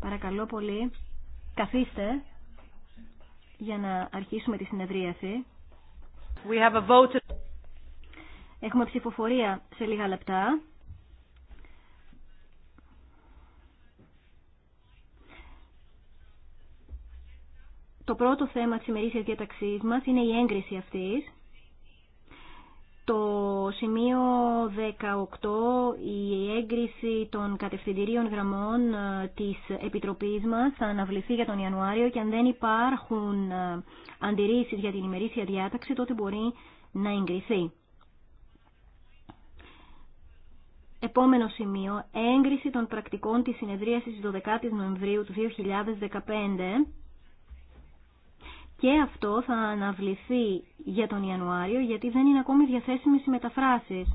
Παρακαλώ πολύ, καθίστε για να αρχίσουμε τη συνεδρίαση. We have a vote. Έχουμε ψηφοφορία σε λίγα λεπτά. Το πρώτο θέμα της ημερήσιας διαταξής μας είναι η έγκριση αυτής. Το σημείο 18, η έγκριση των κατευθυντηρίων γραμμών ε, της Επιτροπής μας θα αναβληθεί για τον Ιανουάριο και αν δεν υπάρχουν ε, αντιρρήσεις για την ημερήσια διάταξη, τότε μπορεί να εγκριθεί. Επόμενο σημείο, έγκριση των πρακτικών της συνεδρίασης 12 Νοεμβρίου του 2015. Και αυτό θα αναβληθεί για τον Ιανουάριο γιατί δεν είναι ακόμη διαθέσιμες οι μεταφράσεις.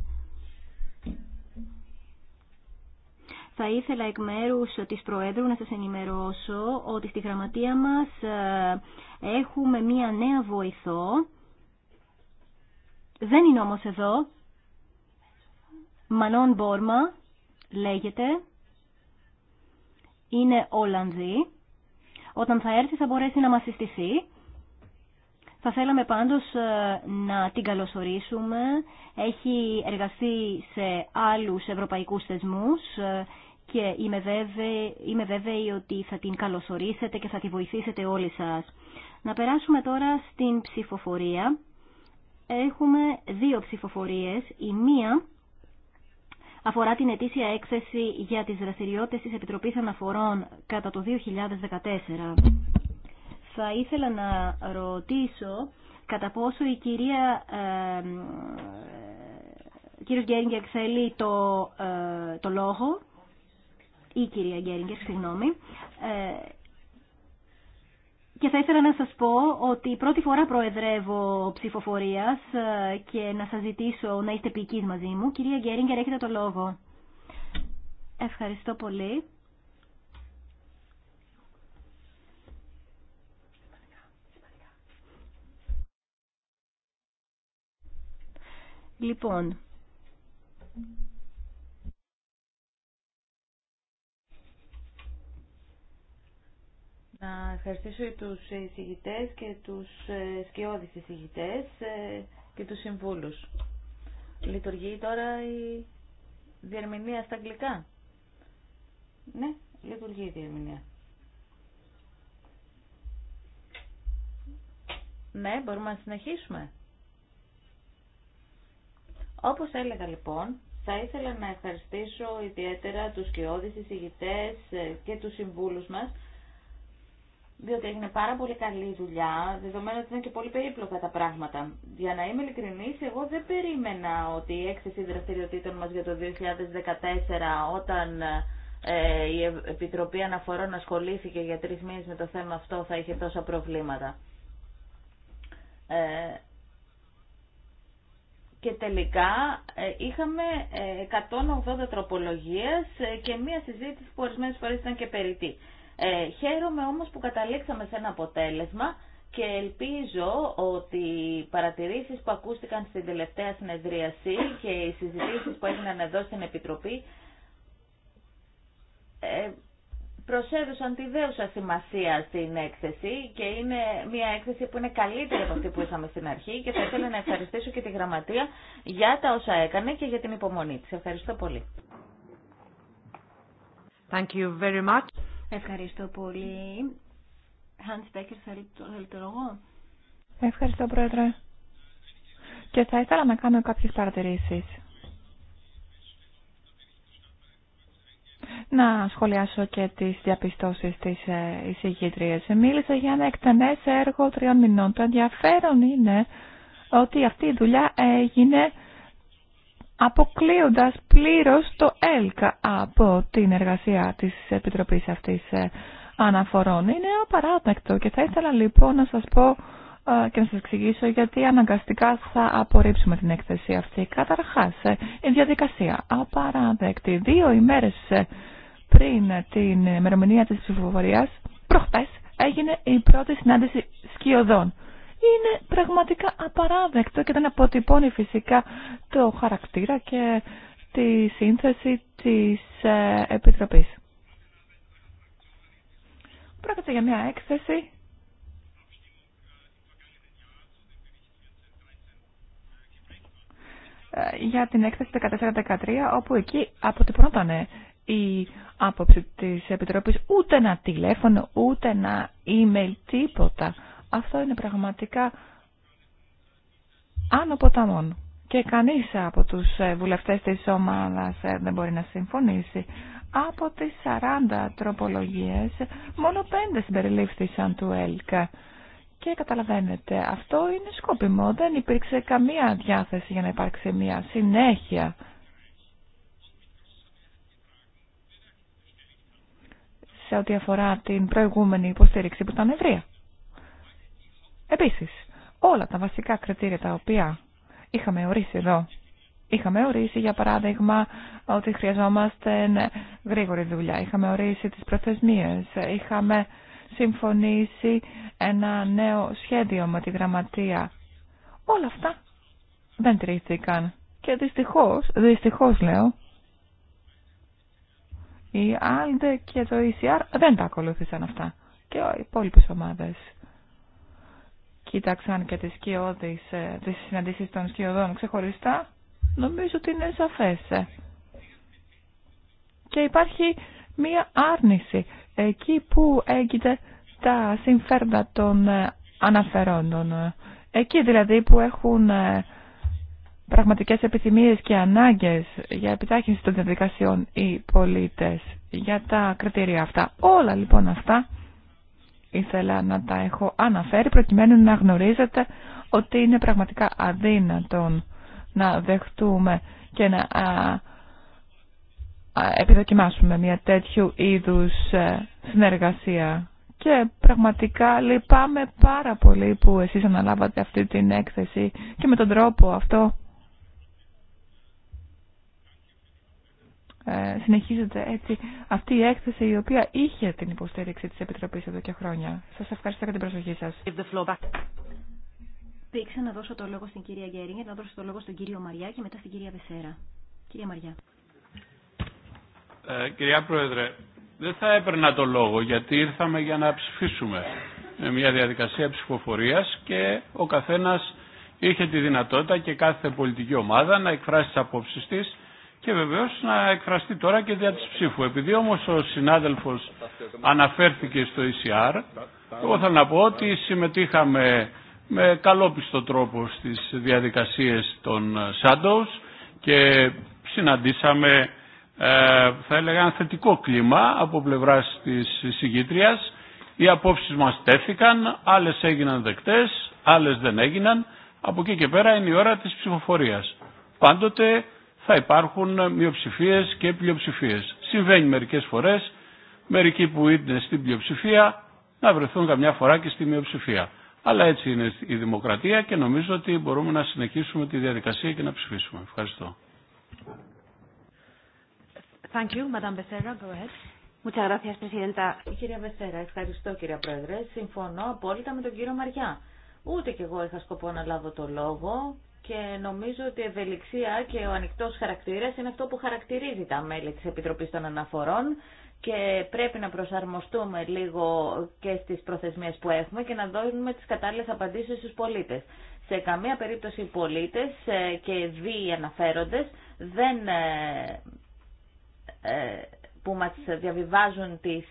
Θα ήθελα εκ μέρους της Προέδρου να σας ενημερώσω ότι στη γραμματεία μας ε, έχουμε μία νέα βοηθό. Δεν είναι όμως εδώ. Μανών Μπόρμα λέγεται. Είναι Όλανδη. Όταν θα έρθει θα μπορέσει να μας συστηθεί. Θα θέλαμε πάντως ε, να την καλωσορίσουμε. Έχει εργαστεί σε άλλους ευρωπαϊκούς θεσμούς ε, και είμαι βέβαιη, ότι θα την καλωσορίσετε και θα τη βοηθήσετε όλοι σας. Να περάσουμε τώρα στην ψηφοφορία. Έχουμε δύο ψηφοφορίες. Η μία αφορά την ετήσια έκθεση για τις δραστηριότητες της Επιτροπής Αναφορών κατά το 2014 θα ήθελα να ρωτήσω κατά πόσο η κυρία ε, κύριος Γκέριγκερ θέλει το, ε, το λόγο ή κυρία Γκέριγκερ, συγγνώμη ε, και θα ήθελα να σας πω ότι πρώτη φορά προεδρεύω ψηφοφορίας ε, και να σας ζητήσω να είστε ποιικείς μαζί μου. Κυρία Γκέριγκερ, έχετε το λόγο. Ευχαριστώ πολύ. Λοιπόν, να ευχαριστήσω τους εισηγητές και τους ε, σκιώδεις εισηγητές ε, και τους συμβούλους. Λειτουργεί τώρα η διερμηνία στα αγγλικά. Ναι, λειτουργεί η διερμηνία. Ναι, μπορούμε να συνεχίσουμε. Όπως έλεγα λοιπόν, θα ήθελα να ευχαριστήσω ιδιαίτερα τους κοιόδης εισηγητές ε, και τους συμβούλους μας, διότι έγινε πάρα πολύ καλή δουλειά, δεδομένου ότι ήταν και πολύ περίπλοκα τα πράγματα. Για να είμαι ειλικρινής, εγώ δεν περίμενα ότι η έκθεση δραστηριοτήτων μας για το 2014, όταν ε, η Επιτροπή Αναφορών ασχολήθηκε για τρεις μήνες με το θέμα αυτό, θα είχε τόσα προβλήματα. Ε, και τελικά ε, είχαμε 180 ε, τροπολογίες ε, και μία συζήτηση που ορισμένες φορές ήταν και περιττή. Ε, χαίρομαι όμως που καταλήξαμε σε ένα αποτέλεσμα και ελπίζω ότι οι παρατηρήσεις που ακούστηκαν στην τελευταία συνεδρίαση και οι συζητήσεις που έγιναν εδώ στην Επιτροπή προσέδωσαν τη δέουσα σημασία στην έκθεση και είναι μια έκθεση που είναι καλύτερη από αυτή που είχαμε στην αρχή και θα ήθελα να ευχαριστήσω και τη γραμματεία για τα όσα έκανε και για την υπομονή της. Ευχαριστώ πολύ. Thank you very much. Ευχαριστώ πολύ. Hans Becker, θέλει το λόγο. Ευχαριστώ, Πρόεδρε. Και θα ήθελα να κάνω κάποιες παρατηρήσεις. να σχολιάσω και τις διαπιστώσεις της ε, εισηγήτριας. Μίλησα για ένα εκτενές έργο τριών μηνών. Το ενδιαφέρον είναι ότι αυτή η δουλειά έγινε αποκλείοντας πλήρως το ΕΛΚΑ από την εργασία της Επιτροπής αυτής ε, αναφορών. Είναι απαράδεκτο και θα ήθελα λοιπόν να σας πω ε, και να σας εξηγήσω γιατί αναγκαστικά θα απορρίψουμε την έκθεση αυτή. Καταρχάς, η διαδικασία απαράδεκτη. Δύο ημέρες πριν την ημερομηνία της ψηφοφορίας, προχθές έγινε η πρώτη συνάντηση σκιωδών. Είναι πραγματικά απαράδεκτο και δεν αποτυπώνει φυσικά το χαρακτήρα και τη σύνθεση της ε, Επιτροπής. Πρόκειται για μια έκθεση ε, για την έκθεση 14-13, όπου εκεί αποτυπωνόταν η άποψη της Επιτροπής ούτε ένα τηλέφωνο, ούτε ένα email, τίποτα. Αυτό είναι πραγματικά άνω ποταμών. Και κανείς από τους ε, βουλευτές της ομάδας ε, δεν μπορεί να συμφωνήσει. Από τις 40 τροπολογίες, μόνο 5 συμπεριλήφθησαν του ΕΛΚΑ. Και καταλαβαίνετε, αυτό είναι σκόπιμο. Δεν υπήρξε καμία διάθεση για να υπάρξει μια συνέχεια σε ό,τι αφορά την προηγούμενη υποστήριξη που ήταν ευρεία. Επίσης, όλα τα βασικά κριτήρια τα οποία είχαμε ορίσει εδώ, είχαμε ορίσει για παράδειγμα ότι χρειαζόμαστε ναι, γρήγορη δουλειά, είχαμε ορίσει τις προθεσμίες, είχαμε συμφωνήσει ένα νέο σχέδιο με τη γραμματεία. Όλα αυτά δεν τρίθηκαν. Και δυστυχώς, δυστυχώς λέω, η ALDE και το ECR δεν τα ακολούθησαν αυτά. Και οι υπόλοιπε ομάδε. Κοίταξαν και τις, ε, τις συναντήσεις των σκιωδών ξεχωριστά. Νομίζω ότι είναι σαφές. Ε. Και υπάρχει μία άρνηση εκεί που έγινε τα συμφέροντα των ε, αναφερόντων. Εκεί δηλαδή που έχουν πραγματικές επιθυμίες και ανάγκες για επιτάχυνση των διαδικασιών οι πολίτες για τα κριτήρια αυτά. Όλα λοιπόν αυτά ήθελα να τα έχω αναφέρει προκειμένου να γνωρίζετε ότι είναι πραγματικά αδύνατον να δεχτούμε και να επιδοκιμάσουμε μια τέτοιου είδους ε, συνεργασία. Και πραγματικά λυπάμαι πάρα πολύ που εσείς αναλάβατε αυτή την έκθεση και με τον τρόπο αυτό Ε, συνεχίζεται έτσι αυτή η έκθεση η οποία είχε την υποστήριξη της Επιτροπής εδώ και χρόνια. Σας ευχαριστώ για την προσοχή σας. Πήξα να δώσω το λόγο στην κυρία Γκέρινγκ, να δώσω το λόγο στον κύριο Μαριά και μετά στην κυρία Βεσέρα. Κυρία Μαριά. Ε, κυρία Πρόεδρε, δεν θα έπαιρνα το λόγο γιατί ήρθαμε για να ψηφίσουμε με μια διαδικασία ψηφοφορίας και ο καθένας είχε τη δυνατότητα και κάθε πολιτική ομάδα να εκφράσει τις απόψεις της και βεβαίως να εκφραστεί τώρα και δια της ψήφου. Επειδή όμως ο συνάδελφο αναφέρθηκε στο ECR, εγώ θέλω να πω ότι συμμετείχαμε με καλόπιστο τρόπο στις διαδικασίες των Shadows και συναντήσαμε ε, θα έλεγα ένα θετικό κλίμα από πλευράς της συγκήτριας. Οι απόψεις μας τέθηκαν, άλλες έγιναν δεκτές, άλλες δεν έγιναν. Από εκεί και πέρα είναι η ώρα της ψηφοφορίας. Πάντοτε θα υπάρχουν μειοψηφίε και πλειοψηφίε. Συμβαίνει μερικέ φορέ μερικοί που είναι στην πλειοψηφία να βρεθούν καμιά φορά και στη μειοψηφία. Αλλά έτσι είναι η δημοκρατία και νομίζω ότι μπορούμε να συνεχίσουμε τη διαδικασία και να ψηφίσουμε. Ευχαριστώ. Thank you, Madame Becerra. Go ahead. Muchas gracias, Presidenta. Κυρία Βεσέρα, ευχαριστώ κύριε Πρόεδρε. Συμφωνώ απόλυτα με τον κύριο Μαριά. Ούτε κι εγώ είχα σκοπό να λάβω το λόγο και νομίζω ότι η ευελιξία και ο ανοιχτό χαρακτήρας είναι αυτό που χαρακτηρίζει τα μέλη της Επιτροπής των Αναφορών και πρέπει να προσαρμοστούμε λίγο και στις προθεσμίε που έχουμε και να δώσουμε τις κατάλληλες απαντήσεις στους πολίτες. Σε καμία περίπτωση οι πολίτες ε, και δι αναφέροντες δεν, ε, ε, που μας διαβιβάζουν τις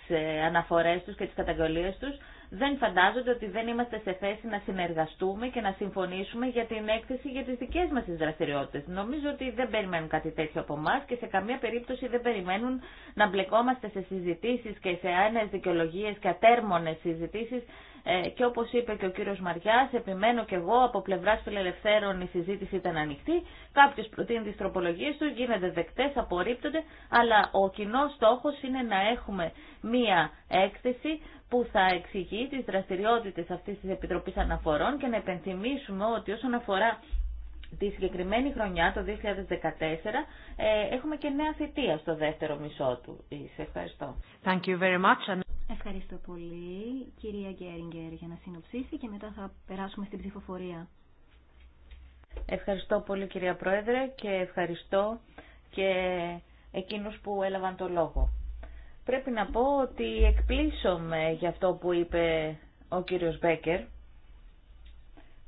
αναφορές τους και τις καταγγελίες τους δεν φαντάζονται ότι δεν είμαστε σε θέση να συνεργαστούμε και να συμφωνήσουμε για την έκθεση για τις δικέ μας τι δραστηριότητες. Νομίζω ότι δεν περιμένουν κάτι τέτοιο από εμά και σε καμία περίπτωση δεν περιμένουν να μπλεκόμαστε σε συζητήσεις και σε άνε δικαιολογίε και ατέρμονες συζητήσεις ε, και όπως είπε και ο κύριος Μαριάς, επιμένω και εγώ από πλευράς φιλελευθέρων η συζήτηση ήταν ανοιχτή, κάποιος προτείνει τις τροπολογίες του, γίνονται δεκτές, απορρίπτονται, αλλά ο κοινό στόχος είναι να έχουμε μία έκθεση που θα εξηγεί τις δραστηριότητες αυτής της Επιτροπής Αναφορών και να επενθυμίσουμε ότι όσον αφορά τη συγκεκριμένη χρονιά, το 2014, ε, έχουμε και νέα θητεία στο δεύτερο μισό του. Σε ευχαριστώ. Thank you very much. Ευχαριστώ πολύ, κυρία Γκέριγκερ, για να συνοψίσει και μετά θα περάσουμε στην ψηφοφορία. Ευχαριστώ πολύ, κυρία Πρόεδρε, και ευχαριστώ και εκείνους που έλαβαν το λόγο. Πρέπει να πω ότι εκπλήσωμαι για αυτό που είπε ο κύριος Μπέκερ,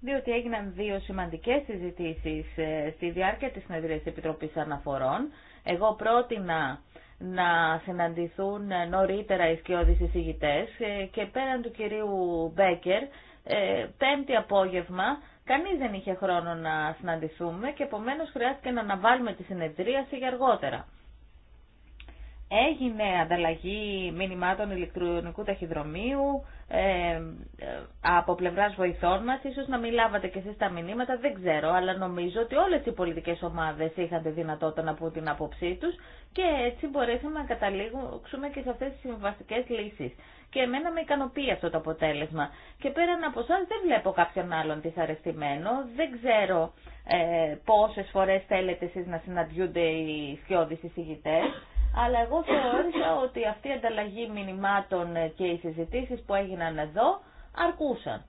διότι έγιναν δύο σημαντικές συζητήσεις ε, στη διάρκεια της συνεδρίας Επιτροπής Αναφορών. Εγώ πρότεινα να συναντηθούν νωρίτερα οι σκιώδεις εισηγητές ε, και πέραν του κυρίου Μπέκερ, ε, πέμπτη απόγευμα, κανείς δεν είχε χρόνο να συναντηθούμε και επομένως χρειάστηκε να αναβάλουμε τη συνεδρίαση για αργότερα. Έγινε ανταλλαγή μηνυμάτων ηλεκτρονικού ταχυδρομείου, ε, από πλευράς βοηθών μα, ίσως να μην λάβατε και εσεί τα μηνύματα, δεν ξέρω, αλλά νομίζω ότι όλες οι πολιτικές ομάδες είχαν τη δυνατότητα να πούν την άποψή του και έτσι μπορέσαμε να καταλήξουμε και σε αυτέ τι συμβαστικέ λύσεις. Και εμένα με ικανοποιεί αυτό το αποτέλεσμα. Και πέραν από εσά δεν βλέπω κάποιον άλλον δυσαρεστημένο, δεν ξέρω ε, πόσες θέλετε εσεί να συναντιούνται οι σκιώδει εισηγητές αλλά εγώ θεώρησα ότι αυτή η ανταλλαγή μηνυμάτων και οι συζητήσει που έγιναν εδώ αρκούσαν.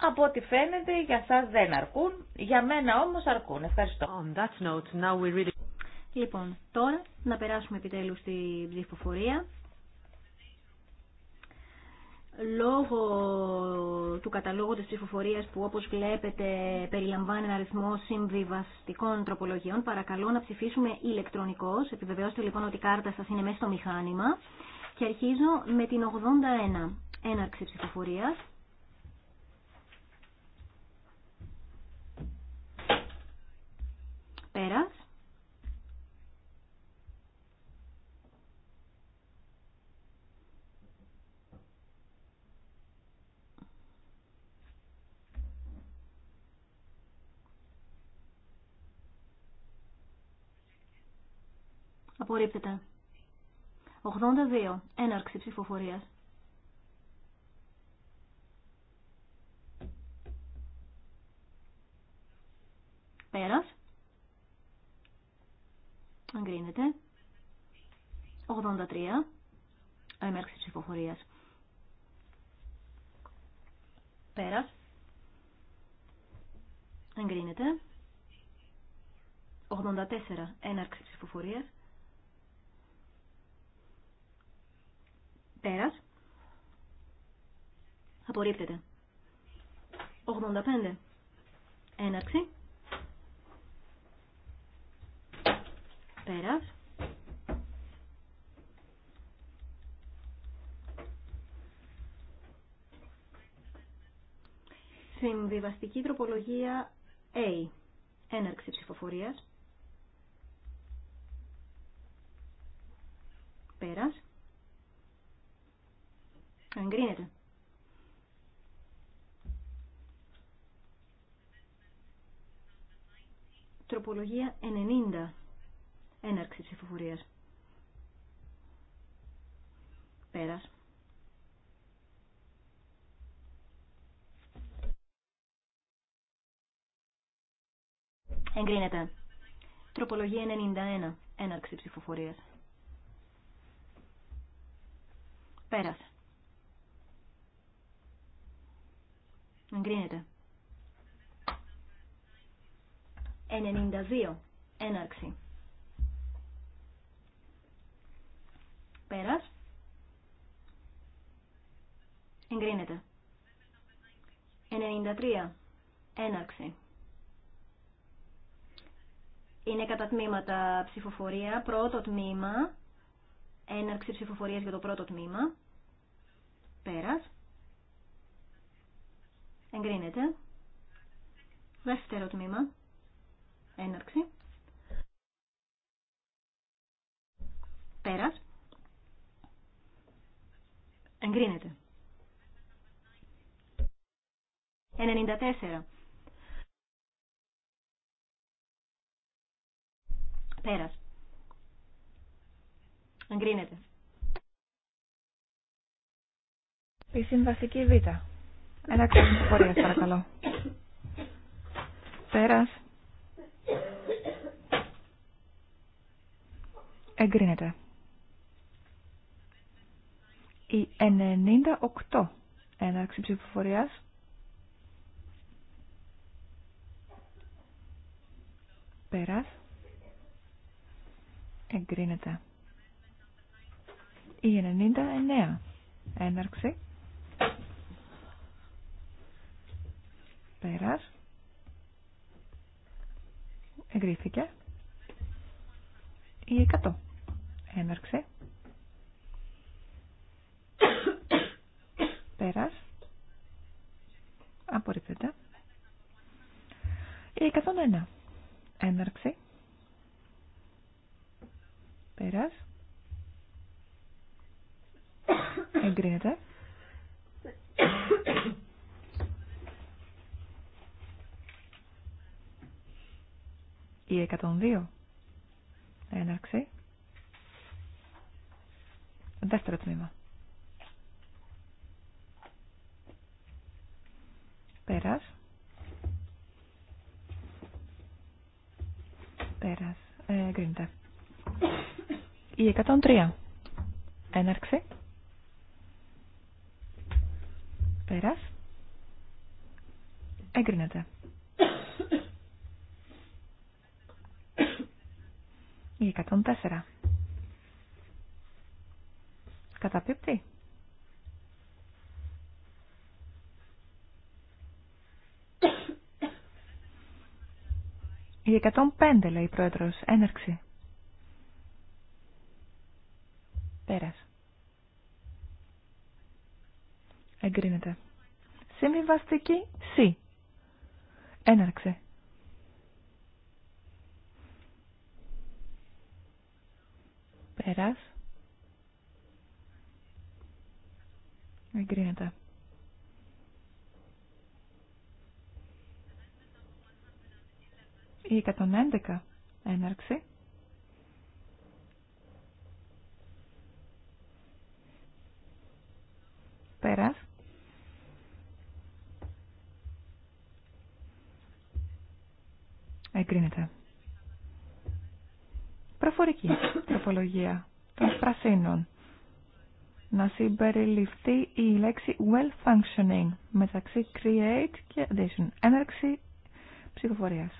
Από ό,τι φαίνεται για σας δεν αρκούν, για μένα όμως αρκούν. Ευχαριστώ. Λοιπόν, τώρα να περάσουμε επιτέλου στη ψηφοφορία. Λόγω του καταλόγου της ψηφοφορία που όπως βλέπετε περιλαμβάνει ένα αριθμό συμβιβαστικών τροπολογιών, παρακαλώ να ψηφίσουμε ηλεκτρονικώς. Επιβεβαιώστε λοιπόν ότι η κάρτα σας είναι μέσα στο μηχάνημα. Και αρχίζω με την 81. Έναρξη ψηφοφορίας. Πέρας. Απορρίπτεται. 82. Έναρξη ψηφοφορία. Πέρας. Αγκρίνεται. 83. Έναρξη ψηφοφορία. Πέρα. Αγκρίνεται. 84. Έναρξη ψηφοφορίας. Πέρας. Απορρίπτεται. 85. Έναρξη. Πέρας. Συμβιβαστική τροπολογία A. Έναρξη ψηφοφορίας. Πέρας. Εγκρίνεται. Τροπολογία 90. Έναρξη ψηφοφορίας. Πέρας. Εγκρίνεται. Τροπολογία 91. Έναρξη ψηφοφορίας. Πέρασε. Εγκρίνεται. 92. Έναρξη. Πέρας. Εγκρίνεται. 93. Έναρξη. Είναι κατά τμήματα ψηφοφορία. Πρώτο τμήμα. Έναρξη ψηφοφορίας για το πρώτο τμήμα. Πέρας. Εγκρίνεται. Δεύτερο τμήμα. Έναρξη. Πέρας. Εγκρίνεται. 94. Πέρας. Εγκρίνεται. Η Συμβασική Βήτα. Ενάρξη ψηφοφορία, παρακαλώ. Πέρα. Εγκρίνεται. Η 98 έναρξη ψηφοφορία. Πέρα. Εγκρίνεται. Η 99 έναρξη. Πέρας. Εγκρίθηκε. Η 100. Έναρξε. Πέρας. Απορρίπτεται. Η 101. Έναρξη. Πέρας. Εγκρίνεται. Η 102. Έναρξη. Δεύτερο τμήμα. Πέρας. Πέρας. Ε, εγκρίνεται. Η 103. Έναρξη. Πέρας. Εγκρίνεται. Η 104. Καταπίπτει. Η 105 λέει η πρόεδρος. Έναρξη. Πέρας. Εγκρίνεται. Συμβιβαστική Συ. Έναρξη. Πέρας. Εγκρίνεται. Ή 111 έναρξη. Πέρας. Εγκρίνεται προφορική τροπολογία των πρασίνων να συμπεριληφθεί η λέξη well functioning μεταξύ create και addition. Έναρξη ψηφοφορία.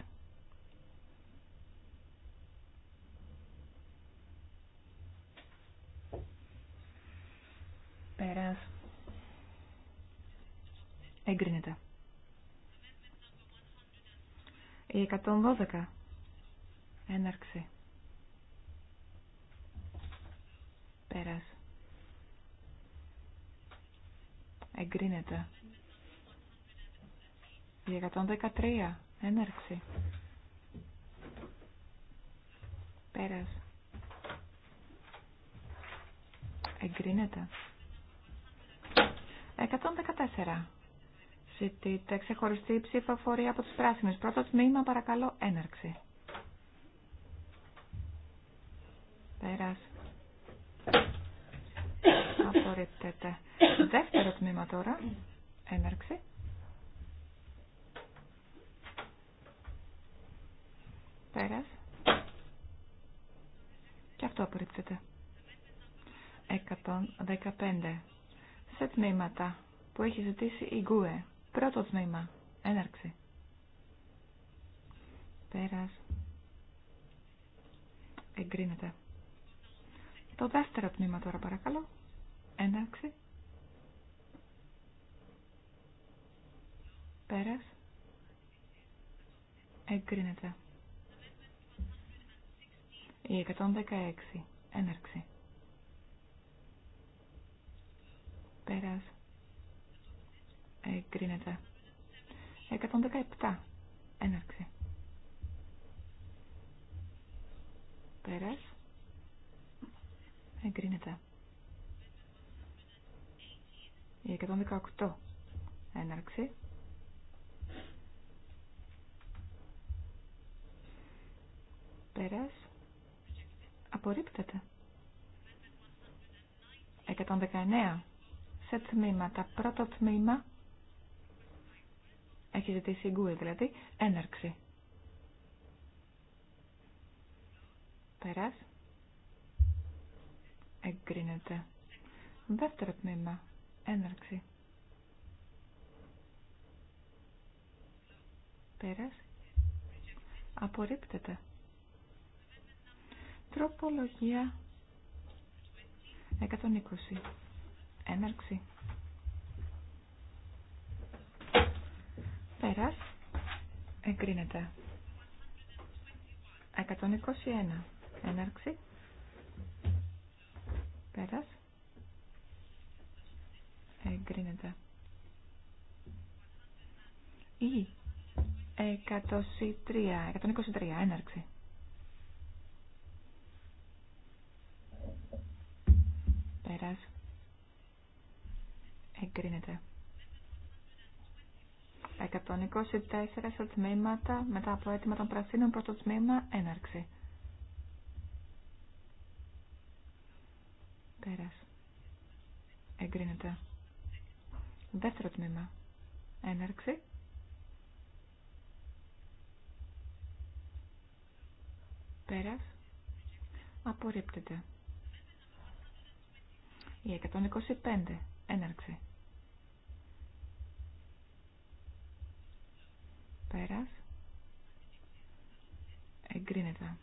Πέρας. Εγκρίνεται. Η 112. Έναρξη. Πέρας. Εγκρίνεται. 113. Έναρξη. Πέρας. Εγκρίνεται. 114. Ζητείτε ξεχωριστή ψηφοφορία από τις πράσινες. Πρώτο τμήμα παρακαλώ έναρξη. Πέρας απορρίπτεται. Δεύτερο τμήμα τώρα, έναρξη. Πέρας. Και αυτό απορρίπτεται. 115. Σε τμήματα που έχει ζητήσει η Γκουε. Πρώτο τμήμα. Έναρξη. Πέρας. Εγκρίνεται. Το δεύτερο τμήμα τώρα παρακαλώ. Εντάξει. Πέρας. Εγκρίνεται. Η 116. Έναρξη. Πέρας. Εγκρίνεται. 117. Έναρξη. Πέρας. Εγκρίνεται. Η 118 έναρξη. Πέρας. Απορρίπτεται. 119. Σε τμήματα. Πρώτο τμήμα. Έχει ζητήσει η δηλαδή. Έναρξη. Πέρας. Εγκρίνεται. Δεύτερο τμήμα. Έναρξη. Πέρας. Απορρίπτεται. Τροπολογία 120. Έναρξη. Πέρας. Εγκρίνεται. 121. Έναρξη. Πέρας εγκρίνεται. Ή 123, 123, έναρξη. Πέρας. Εγκρίνεται. 124 σε τμήματα μετά από αίτημα των πρασίνων το τμήμα έναρξη. Πέρας. Εγκρίνεται. Δεύτερο τμήμα. Έναρξη. Πέρας. Απορρίπτεται. Η 125. Έναρξη. Πέρας. Εγκρίνεται.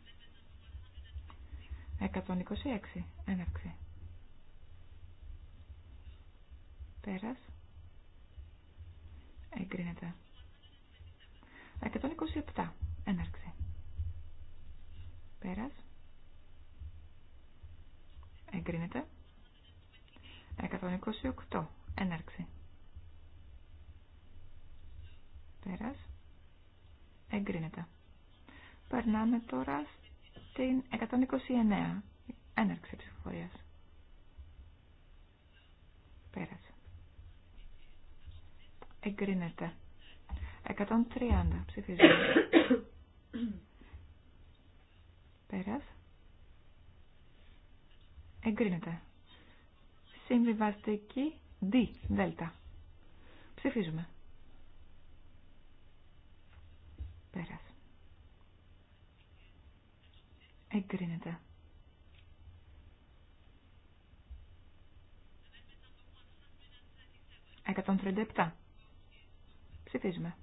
126. Έναρξη. Πέρας. Εγκρίνεται. 127. Έναρξη. Πέρας. Εγκρίνεται. 128. Έναρξη. Πέρας. Εγκρίνεται. Περνάμε τώρα στην 129. Έναρξη ψηφοφορίας. Πέρας εγκρίνεται. 130 ψηφίζουμε. Πέρας. Εγκρίνεται. Συμβιβαστική D, δέλτα. Ψηφίζουμε. Πέρας. Εγκρίνεται. Εκατόν Ψηφίζουμε.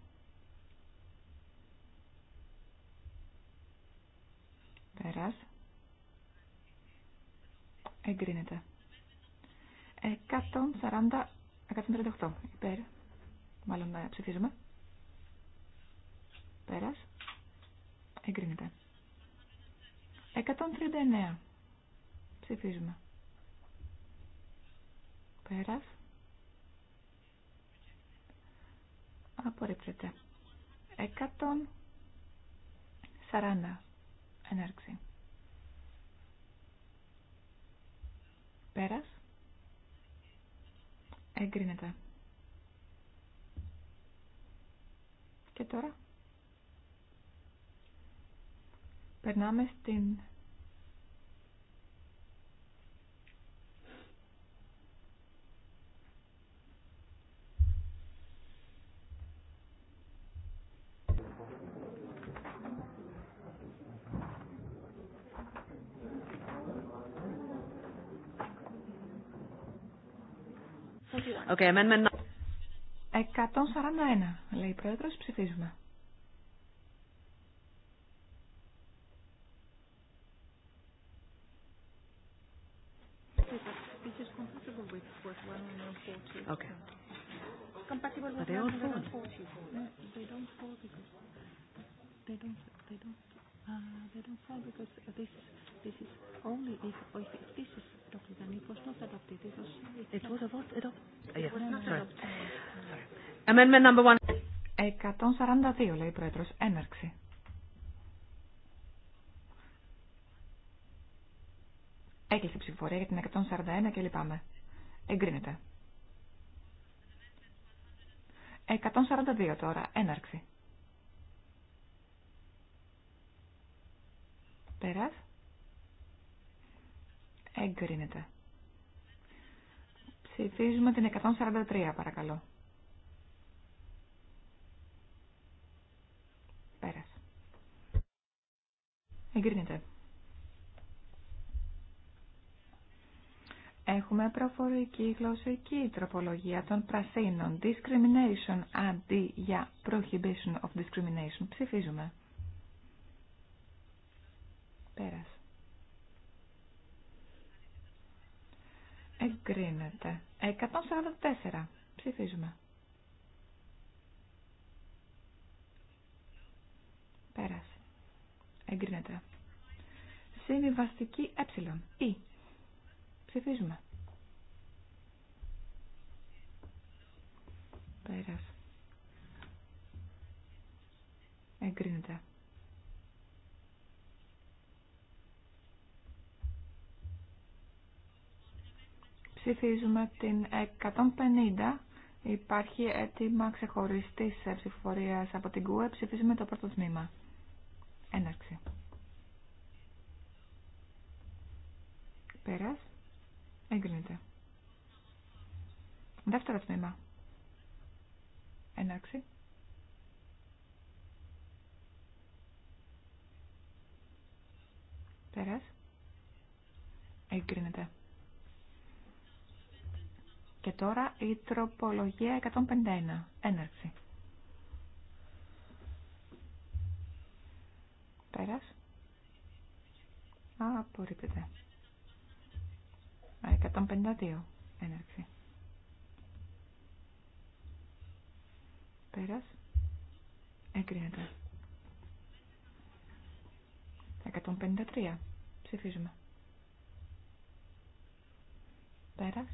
Πέρας. Εγκρίνεται. 140, 138. Υπέρ. Μάλλον ε, ψηφίζουμε. Πέρας. Εγκρίνεται. 139. Ψηφίζουμε. Πέρας. Απορρίπτεται. 140. ενέργεια, Πέρας. Εγκρίνεται. Και τώρα. Περνάμε στην Okay, amendment 141, λέει η Πρόεδρος, ψηφίζουμε. Okay. Compatible with They don't fall because uh, this this is only if if if this is adopted and it was not adopted. It was it was adopted. Uh, Sorry. Sorry. Adopted. Amendment number one. 142 λέει η Πρόεδρος. Έναρξη. Έκλεισε ψηφοφορία για την 141 και λυπάμαι. Εγκρίνεται. 142 τώρα. Έναρξη. 142. Πέρας. Εγκρίνεται. Ψηφίζουμε την 143 παρακαλώ. Πέρας. Εγκρίνεται. Έχουμε προφορική γλωσσική τροπολογία των πρασίνων. Discrimination αντί για prohibition of discrimination. Ψηφίζουμε. Πέρας. Εγκρίνεται. 144. Ψηφίζουμε. Πέρας. Εγκρίνεται. Συμβιβαστική ε. Ή. Ψηφίζουμε. Πέρας. Εγκρίνεται. Ψηφίζουμε την 150. Υπάρχει αίτημα ξεχωριστής ψηφοφορία από την ΚΟΕ. Ψηφίζουμε το πρώτο τμήμα. Έναρξη. Πέρας. Εγκρίνεται. Δεύτερο τμήμα. Έναρξη. Πέρας. Εγκρίνεται. Και τώρα η τροπολογία 151. Έναρξη. Πέρας. Α, απορρίπτεται. 152. Έναρξη. Πέρας. Εγκρίνεται. 153. Ψηφίζουμε. Πέρας.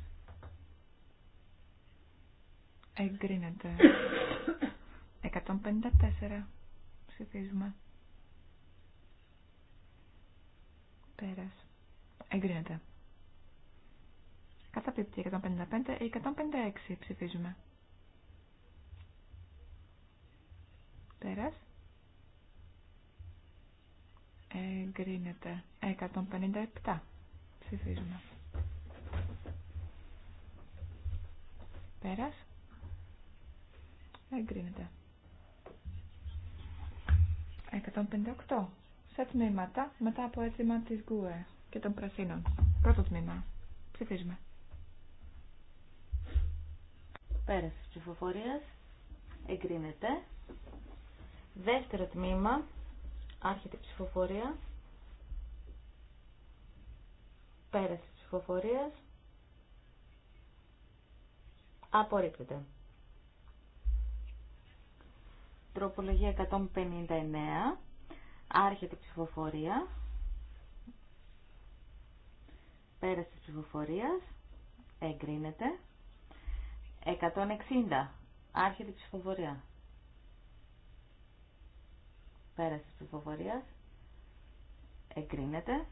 Εγκρίνεται. 154. Ψηφίζουμε. Πέρας. Εγκρίνεται. Καταπίπτει 155 ή 156 ψηφίζουμε. Πέρας. Εγκρίνεται. 157 ψηφίζουμε. Πέρας. Εγκρίνεται. 158. Σε τμήματα μετά από έτοιμα της ΓΟΕ και των Πρασίνων. Πρώτο τμήμα. Ψηφίζουμε. Πέρασε της ψηφοφορίας. Εγκρίνεται. Δεύτερο τμήμα. Άρχεται η ψηφοφορία. Πέρασε της ψηφοφορίας. Απορρίπτεται. Τροπολογία 159. Άρχεται ψηφοφορία. Πέρασε της ψηφοφορίας. Εγκρίνεται. 160. Άρχεται ψηφοφορία. Πέραση της ψηφοφορίας. Εγκρίνεται.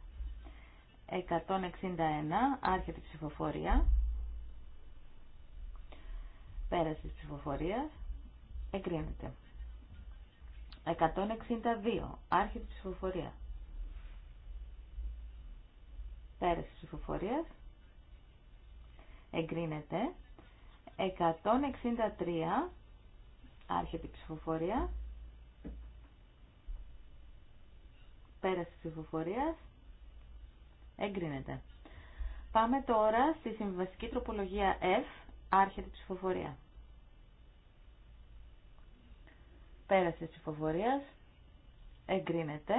161. Άρχεται ψηφοφορία. Πέρασε της ψηφοφορίας. Εγκρίνεται. 162. της η ψηφοφορία. Πέραση ψηφοφορίας. Εγκρίνεται. 163. της η ψηφοφορία. Πέραση ψηφοφορίας. Εγκρίνεται. Πάμε τώρα στη συμβασική τροπολογία F. Άρχεται ψηφοφορία. Πέραση τη ψηφοφορίας. Εγκρίνεται.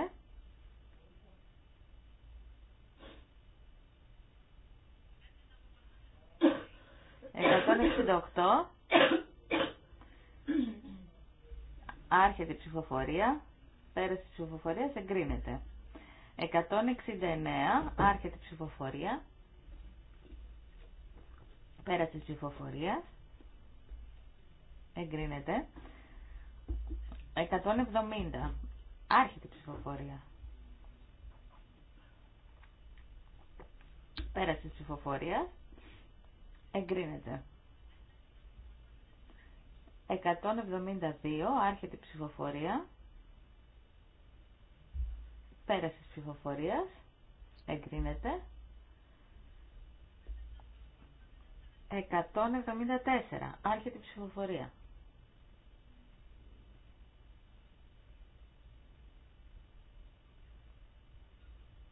...168... Άρχεται η ψηφοφορία. Πέραση τη ψηφοφορία, εγκρίνεται. 169. Άρχεται η ψηφοφορία. Πέραση τη ψηφοφορία. Εγκρίνεται. 170. Άρχεται η ψηφοφορία. Πέρασε η ψηφοφορία. Εγκρίνεται. 172. Άρχεται η ψηφοφορία. Πέρασε η ψηφοφορία. Εγκρίνεται. 174. Άρχεται η ψηφοφορία.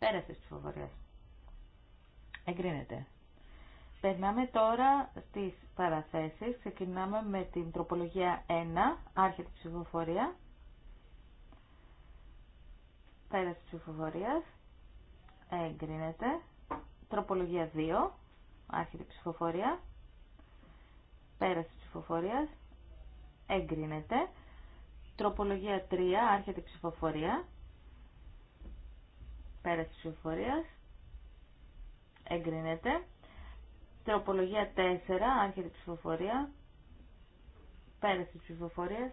Πέρασε της ψηφοφορίας. Εγκρίνεται. Περνάμε τώρα στις παραθέσεις. Ξεκινάμε με την τροπολογία 1, άρχεται η ψηφοφορία. Πέρασε της ψηφοφορίας. Εγκρίνεται. Τροπολογία 2, άρχεται η ψηφοφορία. Πέρασε της ψηφοφορίας. Εγκρίνεται. Τροπολογία 3, άρχεται η ψηφοφορία. Πέραση της ψηφοφορίας. Εγκρίνεται. Τροπολογία 4. Άρχεται η ψηφοφορία. πέραση της ψηφοφορίας.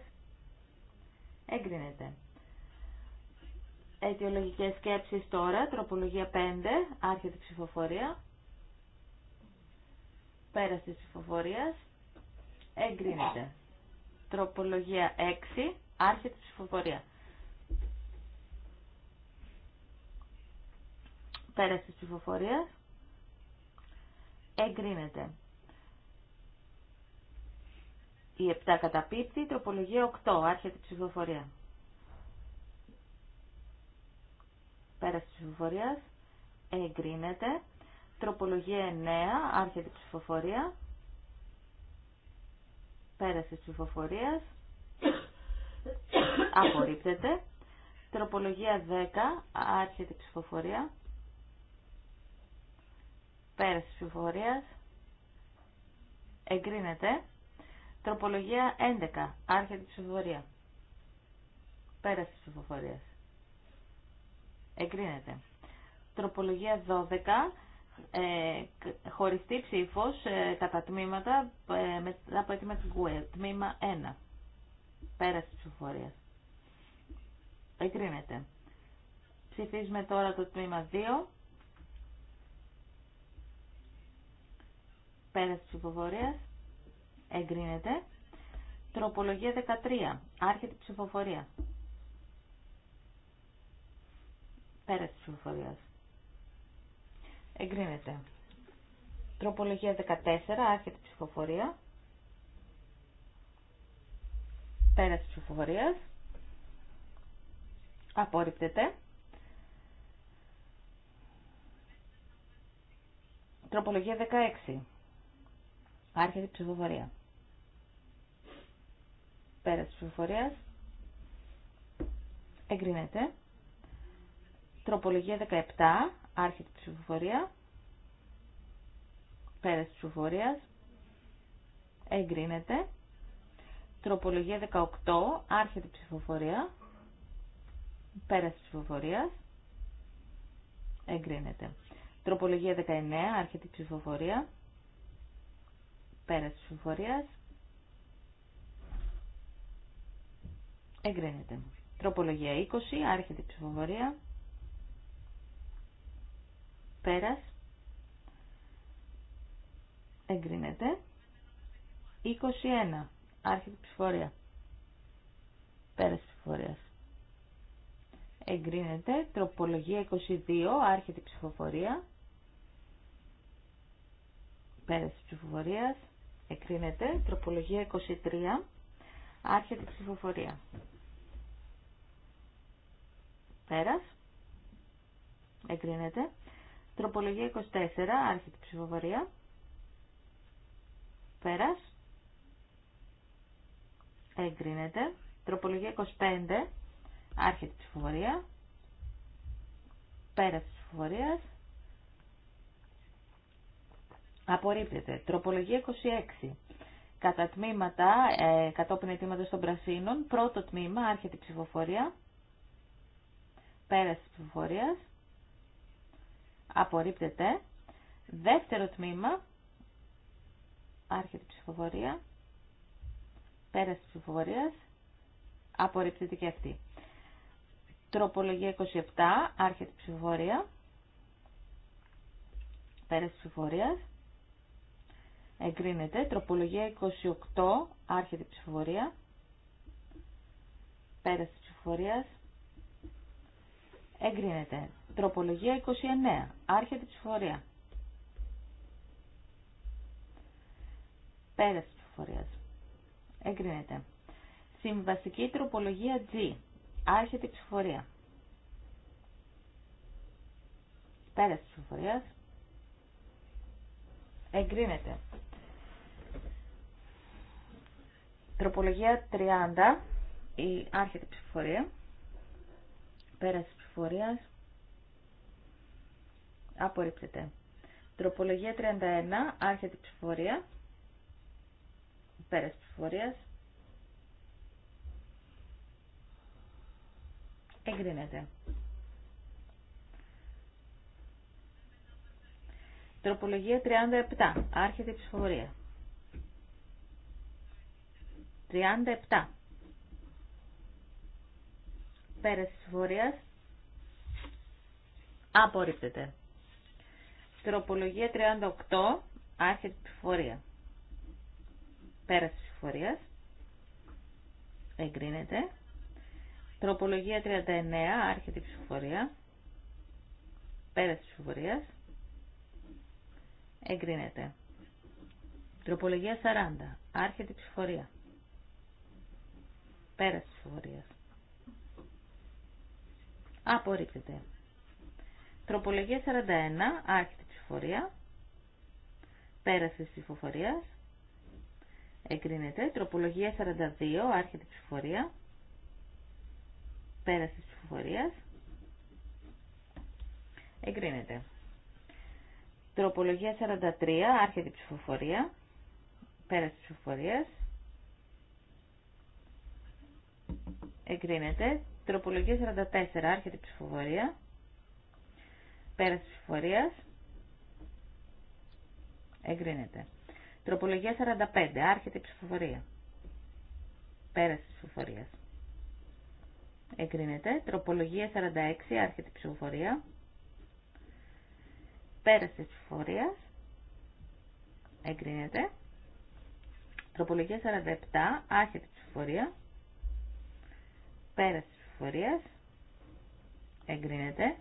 Εγκρίνεται. Αιτιολογικές σκέψεις τώρα. Τροπολογία 5. Άρχεται η ψηφοφορία. πέραση της ψηφοφορίας. Εγκρίνεται. Τροπολογία 6. Άρχεται η ψηφοφορία. Πέρας της ψηφοφορίας. Εγκρίνεται. Η 7 καταπίπτει, τροπολογία 8, άρχεται η ψηφοφορία. Πέρας της ψηφοφορίας. Εγκρίνεται. Τροπολογία 9, άρχεται η ψηφοφορία. Πέρας της ψηφοφορίας. Απορρίπτεται. Τροπολογία 10, άρχεται η ψηφοφορία. Πέρας της ψηφοφορίας. Εγκρίνεται. Τροπολογία 11. Άρχεται η ψηφοφορία. Πέρας της ψηφοφορίας. Εγκρίνεται. Τροπολογία 12. Ε, χωριστή ψήφος ε, κατά τμήματα ε, μετά από έτοιμα Τμήμα 1. Πέρας της ψηφοφορίας. Εγκρίνεται. Ψηφίζουμε τώρα το τμήμα 2. Πέρα της ψηφοφορίας. Εγκρίνεται. Τροπολογία 13. Άρχεται η ψηφοφορία. Πέρα της ψηφοφορίας. Εγκρίνεται. Τροπολογία 14. Άρχεται η ψηφοφορία. Πέρα της ψηφοφορίας. Απορρίπτεται. Τροπολογία 16. Άρχεται η ψηφοφορία. Πέρα της ψηφοφορίας. Εγκρίνεται. Τροπολογία 17. Άρχεται η ψηφοφορία. Πέρα της ψηφοφορίας. Εγκρίνεται. Τροπολογία 18. Άρχεται η ψηφοφορία. Πέρα της ψηφοφορίας. Εγκρίνεται. Τροπολογία 19. Άρχεται η ψηφοφορία. Πέρας της ψηφοφορίας. Εγκρίνεται. Τροπολογία 20. Άρχεται η ψηφοφορία. Πέρας. Εγκρίνεται. 21. Άρχεται η ψηφοφορία. Πέρας ψηφοφορίας. Εγκρίνεται. Τροπολογία 22. Άρχεται η ψηφοφορία. Πέρας της ψηφοφορίας. Εκρίνεται. Τροπολογία 23. Άρχεται ψηφοφορία. Πέρας. Εγκρίνεται. Τροπολογία 24. Άρχεται ψηφοφορία. Πέρας. Εγκρίνεται. Τροπολογία 25. Άρχεται ψηφοφορία. Πέρας της ψηφοφορίας. Απορρίπτεται. Τροπολογία 26. Κατά τμήματα, ε, κατόπιν αιτήματο των πρασίνων, πρώτο τμήμα, άρχεται η ψηφοφορία. Πέραση της ψηφοφορίας. Απορρίπτεται. Δεύτερο τμήμα, άρχεται η ψηφοφορία. Πέραση της ψηφοφορίας. Απορρίπτεται και αυτή. Τροπολογία 27, άρχεται η ψηφοφορία. Πέραση τη ψηφοφορίας Εγκρίνεται. Τροπολογία 28. Άρχεται η ψηφοφορία. Πέραση της ψηφοφορίας. Εγκρίνεται. Τροπολογία 29. Άρχεται η ψηφοφορία. Πέραση της ψηφοφορίας. Εγκρίνεται. Συμβαστική τροπολογία G. Άρχεται η ψηφοφορία. Πέραση της ψηφοφορίας. Εγκρίνεται. Τροπολογία 30, η άρχεται ψηφοφορία, πέραση ψηφοφορίας, απορρίπτεται. Τροπολογία 31, άρχεται ψηφοφορία, πέραση ψηφοφορίας, εγκρίνεται. Τροπολογία 37, άρχεται ψηφοφορία. 37. Πέρας της ψηφορίας. Απορρίπτεται. Τροπολογία 38. Άρχεται η ψηφορία. Πέρας της φορείας. Εγκρίνεται. Τροπολογία 39. Άρχεται η ψηφορία. Πέρας της ψηφορίας. Εγκρίνεται. Τροπολογία 40. Άρχεται η ψηφορία. Πέρας της ψηφοφορίας. Απορρίπτεται. Τροπολογία 41. Άρχεται ψηφοφορία. Πέρασε τη ψηφοφορίας. Εγκρίνεται. Τροπολογία 42. Άρχεται ψηφοφορία. Πέρασε τη ψηφοφορίας. Εγκρίνεται. Τροπολογία 43, άρχεται ψηφοφορία, Πέρασε τη ψηφοφορίας, εγκρίνεται. Τροπολογία 44, άρχεται η ψηφοφορία. Πέρας της Εγκρίνεται. Τροπολογία 45, άρχεται η ψηφοφορία. Πέρας της Εγκρίνεται. Τροπολογία 46, άρχεται η ψηφοφορία. Πέρας της Εγκρίνεται. Τροπολογία 47, άρχεται η ψηφοφορία. Πέρας της ψηφορίας. Εγκρίνεται.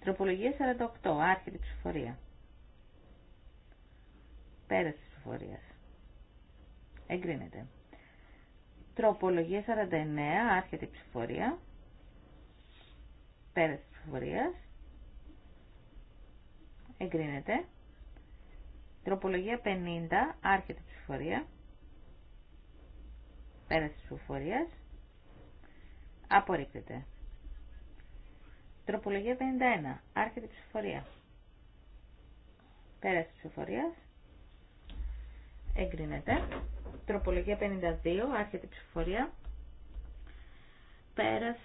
Τροπολογία 48. Άρχεται ψηφορία. Πέρας της ψηφορίας. Εγκρίνεται. Τροπολογία 49. Άρχεται ψηφορία. Πέρας της ψηφορίας. Εγκρίνεται. Τροπολογία 50. Άρχεται ψηφορία. Πέρας της ψηφορίας. Απορρίπτεται. Τροπολογία 51. Άρχεται η ψηφοφορία. Πέραση ψηφοφορία. Εγκρίνεται. Τροπολογία 52. Άρχεται η ψηφορία. Πέρας.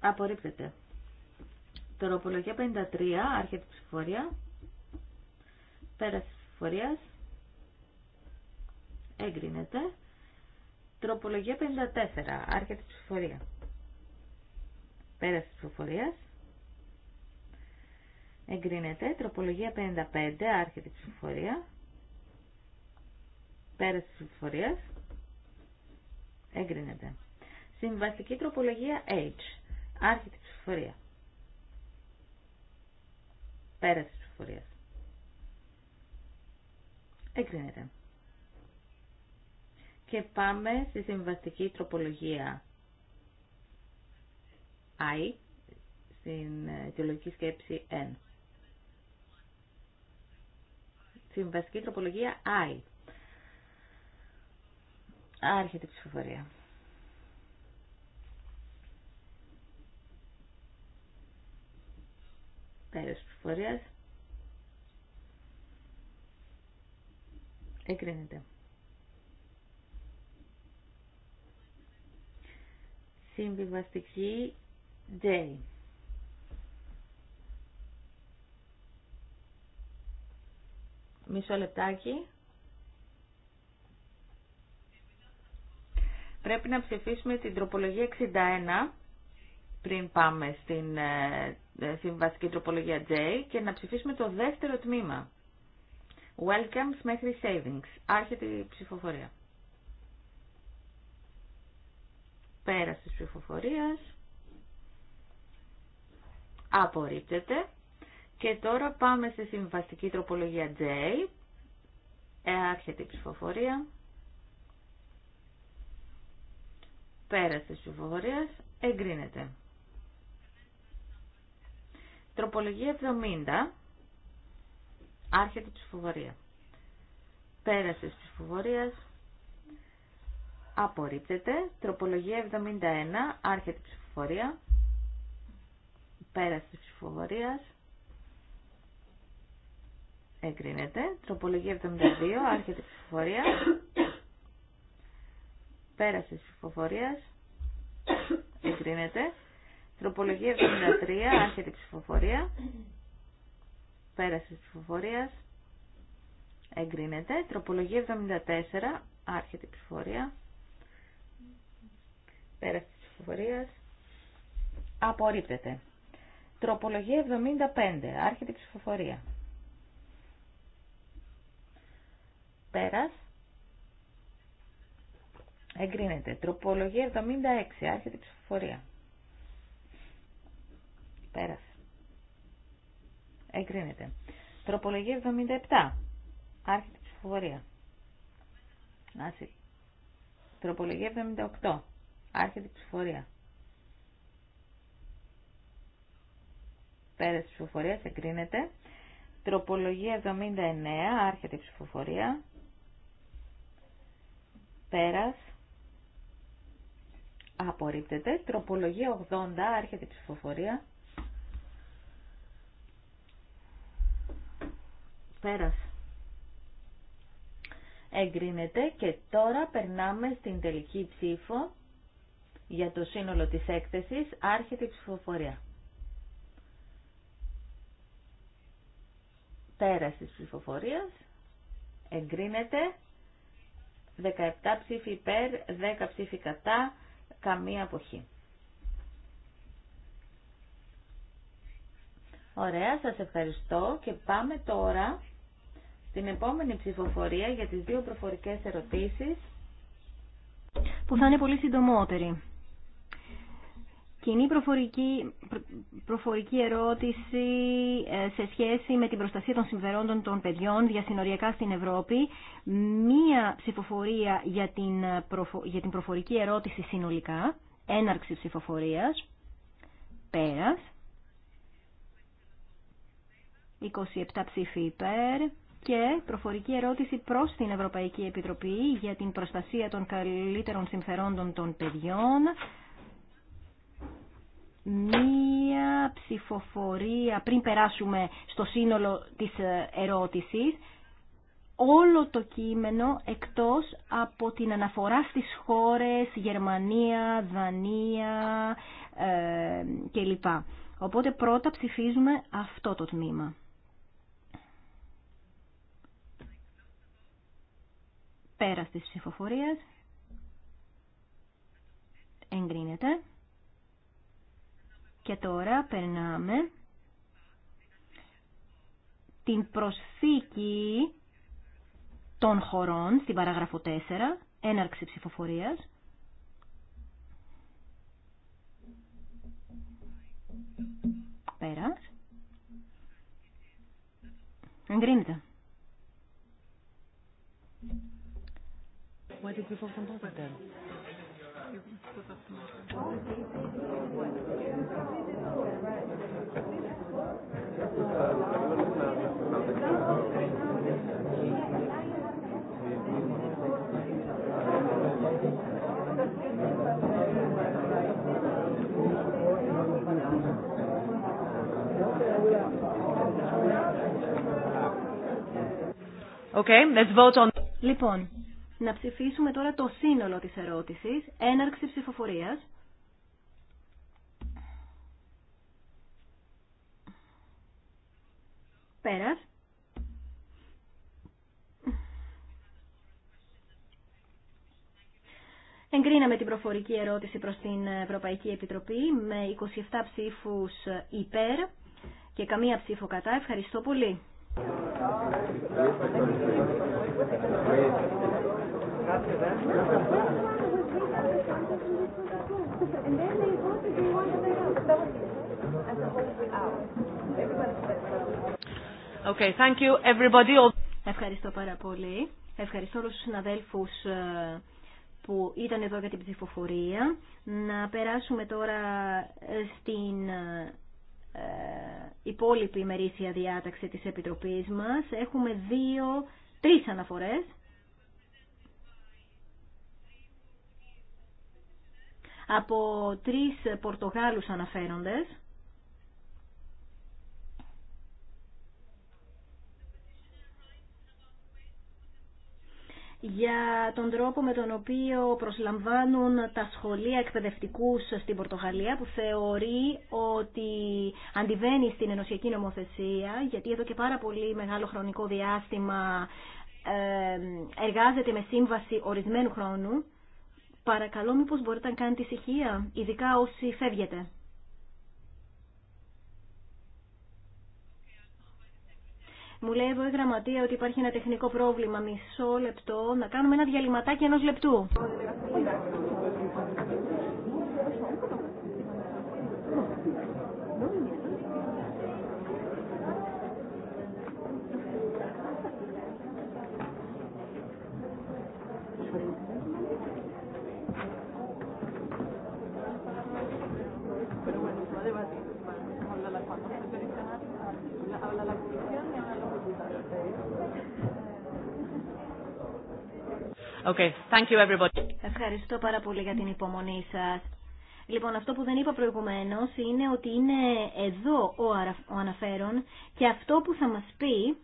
Απορρίπτεται. Τροπολογία 53. Άρχεται η ψηφοφορία. Πέραση ψηφοφορία. Εγκρίνεται. Τροπολογία 54. Άρχεται ψηφοφορία. Πέραση της ψηφορία. Εγκρίνεται. Τροπολογία 55. Άρχεται ψηφοφορία. Πέραση της ψηφορία. Εγκρίνεται. Συμβαστική τροπολογία H. Άρχεται ψηφοφορία. Πέραση της ψηφορία. Εγκρίνεται. Και πάμε στη συμβαστική τροπολογία I, στην αιτιολογική σκέψη N. Συμβαστική τροπολογία I. Άρχεται η ψηφοφορία. Πέρας ψηφοφορίας. Εγκρίνεται. Συμβιβαστική J. Μισό λεπτάκι. Πρέπει να ψηφίσουμε την τροπολογία 61 πριν πάμε στην ε, ε, συμβαστική τροπολογία J και να ψηφίσουμε το δεύτερο τμήμα. Welcome μέχρι savings. Άρχεται η ψηφοφορία. Πέρας της ψηφοφορίας. Απορρίπτεται. Και τώρα πάμε στη συμβαστική τροπολογία J. Ε, άρχεται η ψηφοφορία. Πέρας της ψηφοφορίας. Εγκρίνεται. Τροπολογία 70. Άρχεται η ψηφοφορία. Πέρασε της ψηφοφορίας απορρίπτεται. Τροπολογία 71, άρχεται η ψηφοφορία. Πέραση τη ψηφοφορία, Εγκρίνεται. Τροπολογία 72, άρχεται η ψηφοφορία. Πέραση της Εγκρίνεται. Τροπολογία 73, άρχεται η ψηφοφορία. Πέραση τη ψηφοφορία, Εγκρίνεται. Τροπολογία 74, άρχεται η ψηφοφορία. Πέρας τη ψηφοφορία. Απορρίπτεται. Τροπολογία 75. Άρχεται η ψηφοφορία. Πέρας. Εγκρίνεται. Τροπολογία 76. Άρχεται η ψηφοφορία. Πέρας. Εγκρίνεται. Τροπολογία 77. Άρχεται η ψηφοφορία. Να Τροπολογία 78. Άρχεται η ψηφοφορία. Πέρας της ψηφοφορίας εγκρίνεται. Τροπολογία 79. Άρχεται η ψηφοφορία. Πέρας. Απορρίπτεται. Τροπολογία 80. Άρχεται η ψηφοφορία. Πέρας. Εγκρίνεται και τώρα περνάμε στην τελική ψήφο για το σύνολο της έκθεσης άρχεται η ψηφοφορία. Πέρας της ψηφοφορίας εγκρίνεται 17 ψήφοι υπέρ, 10 ψήφοι κατά, καμία αποχή. Ωραία, σας ευχαριστώ και πάμε τώρα στην επόμενη ψηφοφορία για τις δύο προφορικές ερωτήσεις. Που θα είναι πολύ συντομότερη. Κοινή προφορική, προφορική ερώτηση ε, σε σχέση με την προστασία των συμφερόντων των παιδιών διασυνοριακά στην Ευρώπη. Μία ψηφοφορία για την, ε, για την προφορική ερώτηση συνολικά. Έναρξη ψηφοφορίας. Πέρας. 27 ψήφοι υπέρ και προφορική ερώτηση προς την Ευρωπαϊκή Επιτροπή για την προστασία των καλύτερων συμφερόντων των παιδιών μία ψηφοφορία πριν περάσουμε στο σύνολο της ε, ερώτησης όλο το κείμενο εκτός από την αναφορά στις χώρες Γερμανία, Δανία ε, κλπ. Οπότε πρώτα ψηφίζουμε αυτό το τμήμα. Πέρα της ψηφοφορίας εγκρίνεται. Και τώρα περνάμε την προσθήκη των χωρών στην παράγραφο 4, έναρξη ψηφοφορίας. Πέρας. Εγκρίνεται. Why did you vote of them? Okay, let's vote Λοιπόν, να ψηφίσουμε τώρα το σύνολο της ερώτησης, έναρξη ψηφοφορίας. Πέρας. Εγκρίναμε την προφορική ερώτηση προς την Ευρωπαϊκή Επιτροπή με 27 ψήφους υπέρ και καμία ψήφο κατά. Ευχαριστώ πολύ. Okay, thank you everybody. Ευχαριστώ πάρα πολύ. Ευχαριστώ όλους τους συναδέλφους ε, που ήταν εδώ για την ψηφοφορία. Να περάσουμε τώρα ε, στην ε, ε, υπόλοιπη ημερήσια διάταξη της Επιτροπής μας. Έχουμε δύο, τρεις αναφορές. Από τρεις Πορτογάλους αναφέροντες. για τον τρόπο με τον οποίο προσλαμβάνουν τα σχολεία εκπαιδευτικούς στην Πορτογαλία που θεωρεί ότι αντιβαίνει στην ενωσιακή νομοθεσία γιατί εδώ και πάρα πολύ μεγάλο χρονικό διάστημα ε, εργάζεται με σύμβαση ορισμένου χρόνου. Παρακαλώ μήπως μπορείτε να κάνετε ησυχία, ειδικά όσοι φεύγετε. Μου λέει εδώ η γραμματεία ότι υπάρχει ένα τεχνικό πρόβλημα. Μισό λεπτό. Να κάνουμε ένα διαλυματάκι ενό λεπτού. Ευχαριστώ πάρα πολύ για την υπομονή σας. Λοιπόν, αυτό που δεν είπα προηγουμένως είναι ότι είναι εδώ ο αναφέρον και αυτό που θα μας πει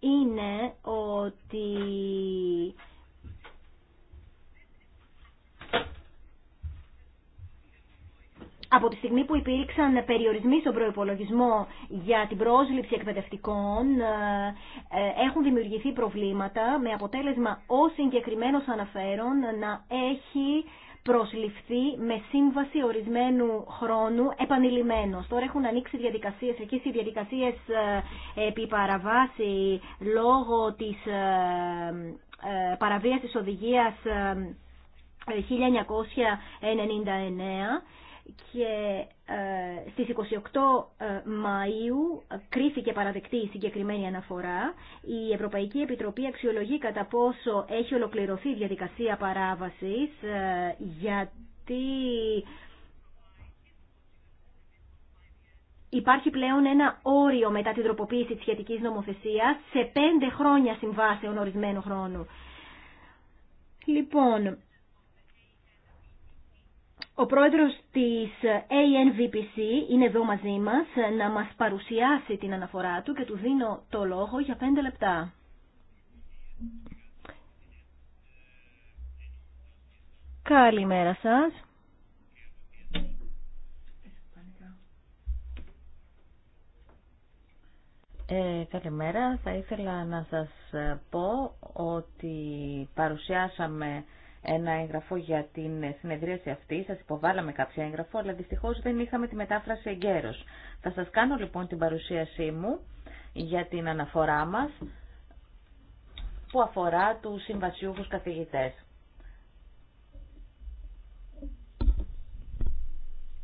είναι ότι από τη στιγμή που υπήρξαν περιορισμοί στον προϋπολογισμό για την πρόσληψη εκπαιδευτικών, ε, ε, έχουν δημιουργηθεί προβλήματα με αποτέλεσμα ο συγκεκριμένος αναφέρον να έχει προσληφθεί με σύμβαση ορισμένου χρόνου επανειλημμένος. Τώρα έχουν ανοίξει διαδικασίες, εκεί οι διαδικασίες ε, επί παραβάση λόγω της παραβίασης οδηγίας 1999 και ε, στις 28 ε, Μαΐου κρίθηκε παραδεκτή η συγκεκριμένη αναφορά. Η Ευρωπαϊκή Επιτροπή αξιολογεί κατά πόσο έχει ολοκληρωθεί η διαδικασία παράβασης ε, γιατί Υπάρχει πλέον ένα όριο μετά την τροποποίηση της σχετικής νομοθεσίας σε πέντε χρόνια συμβάσεων ορισμένου χρόνου. Λοιπόν, ο πρόεδρος της ANVPC είναι εδώ μαζί μας να μας παρουσιάσει την αναφορά του και του δίνω το λόγο για πέντε λεπτά. Καλημέρα σας. Ε, καλημέρα. Θα ήθελα να σας πω ότι παρουσιάσαμε ένα έγγραφο για την συνεδρίαση αυτή. Σας υποβάλαμε κάποιο έγγραφο, αλλά δυστυχώς δεν είχαμε τη μετάφραση εγκαίρω. Θα σας κάνω λοιπόν την παρουσίασή μου για την αναφορά μας που αφορά του συμβασιούχου καθηγητές.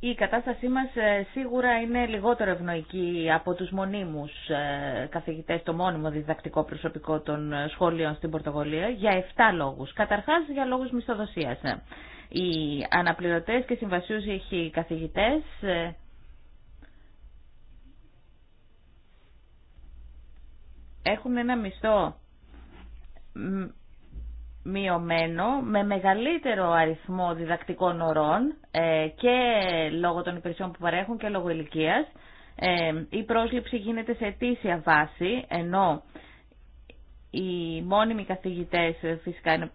η κατάστασή μας ε, σίγουρα είναι λιγότερο ευνοϊκή από τους μονίμους ε, καθηγητές, το μόνιμο διδακτικό προσωπικό των ε, σχολείων στην Πορτογαλία για 7 λόγους. Καταρχάς για λόγους μισθοδοσίας. Οι αναπληρωτές και συμβασιούχοι καθηγητές έχουν ένα μισθό μειωμένο με μεγαλύτερο αριθμό διδακτικών ωρών ε, και λόγω των υπηρεσιών που παρέχουν και λόγω ηλικίας. Ε, η πρόσληψη γίνεται σε αιτήσια βάση, ενώ οι μόνιμοι καθηγητές ε, φυσικά είναι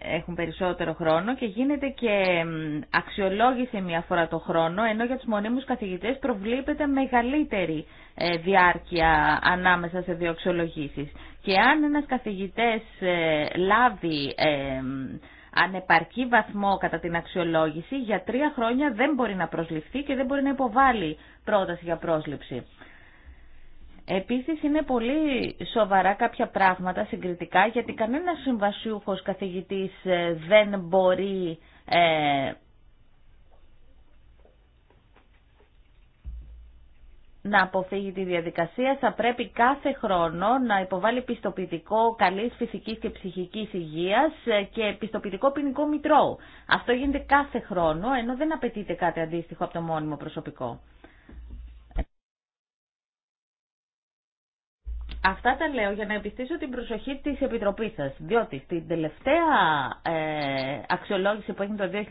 έχουν περισσότερο χρόνο και γίνεται και αξιολόγηση μία φορά το χρόνο, ενώ για τους μονίμους καθηγητές προβλέπεται μεγαλύτερη ε, διάρκεια ανάμεσα σε δύο αξιολογήσεις. Και αν ένας καθηγητής ε, λάβει ε, ανεπαρκή βαθμό κατά την αξιολόγηση, για τρία χρόνια δεν μπορεί να προσληφθεί και δεν μπορεί να υποβάλει πρόταση για πρόσληψη. Επίσης είναι πολύ σοβαρά κάποια πράγματα συγκριτικά γιατί κανένας συμβασιούχος καθηγητής δεν μπορεί να αποφύγει τη διαδικασία θα πρέπει κάθε χρόνο να υποβάλει πιστοποιητικό καλής φυσικής και ψυχικής υγείας και πιστοποιητικό ποινικό μητρό. Αυτό γίνεται κάθε χρόνο ενώ δεν απαιτείται κάτι αντίστοιχο από το μόνιμο προσωπικό. Αυτά τα λέω για να επιστήσω την προσοχή της Επιτροπής σας, διότι στην τελευταία ε, αξιολόγηση που έγινε το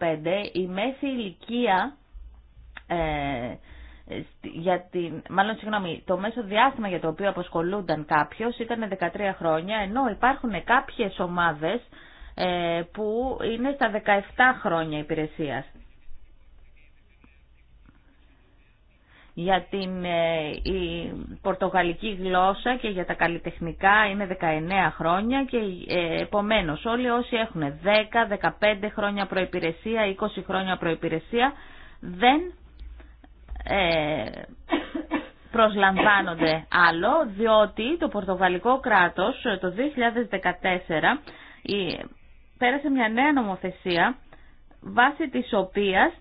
2015 η μέση ηλικία ε, για μάλλον συγγνώμη, το μέσο διάστημα για το οποίο αποσχολούνταν κάποιος ήταν 13 χρόνια, ενώ υπάρχουν κάποιες ομάδες ε, που είναι στα 17 χρόνια υπηρεσίας. Για την ε, η πορτογαλική γλώσσα και για τα καλλιτεχνικά είναι 19 χρόνια και ε, επομένως όλοι όσοι έχουν 10, 15 χρόνια προϋπηρεσία, 20 χρόνια προϋπηρεσία δεν ε, προσλαμβάνονται άλλο, διότι το Πορτογαλικό κράτος ε, το 2014 πέρασε μια νέα νομοθεσία βάσει της οποίας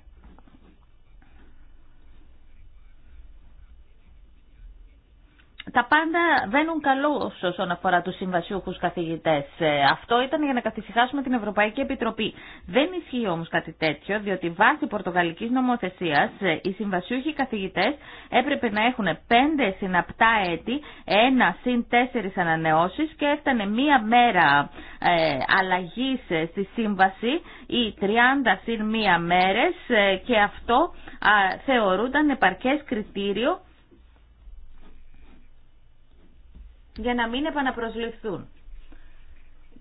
τα πάντα βαίνουν καλό όσον αφορά του συμβασιούχου καθηγητέ. Ε, αυτό ήταν για να καθησυχάσουμε την Ευρωπαϊκή Επιτροπή. Δεν ισχύει όμω κάτι τέτοιο, διότι βάσει πορτογαλική νομοθεσία ε, οι συμβασιούχοι καθηγητέ έπρεπε να έχουν πέντε συναπτά έτη, ένα συν τέσσερι ανανεώσει και έφτανε μία μέρα ε, αλλαγή ε, στη σύμβαση ή 30 συν μία μέρε και αυτό θεωρούνταν επαρκέ κριτήριο για να μην επαναπροσληφθούν.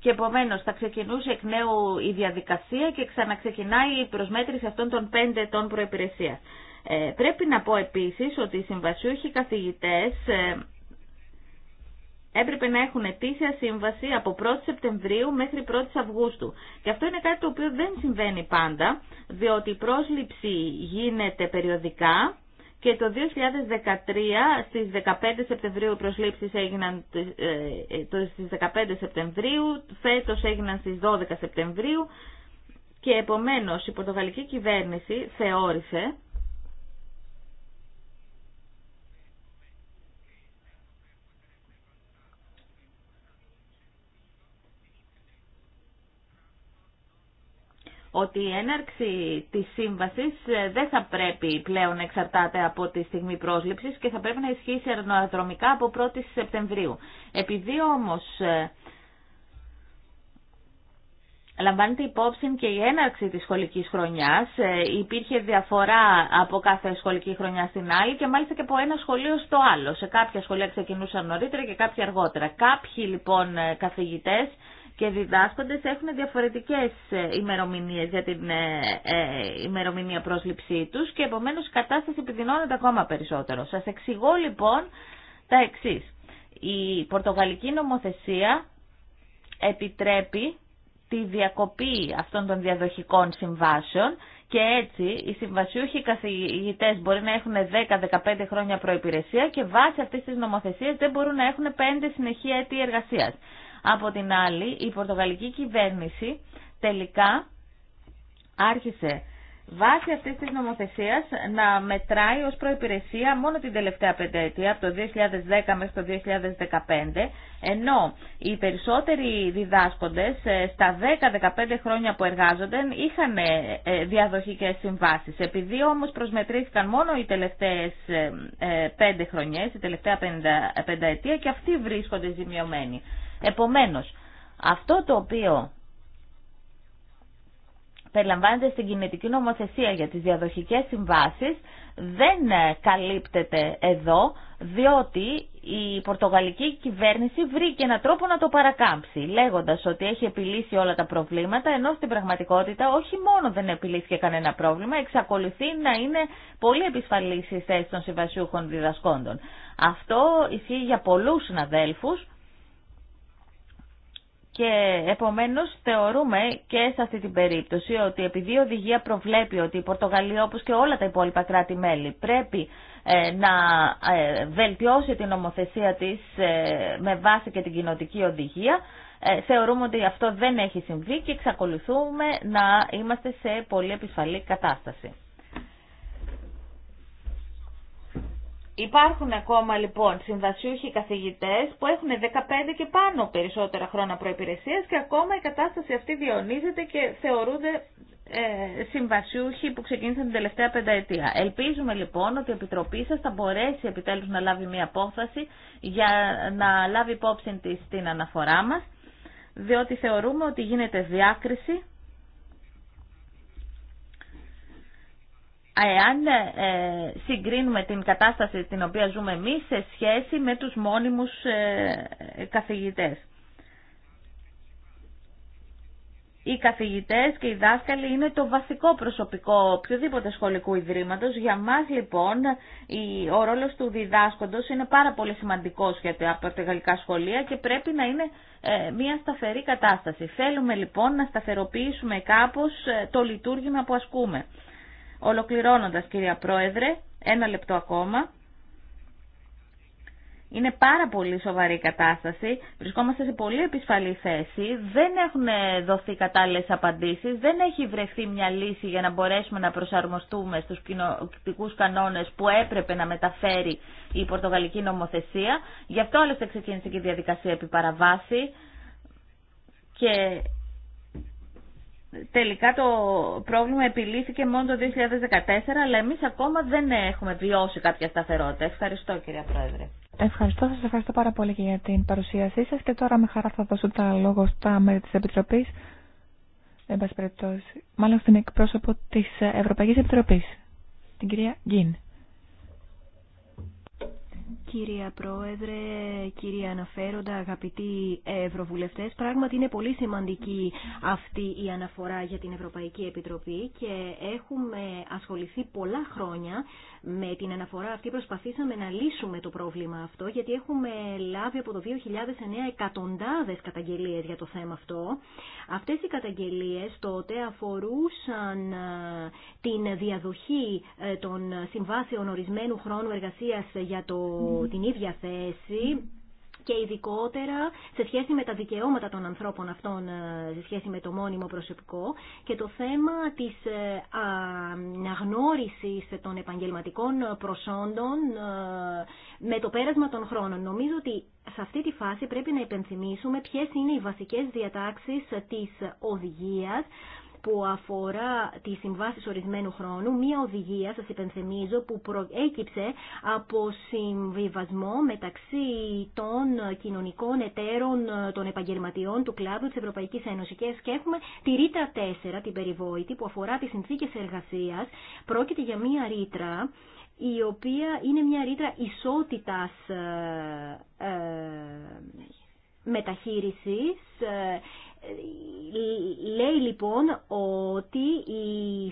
Και επομένως θα ξεκινούσε εκ νέου η διαδικασία και ξαναξεκινάει η προσμέτρηση αυτών των πέντε ετών προϋπηρεσίας. Ε, πρέπει να πω επίσης ότι οι συμβασιούχοι καθηγητές ε, έπρεπε να έχουν ετήσια σύμβαση από 1η Σεπτεμβρίου μέχρι 1η Αυγούστου. Και αυτό είναι κάτι το οποίο δεν συμβαίνει πάντα, διότι η πρόσληψη γίνεται περιοδικά και το 2013 στις 15 Σεπτεμβρίου οι προσλήψεις έγιναν ε, ε, στις 15 Σεπτεμβρίου, φέτος έγιναν στις 12 Σεπτεμβρίου και επομένως η πορτογαλική κυβέρνηση θεώρησε ότι η έναρξη της σύμβασης ε, δεν θα πρέπει πλέον να εξαρτάται από τη στιγμή πρόσληψης και θα πρέπει να ισχυσει αρνοαδρομικα αεροδρομικά από 1η Σεπτεμβρίου. Επειδή όμως ε, Λαμβάνεται υπόψη και η έναρξη της σχολικής χρονιάς. Ε, υπήρχε διαφορά από κάθε σχολική χρονιά στην άλλη και μάλιστα και από ένα σχολείο στο άλλο. Σε κάποια σχολεία ξεκινούσαν νωρίτερα και κάποια αργότερα. Κάποιοι λοιπόν καθηγητές και διδάσκοντες έχουν διαφορετικές ε, ημερομηνίες για την ε, ε, ημερομηνία πρόσληψή τους και επομένως η κατάσταση επιδεινώνεται ακόμα περισσότερο. Σας εξηγώ λοιπόν τα εξής. Η πορτογαλική νομοθεσία επιτρέπει τη διακοπή αυτών των διαδοχικών συμβάσεων και έτσι οι συμβασιούχοι καθηγητέ μπορεί να έχουν 10-15 χρόνια προϋπηρεσία... και βάσει αυτής της νομοθεσίας δεν μπορούν να έχουν 5 συνεχή έτη εργασία. Από την άλλη, η πορτογαλική κυβέρνηση τελικά άρχισε βάσει αυτή τη νομοθεσία να μετράει ω προπηρεσία μόνο την τελευταία πενταετία, από το 2010 μέχρι το 2015, ενώ οι περισσότεροι διδάσκοντες ε, στα 10-15 χρόνια που εργάζονται είχαν ε, ε, διαδοχικέ συμβάσει. Επειδή όμω προσμετρήθηκαν μόνο οι τελευταίε 5 χρονιέ, η τελευταία πενταετία και αυτοί βρίσκονται ζημιωμένοι. Επομένως, αυτό το οποίο περιλαμβάνεται στην κινητική νομοθεσία για τις διαδοχικές συμβάσεις δεν ε, καλύπτεται εδώ διότι η πορτογαλική κυβέρνηση βρήκε έναν τρόπο να το παρακάμψει λέγοντας ότι έχει επιλύσει όλα τα προβλήματα ενώ στην πραγματικότητα όχι μόνο δεν επιλύθηκε κανένα πρόβλημα εξακολουθεί να είναι πολύ επισφαλής η θέση των συμβασιούχων διδασκόντων. Αυτό ισχύει για πολλούς συναδέλφους και επομένως θεωρούμε και σε αυτή την περίπτωση ότι επειδή η οδηγία προβλέπει ότι η Πορτογαλία όπως και όλα τα υπόλοιπα κράτη-μέλη πρέπει ε, να ε, βελτιώσει την ομοθεσία της ε, με βάση και την κοινοτική οδηγία, θεωρούμε ότι αυτό δεν έχει συμβεί και εξακολουθούμε να είμαστε σε πολύ επισφαλή κατάσταση. Υπάρχουν ακόμα λοιπόν συμβασιούχοι καθηγητές που έχουν 15 και πάνω περισσότερα χρόνια προϋπηρεσίας και ακόμα η κατάσταση αυτή διονύζεται και θεωρούνται ε, συμβασιούχοι που ξεκίνησαν την τελευταία πενταετία. Ελπίζουμε λοιπόν ότι η Επιτροπή σας θα μπορέσει επιτέλους να λάβει μια απόφαση για να λάβει υπόψη τη την αναφορά μας, διότι θεωρούμε ότι γίνεται διάκριση εάν ε, ε, συγκρίνουμε την κατάσταση την οποία ζούμε εμείς σε σχέση με τους μόνιμους ε, καθηγητές. Οι καθηγητές και οι δάσκαλοι είναι το βασικό προσωπικό οποιοδήποτε σχολικού ιδρύματος. Για μας λοιπόν ο ρόλος του διδάσκοντος είναι πάρα πολύ σημαντικός για τα γαλλικά σχολεία και πρέπει να είναι ε, μια σταθερή κατάσταση. Θέλουμε λοιπόν να σταθεροποιήσουμε κάπως το λειτουργήμα που ασκούμε. Ολοκληρώνοντας κυρία Πρόεδρε, ένα λεπτό ακόμα. Είναι πάρα πολύ σοβαρή η κατάσταση. Βρισκόμαστε σε πολύ επισφαλή θέση. Δεν έχουν δοθεί κατάλληλες απαντήσεις. Δεν έχει βρεθεί μια λύση για να μπορέσουμε να προσαρμοστούμε στους κοινοκτικού κανόνες που έπρεπε να μεταφέρει η πορτογαλική νομοθεσία. Γι' αυτό άλλωστε ξεκίνησε και η διαδικασία επιπαραβάση. Και τελικά το πρόβλημα επιλύθηκε μόνο το 2014, αλλά εμείς ακόμα δεν έχουμε βιώσει κάποια σταθερότητα. Ευχαριστώ κυρία Πρόεδρε. Ευχαριστώ σας, ευχαριστώ πάρα πολύ για την παρουσίασή σας και τώρα με χαρά θα δώσω τα λόγο στα μέλη της Επιτροπής, εν μάλλον στην εκπρόσωπο της Ευρωπαϊκής Επιτροπής, την κυρία Γκίν. Κυρία Πρόεδρε, κυρία Αναφέροντα, αγαπητοί Ευρωβουλευτές, πράγματι είναι πολύ σημαντική αυτή η αναφορά για την Ευρωπαϊκή Επιτροπή και έχουμε ασχοληθεί πολλά χρόνια με την αναφορά αυτή. Προσπαθήσαμε να λύσουμε το πρόβλημα αυτό γιατί έχουμε λάβει από το 2009 εκατοντάδες καταγγελίες για το θέμα αυτό. Αυτές οι καταγγελίες τότε αφορούσαν ε, την διαδοχή ε, των συμβάσεων ορισμένου χρόνου εργασίας για το την ίδια θέση και ειδικότερα σε σχέση με τα δικαιώματα των ανθρώπων αυτών, ε, σε σχέση με το μόνιμο προσωπικό και το θέμα της ε, αναγνώρισης των επαγγελματικών προσόντων ε, με το πέρασμα των χρόνων. Νομίζω ότι σε αυτή τη φάση πρέπει να υπενθυμίσουμε ποιες είναι οι βασικές διατάξεις της οδηγίας που αφορά τι συμβάσει ορισμένου χρόνου, μία οδηγία, σα υπενθυμίζω, που προέκυψε από συμβιβασμό μεταξύ των κοινωνικών εταίρων των επαγγελματιών του κλάδου τη Ευρωπαϊκή Ένωση και έχουμε τη ρήτρα 4, την περιβόητη, που αφορά τι συνθήκε εργασία. Πρόκειται για μία ρήτρα η οποία είναι μια ρήτρα ισότητας ε, ε, μεταχείρισης ε, Λέει λοιπόν ότι οι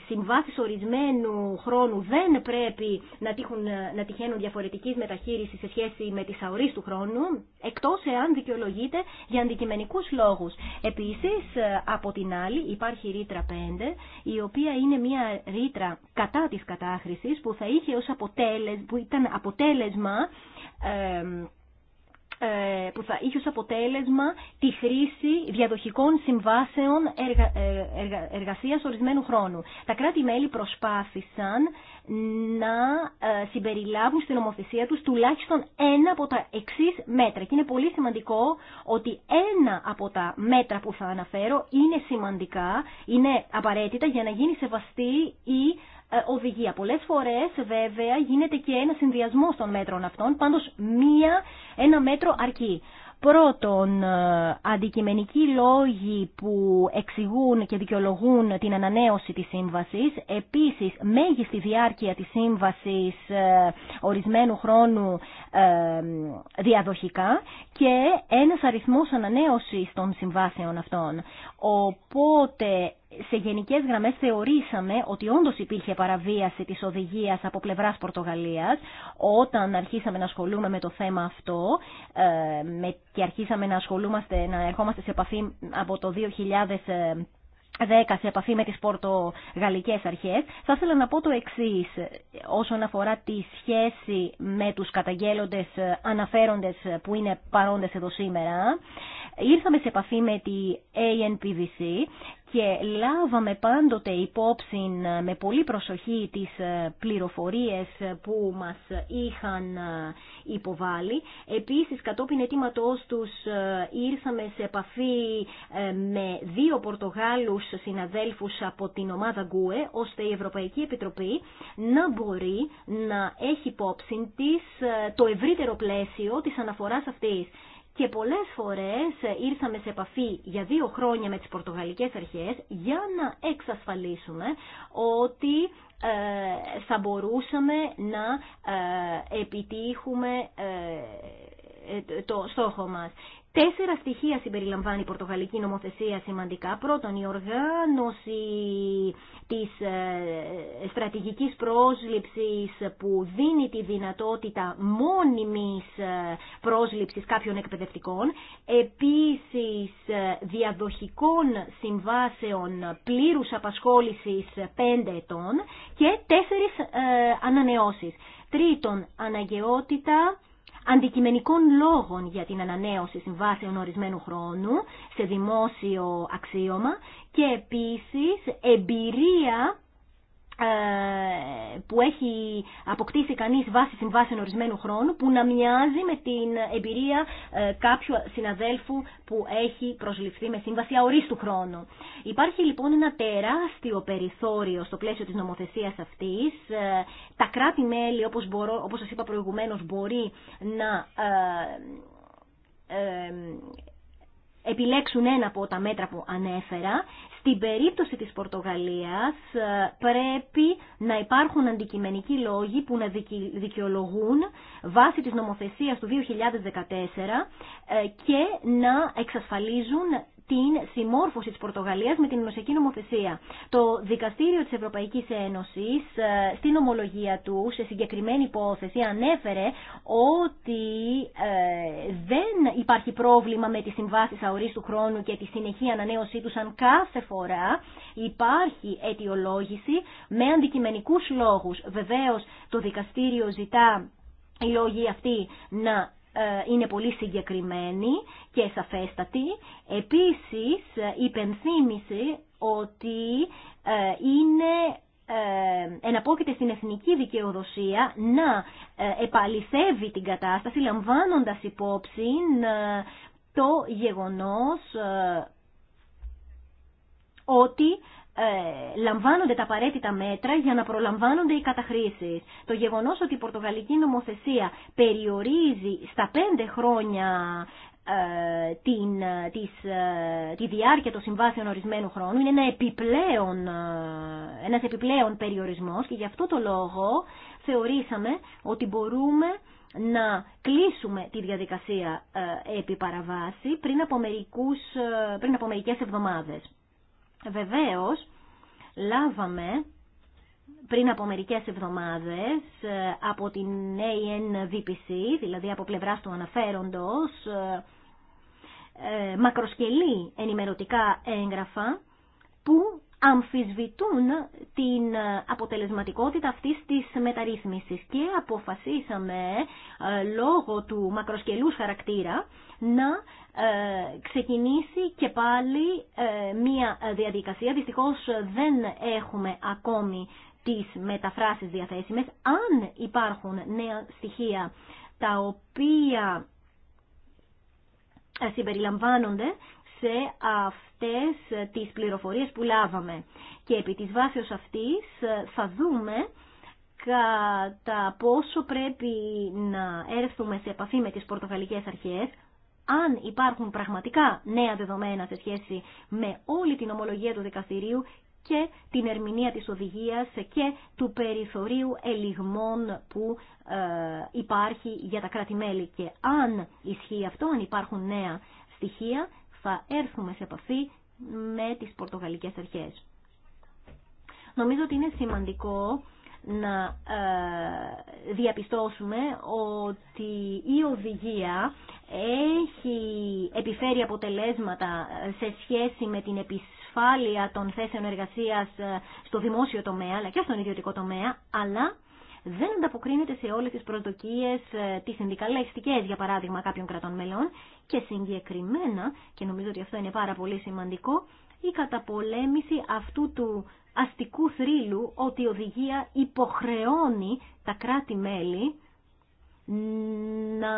συμβάσεις ορισμένου χρόνου δεν πρέπει να, τύχουν, να τυχαίνουν διαφορετικής μεταχείρισης σε σχέση με τις του χρόνου, εκτός εάν δικαιολογείται για αντικειμενικούς λόγους. Επίσης, από την άλλη, υπάρχει η ρήτρα 5, η οποία είναι μια ρήτρα κατά της κατάχρησης που θα είχε ως ήταν αποτέλεσμα... Ε, ε, που θα είχε ως αποτέλεσμα τη χρήση διαδοχικών συμβάσεων εργα, ε, εργα, εργασίας ορισμένου χρόνου. Τα κράτη-μέλη προσπάθησαν να ε, συμπεριλάβουν στην ομοθεσία τους τουλάχιστον ένα από τα εξή μέτρα. Και είναι πολύ σημαντικό ότι ένα από τα μέτρα που θα αναφέρω είναι σημαντικά, είναι απαραίτητα για να γίνει σεβαστή η ε, οδηγία. Πολλές φορές βέβαια γίνεται και ένα συνδυασμό των μέτρων αυτών, πάντως μία, ένα μέτρο αρκεί. Πρώτον, ε, αντικειμενικοί λόγοι που εξηγούν και δικαιολογούν την ανανέωση της σύμβασης. Επίσης, μέγιστη διάρκεια της σύμβασης ε, ορισμένου χρόνου διαδοχικά και ένας αριθμός ανανέωσης των συμβάσεων αυτών. Οπότε, σε γενικές γραμμές θεωρήσαμε ότι όντω υπήρχε παραβίαση τη οδηγία από πλευρά Πορτογαλίας όταν αρχίσαμε να ασχολούμε με το θέμα αυτό ε, και αρχίσαμε να ασχολούμαστε, να ερχόμαστε σε επαφή από το 2010 σε επαφή με τις πορτογαλικές αρχές. Θα ήθελα να πω το εξής όσον αφορά τη σχέση με τους καταγγέλλοντες ε, αναφέροντες που είναι παρόντες εδώ σήμερα ήρθαμε σε επαφή με τη ANPVC και λάβαμε πάντοτε υπόψη με πολύ προσοχή τις ε, πληροφορίες που μας είχαν ε, υποβάλει. Επίσης, κατόπιν αιτήματός τους ε, ήρθαμε σε επαφή με δύο Πορτογάλους συναδέλφους από την ομάδα Γκουε, ώστε η Ευρωπαϊκή Επιτροπή να μπορεί να έχει υπόψη της το ευρύτερο πλαίσιο της αναφοράς αυτής και πολλές φορές ε, ήρθαμε σε επαφή για δύο χρόνια με τις πορτογαλικές αρχές για να εξασφαλίσουμε ότι ε, θα μπορούσαμε να ε, επιτύχουμε το στόχο μας. Τέσσερα στοιχεία συμπεριλαμβάνει η Πορτογαλική νομοθεσία σημαντικά. Πρώτον, η οργάνωση της ε, στρατηγικής πρόσληψης που δίνει τη δυνατότητα μόνιμης ε, πρόσληψης κάποιων εκπαιδευτικών, επίσης ε, διαδοχικών συμβάσεων πλήρους απασχόλησης πέντε ετών και τέσσερις ανανεώσεις. Τρίτον, αναγκαιότητα αντικειμενικών λόγων για την ανανέωση συμβάσεων ορισμένου χρόνου σε δημόσιο αξίωμα και επίσης εμπειρία ε, που έχει αποκτήσει κανείς βάση συμβάσεων ορισμένου χρόνου που να μοιάζει με την εμπειρία ε, κάποιου συναδέλφου που έχει προσληφθεί με σύμβαση αορίστου χρόνου. Υπάρχει λοιπόν ένα τεράστιο περιθώριο στο πλαίσιο της νομοθεσίας αυτής. Ε, τα κράτη-μέλη όπως, όπως σας είπα προηγουμένως μπορεί να επιλέξουν ένα από τα μέτρα που ανέφερα. Στην περίπτωση της Πορτογαλίας ε, πρέπει να υπάρχουν αντικειμενικοί λόγοι που να δικαιολογούν βάσει της νομοθεσίας του 2014 ε, και να εξασφαλίζουν την συμμόρφωση της Πορτογαλίας με την ενωσιακή νομοθεσία. Το Δικαστήριο της Ευρωπαϊκής Ένωσης ε, στην ομολογία του σε συγκεκριμένη υπόθεση ανέφερε ότι ε, δεν υπάρχει πρόβλημα με τις συμβάσεις αορίστου χρόνου και τη συνεχή ανανέωσή τους αν κάθε φορά υπάρχει αιτιολόγηση με αντικειμενικούς λόγους. Βεβαίως το Δικαστήριο ζητά οι λόγοι αυτοί να ε, είναι πολύ συγκεκριμένη και σαφέστατη. Επίσης ε, υπενθύμησε ότι ε, είναι εναπόκειται στην εθνική δικαιοδοσία να επαληθεύει την κατάσταση λαμβάνοντας υπόψη το γεγονός ότι ε, λαμβάνονται τα απαραίτητα μέτρα για να προλαμβάνονται οι καταχρήσεις. Το γεγονός ότι η πορτογαλική νομοθεσία περιορίζει στα πέντε χρόνια ε, ε, τη διάρκεια των συμβάσεων ορισμένου χρόνου είναι ένα επιπλέον, ένας επιπλέον περιορισμός και γι' αυτό το λόγο θεωρήσαμε ότι μπορούμε να κλείσουμε τη διαδικασία επί παραβάση πριν από, μερικούς, πριν από μερικές εβδομάδες. Βεβαίως, λάβαμε πριν από μερικές εβδομάδες ε, από την ANVPC, δηλαδή από πλευράς του αναφέροντος, ε, ε, μακροσκελή ενημερωτικά έγγραφα που αμφισβητούν την αποτελεσματικότητα αυτής της μεταρρύθμισης και αποφασίσαμε λόγω του μακροσκελούς χαρακτήρα να ε, ξεκινήσει και πάλι ε, μία διαδικασία. Δυστυχώς δεν έχουμε ακόμη τις μεταφράσεις διαθέσιμες. Αν υπάρχουν νέα στοιχεία τα οποία ε, συμπεριλαμβάνονται σε αυτές τις πληροφορίες που λάβαμε. Και επί της βάσεως αυτής θα δούμε κατά πόσο πρέπει να έρθουμε σε επαφή με τις πορτογαλικές αρχές, αν υπάρχουν πραγματικά νέα δεδομένα σε σχέση με όλη την ομολογία του δικαστηρίου και την ερμηνεία της οδηγίας και του περιθωρίου ελιγμών που ε, υπάρχει για τα κράτη-μέλη. Και αν ισχύει αυτό, αν υπάρχουν νέα στοιχεία, θα έρθουμε σε επαφή με τις πορτογαλικές αρχές. Νομίζω ότι είναι σημαντικό να ε, διαπιστώσουμε ότι η οδηγία έχει επιφέρει αποτελέσματα σε σχέση με την επισφάλεια των θέσεων εργασίας ε, στο δημόσιο τομέα αλλά και στον ιδιωτικό τομέα, αλλά δεν ανταποκρίνεται σε όλες τις προσδοκίες ε, τις συνδικαλιστικές, για παράδειγμα, κάποιων κρατών μελών και συγκεκριμένα, και νομίζω ότι αυτό είναι πάρα πολύ σημαντικό, η καταπολέμηση αυτού του αστικού θρύλου ότι η οδηγία υποχρεώνει τα κράτη-μέλη να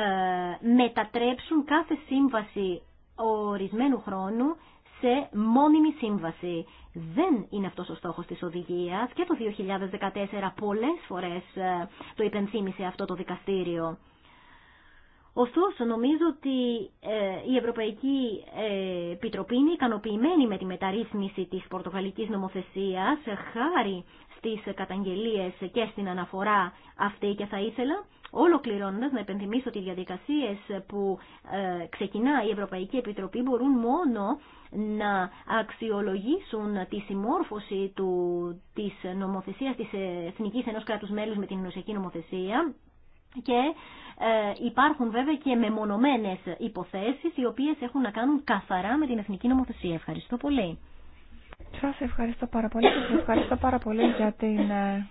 ε, μετατρέψουν κάθε σύμβαση ορισμένου χρόνου σε μόνιμη σύμβαση. Δεν είναι αυτός ο στόχος της οδηγίας και το 2014 πολλές φορές ε, το υπενθύμησε αυτό το δικαστήριο. Ωστόσο, νομίζω ότι ε, η Ευρωπαϊκή ε, Επιτροπή είναι ικανοποιημένη με τη μεταρρύθμιση της πορτογαλικής νομοθεσίας χάρη στις καταγγελίες και στην αναφορά αυτή και θα ήθελα Ολοκληρώνοντας, να επενθυμίσω ότι οι διαδικασίες που ε, ξεκινά η Ευρωπαϊκή Επιτροπή μπορούν μόνο να αξιολογήσουν τη συμμόρφωση του, της νομοθεσίας της Εθνικής Ενός Κράτους Μέλους με την Ενωσιακή Νομοθεσία και ε, υπάρχουν βέβαια και μεμονωμένες υποθέσεις οι οποίες έχουν να κάνουν καθαρά με την εθνική νομοθεσία. Ευχαριστώ πολύ. Σας ευχαριστώ πάρα πολύ και ευχαριστώ πάρα πολύ για την ε,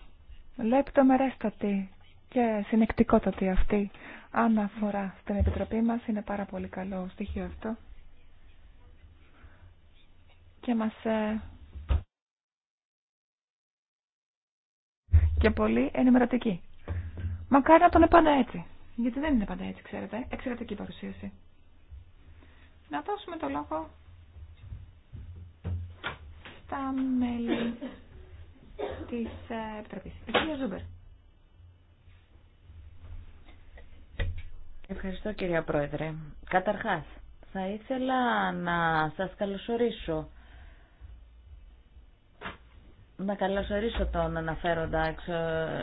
λεπτομερέστατη και συνεκτικότατη αυτή αναφορά στην Επιτροπή μας. Είναι πάρα πολύ καλό στοιχείο αυτό. Και μας... Ε, και πολύ ενημερωτική. Μακάρι να τον είναι πάντα έτσι. Γιατί δεν είναι πάντα έτσι, ξέρετε. Εξαιρετική παρουσίαση. Να δώσουμε το λόγο στα μέλη της ε, Επιτροπής. Κυρία Ζούμπερ. Ευχαριστώ κυρία Πρόεδρε. Καταρχάς, θα ήθελα να σας καλωσορίσω να καλωσορίσω τον αναφέροντα ε,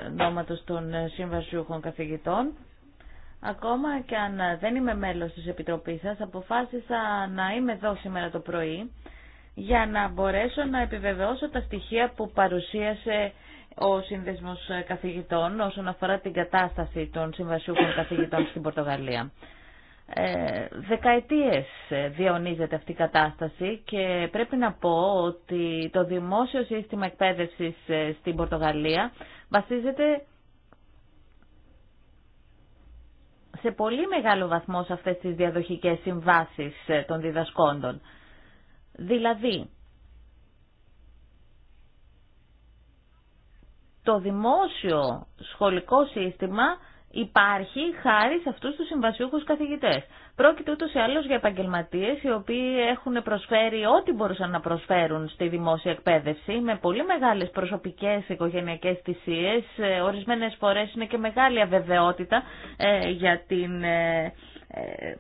νόματο των ε, συμβασιούχων καθηγητών. Ακόμα και αν ε, δεν είμαι μέλος της Επιτροπής σας, αποφάσισα να είμαι εδώ σήμερα το πρωί για να μπορέσω να επιβεβαιώσω τα στοιχεία που παρουσίασε ο Σύνδεσμος Καθηγητών όσον αφορά την κατάσταση των συμβασιούχων καθηγητών στην Πορτογαλία. Ε, δεκαετίες ε, διαιωνίζεται αυτή η κατάσταση και πρέπει να πω ότι το δημόσιο σύστημα εκπαίδευσης ε, στην Πορτογαλία βασίζεται σε πολύ μεγάλο βαθμό σε αυτές τις διαδοχικές συμβάσεις των διδασκόντων. Δηλαδή, το δημόσιο σχολικό σύστημα υπάρχει χάρη σε αυτού του συμβασιούχου καθηγητέ. Πρόκειται ούτω ή άλλω για επαγγελματίε, οι οποίοι έχουν προσφέρει ό,τι μπορούσαν να προσφέρουν στη δημόσια εκπαίδευση με πολύ μεγάλε προσωπικέ οικογενειακέ θυσίε. Ορισμένε φορές είναι και μεγάλη αβεβαιότητα ε, για την ε, ε,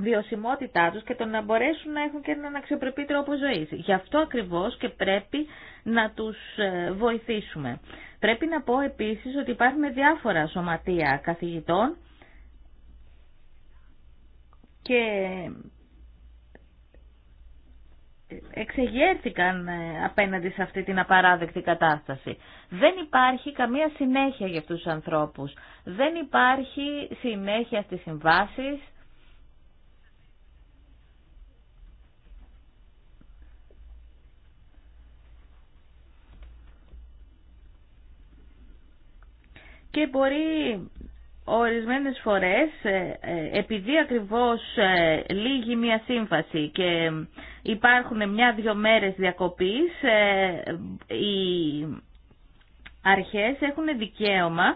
βιωσιμότητά τους και το να μπορέσουν να έχουν και έναν αξιοπρεπή τρόπο ζωής. Γι' αυτό ακριβώς και πρέπει να τους ε, βοηθήσουμε. Πρέπει να πω επίσης ότι υπάρχουν διάφορα σωματεία καθηγητών και εξεγέρθηκαν ε, απέναντι σε αυτή την απαράδεκτη κατάσταση. Δεν υπάρχει καμία συνέχεια για αυτούς τους ανθρώπους. Δεν υπάρχει συνέχεια στις συμβάσεις και μπορεί ορισμένες φορές ε, ε, επειδή ακριβώς ε, λύγει μια σύμφαση και υπάρχουν μια-δυο μέρες διακοπής οι αρχές έχουν δικαίωμα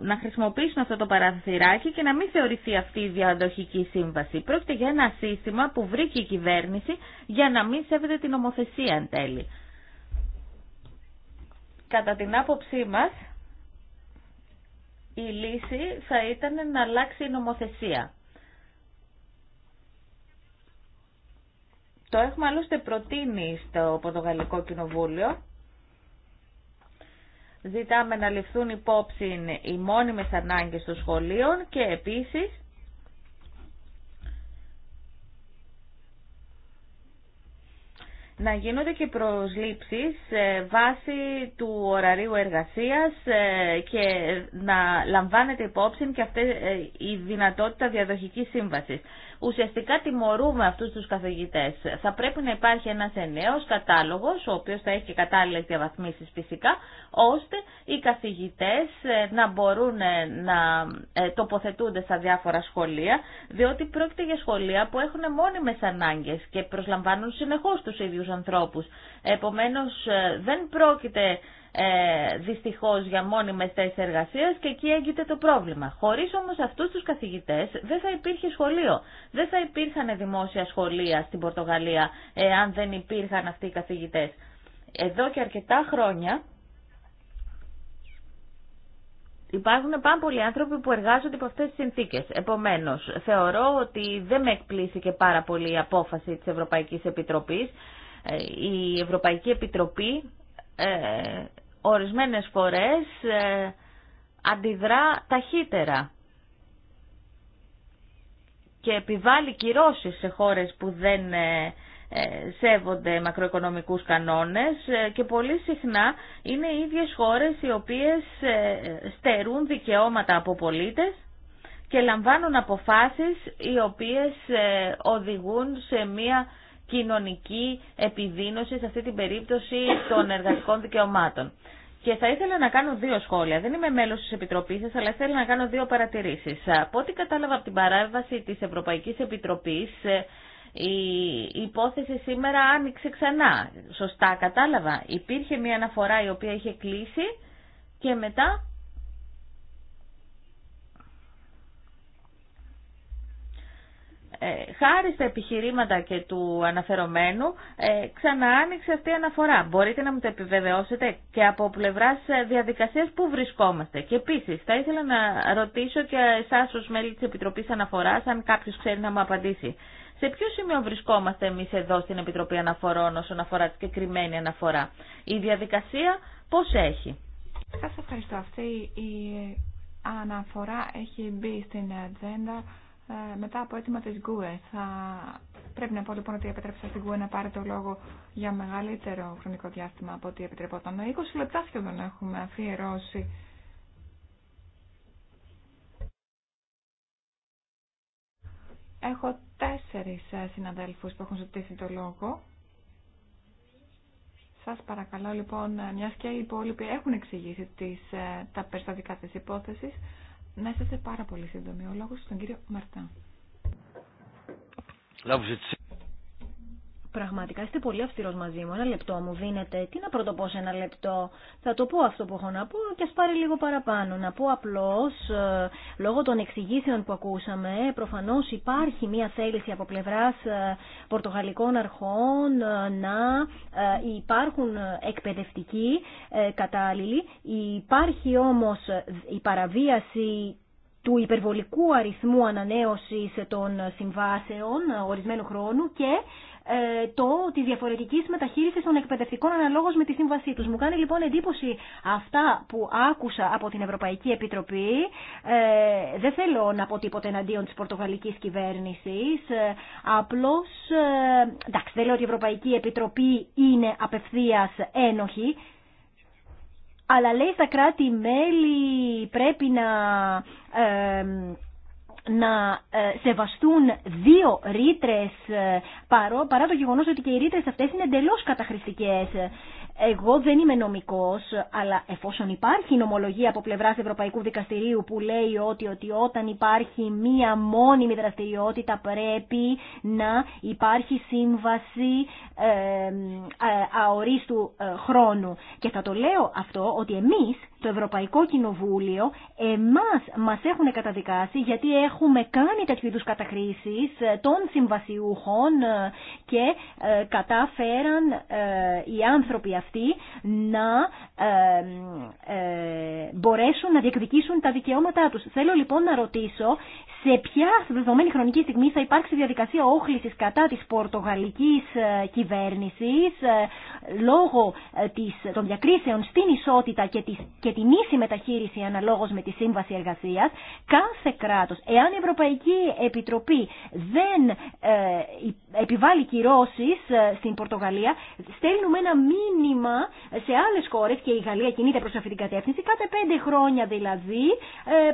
να χρησιμοποιήσουν αυτό το παραθυράκι και να μην θεωρηθεί αυτή η διαδοχική σύμβαση. Πρόκειται για ένα σύστημα που βρήκε η κυβέρνηση για να μην σέβεται την ομοθεσία εν τέλει. Κατά την άποψή μας, η λύση θα ήταν να αλλάξει η νομοθεσία. Το έχουμε άλλωστε προτείνει στο Πορτογαλικό Κοινοβούλιο. Ζητάμε να ληφθούν υπόψη οι μόνιμες ανάγκες των σχολείων και επίσης να γίνονται και προσλήψεις βάση του ωραρίου εργασίας ε, και να λαμβάνεται υπόψη και αυτή ε, η δυνατότητα διαδοχικής σύμβασης ουσιαστικά τιμωρούμε αυτούς τους καθηγητές. Θα πρέπει να υπάρχει ένας ενέος κατάλογος, ο οποίος θα έχει και κατάλληλες διαβαθμίσεις φυσικά, ώστε οι καθηγητές ε, να μπορούν ε, να ε, τοποθετούνται στα διάφορα σχολεία, διότι πρόκειται για σχολεία που έχουν μόνιμες ανάγκες και προσλαμβάνουν συνεχώς τους ίδιους ανθρώπους. Επομένως δεν πρόκειται ε, δυστυχώς για μόνιμες θέσεις εργασίας και εκεί έγκυται το πρόβλημα. Χωρίς όμως αυτούς τους καθηγητές δεν θα υπήρχε σχολείο. Δεν θα υπήρχαν δημόσια σχολεία στην Πορτογαλία αν δεν υπήρχαν αυτοί οι καθηγητές. Εδώ και αρκετά χρόνια Υπάρχουν πάρα πολλοί άνθρωποι που εργάζονται υπό αυτές τις συνθήκε. Επομένως, θεωρώ ότι δεν με εκπλήσει και πάρα πολύ η απόφαση τη Ευρωπαϊκή Επιτροπή. Ε, η Ευρωπαϊκή Επιτροπή ε, ορισμένες φορές ε, αντιδρά ταχύτερα και επιβάλλει κυρώσεις σε χώρες που δεν ε, ε, σέβονται μακροοικονομικούς κανόνες και πολύ συχνά είναι οι ίδιες χώρες οι οποίες στερούν δικαιώματα από πολίτες και λαμβάνουν αποφάσεις οι οποίες οδηγούν σε μία κοινωνική επιδείνωση σε αυτή την περίπτωση των εργατικών δικαιωμάτων. Και θα ήθελα να κάνω δύο σχόλια. Δεν είμαι μέλο τη Επιτροπή σα, αλλά θέλω να κάνω δύο παρατηρήσει. Από ό,τι κατάλαβα από την παράβαση τη Ευρωπαϊκή Επιτροπή, ε, η υπόθεση σήμερα άνοιξε ξανά. Σωστά κατάλαβα. Υπήρχε μια αναφορά η οποία είχε κλείσει και μετά Ε, χάρη στα επιχειρήματα και του αναφερομένου, ε, ξανά άνοιξε αυτή η αναφορά. Μπορείτε να μου το επιβεβαιώσετε και από πλευρά ε, διαδικασία που βρισκόμαστε. Και επίση, θα ήθελα να ρωτήσω και εσά ω μέλη τη Επιτροπή Αναφορά, αν κάποιο ξέρει να μου απαντήσει. Σε ποιο σημείο βρισκόμαστε εμεί εδώ στην Επιτροπή Αναφορών όσον αφορά τη συγκεκριμένη αναφορά. Η διαδικασία πώ έχει. Σα ευχαριστώ. Αυτή η αναφορά έχει μπει στην ατζέντα ε, μετά από αίτημα της ΓΚΟΕ. Θα... Πρέπει να πω λοιπόν ότι επέτρεψα στην ΓΚΟΕ να πάρει το λόγο για μεγαλύτερο χρονικό διάστημα από ό,τι επιτρεπόταν. 20 ε, λεπτά σχεδόν έχουμε αφιερώσει. Έχω τέσσερις ε, συναδέλφους που έχουν ζητήσει το λόγο. Σας παρακαλώ λοιπόν, μιας και οι υπόλοιποι έχουν εξηγήσει τις, τα περιστατικά της υπόθεσης, να είστε πάρα πολύ σύντομοι. Ο λόγος στον κύριο Μαρτά. Πραγματικά είστε πολύ αυστηρό μαζί μου. Ένα λεπτό μου δίνετε. Τι να πρωτοπώ σε ένα λεπτό. Θα το πω αυτό που έχω να πω και α πάρει λίγο παραπάνω. Να πω απλώς, ε, λόγω των εξηγήσεων που ακούσαμε, Προφανώ υπάρχει μια θέληση από πλευράς ε, πορτογαλικών αρχών ε, να υπάρχουν εκπαιδευτικοί κατάλληλοι. Υπάρχει όμω η παραβίαση του υπερβολικού αριθμού ανανέωση των συμβάσεων ορισμένου χρόνου και ε, το, τη διαφορετική μεταχείριση των εκπαιδευτικών αναλόγως με τη σύμβασή του. Μου κάνει λοιπόν εντύπωση αυτά που άκουσα από την Ευρωπαϊκή Επιτροπή. Ε, δεν θέλω να πω τίποτε εναντίον της πορτογαλικής κυβέρνησης. Ε, απλώς, ε, εντάξει, δεν λέω ότι η Ευρωπαϊκή Επιτροπή είναι απευθεία ένοχη, αλλά λέει στα κράτη-μέλη πρέπει να... Ε, να ε, σεβαστούν δύο ρήτρε ε, παρά το γεγονό ότι και οι ρήτρε αυτέ είναι εντελώ καταχρηστικέ. Εγώ δεν είμαι νομικός, αλλά εφόσον υπάρχει νομολογία από πλευράς Ευρωπαϊκού Δικαστηρίου που λέει ότι, ότι όταν υπάρχει μία μόνιμη δραστηριότητα πρέπει να υπάρχει σύμβαση ε, αορίστου ε, χρόνου. Και θα το λέω αυτό ότι εμείς το Ευρωπαϊκό Κοινοβούλιο εμάς μας έχουν καταδικάσει γιατί έχουμε κάνει τέτοιου είδους καταχρήσεις ε, των συμβασιούχων και κατάφεραν οι άνθρωποι αυτοί να ε, μπορέσουν να διεκδικήσουν τα δικαιώματά τους. Θέλω λοιπόν να ρωτήσω σε ποια δεδομένη χρονική στιγμή θα υπάρξει διαδικασία όχλησης κατά της πορτογαλικής ε, κυβέρνησης ε, λόγω ε, της, των διακρίσεων στην ισότητα και, της, και την ίση μεταχείριση αναλόγως με τη σύμβαση εργασίας κάθε κράτος, εάν η Ευρωπαϊκή Επιτροπή δεν επιβάλλει κυρώσεις στην Πορτογαλία στέλνουμε ένα μήνυμα σε άλλες χώρες και η Γαλλία κινείται προς αυτή την κατεύθυνση κάθε πέντε χρόνια δηλαδή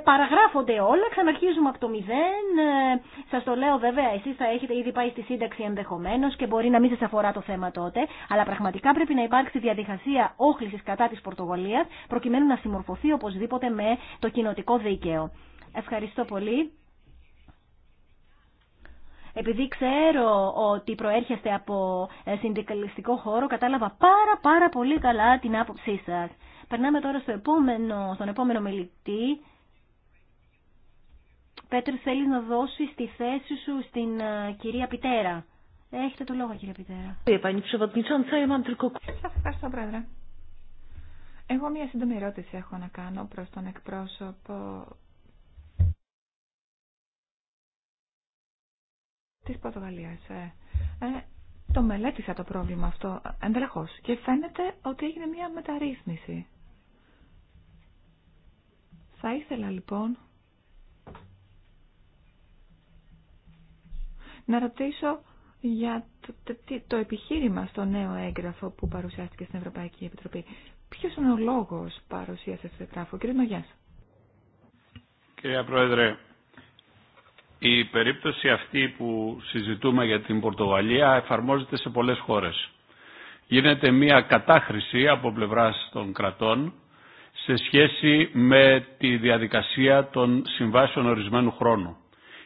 παραγράφονται όλα, ξαναρχίζουμε από το ε, σας το λέω βέβαια, εσείς θα έχετε ήδη πάει στη σύνταξη ενδεχομένως και μπορεί να μην σα αφορά το θέμα τότε, αλλά πραγματικά πρέπει να υπάρξει διαδικασία όχληση κατά τη Πορτογαλία προκειμένου να συμμορφωθεί οπωσδήποτε με το κοινοτικό δίκαιο. Ευχαριστώ πολύ. Επειδή ξέρω ότι προέρχεστε από ε, συνδικαλιστικό χώρο, κατάλαβα πάρα πάρα πολύ καλά την άποψή σας. Περνάμε τώρα στο επόμενο, στον επόμενο μιλητή, Πέτρου, θέλει να δώσεις τη θέση σου στην ε, κυρία Πιτέρα. Έχετε το λόγο, κυρία Πιτέρα. Σας ευχαριστώ, πρόεδρε. Εγώ μια σύντομη ερώτηση έχω να κάνω προς τον εκπρόσωπο της Πορτογαλίας. Ε, ε το μελέτησα το πρόβλημα αυτό εντελεχώς και φαίνεται ότι έγινε μια μεταρρύθμιση. Θα ήθελα λοιπόν να ρωτήσω για το, το επιχείρημα στο νέο έγγραφο που παρουσιάστηκε στην Ευρωπαϊκή Επιτροπή. Ποιο είναι ο λόγος αυτού του εγγράφου, κύριε μαγιά. Κυρία Πρόεδρε, η περίπτωση αυτή που συζητούμε για την Πορτογαλία εφαρμόζεται σε πολλές χώρες. Γίνεται μια κατάχρηση από πλευράς των κρατών σε σχέση με τη διαδικασία των συμβάσεων ορισμένου χρόνου.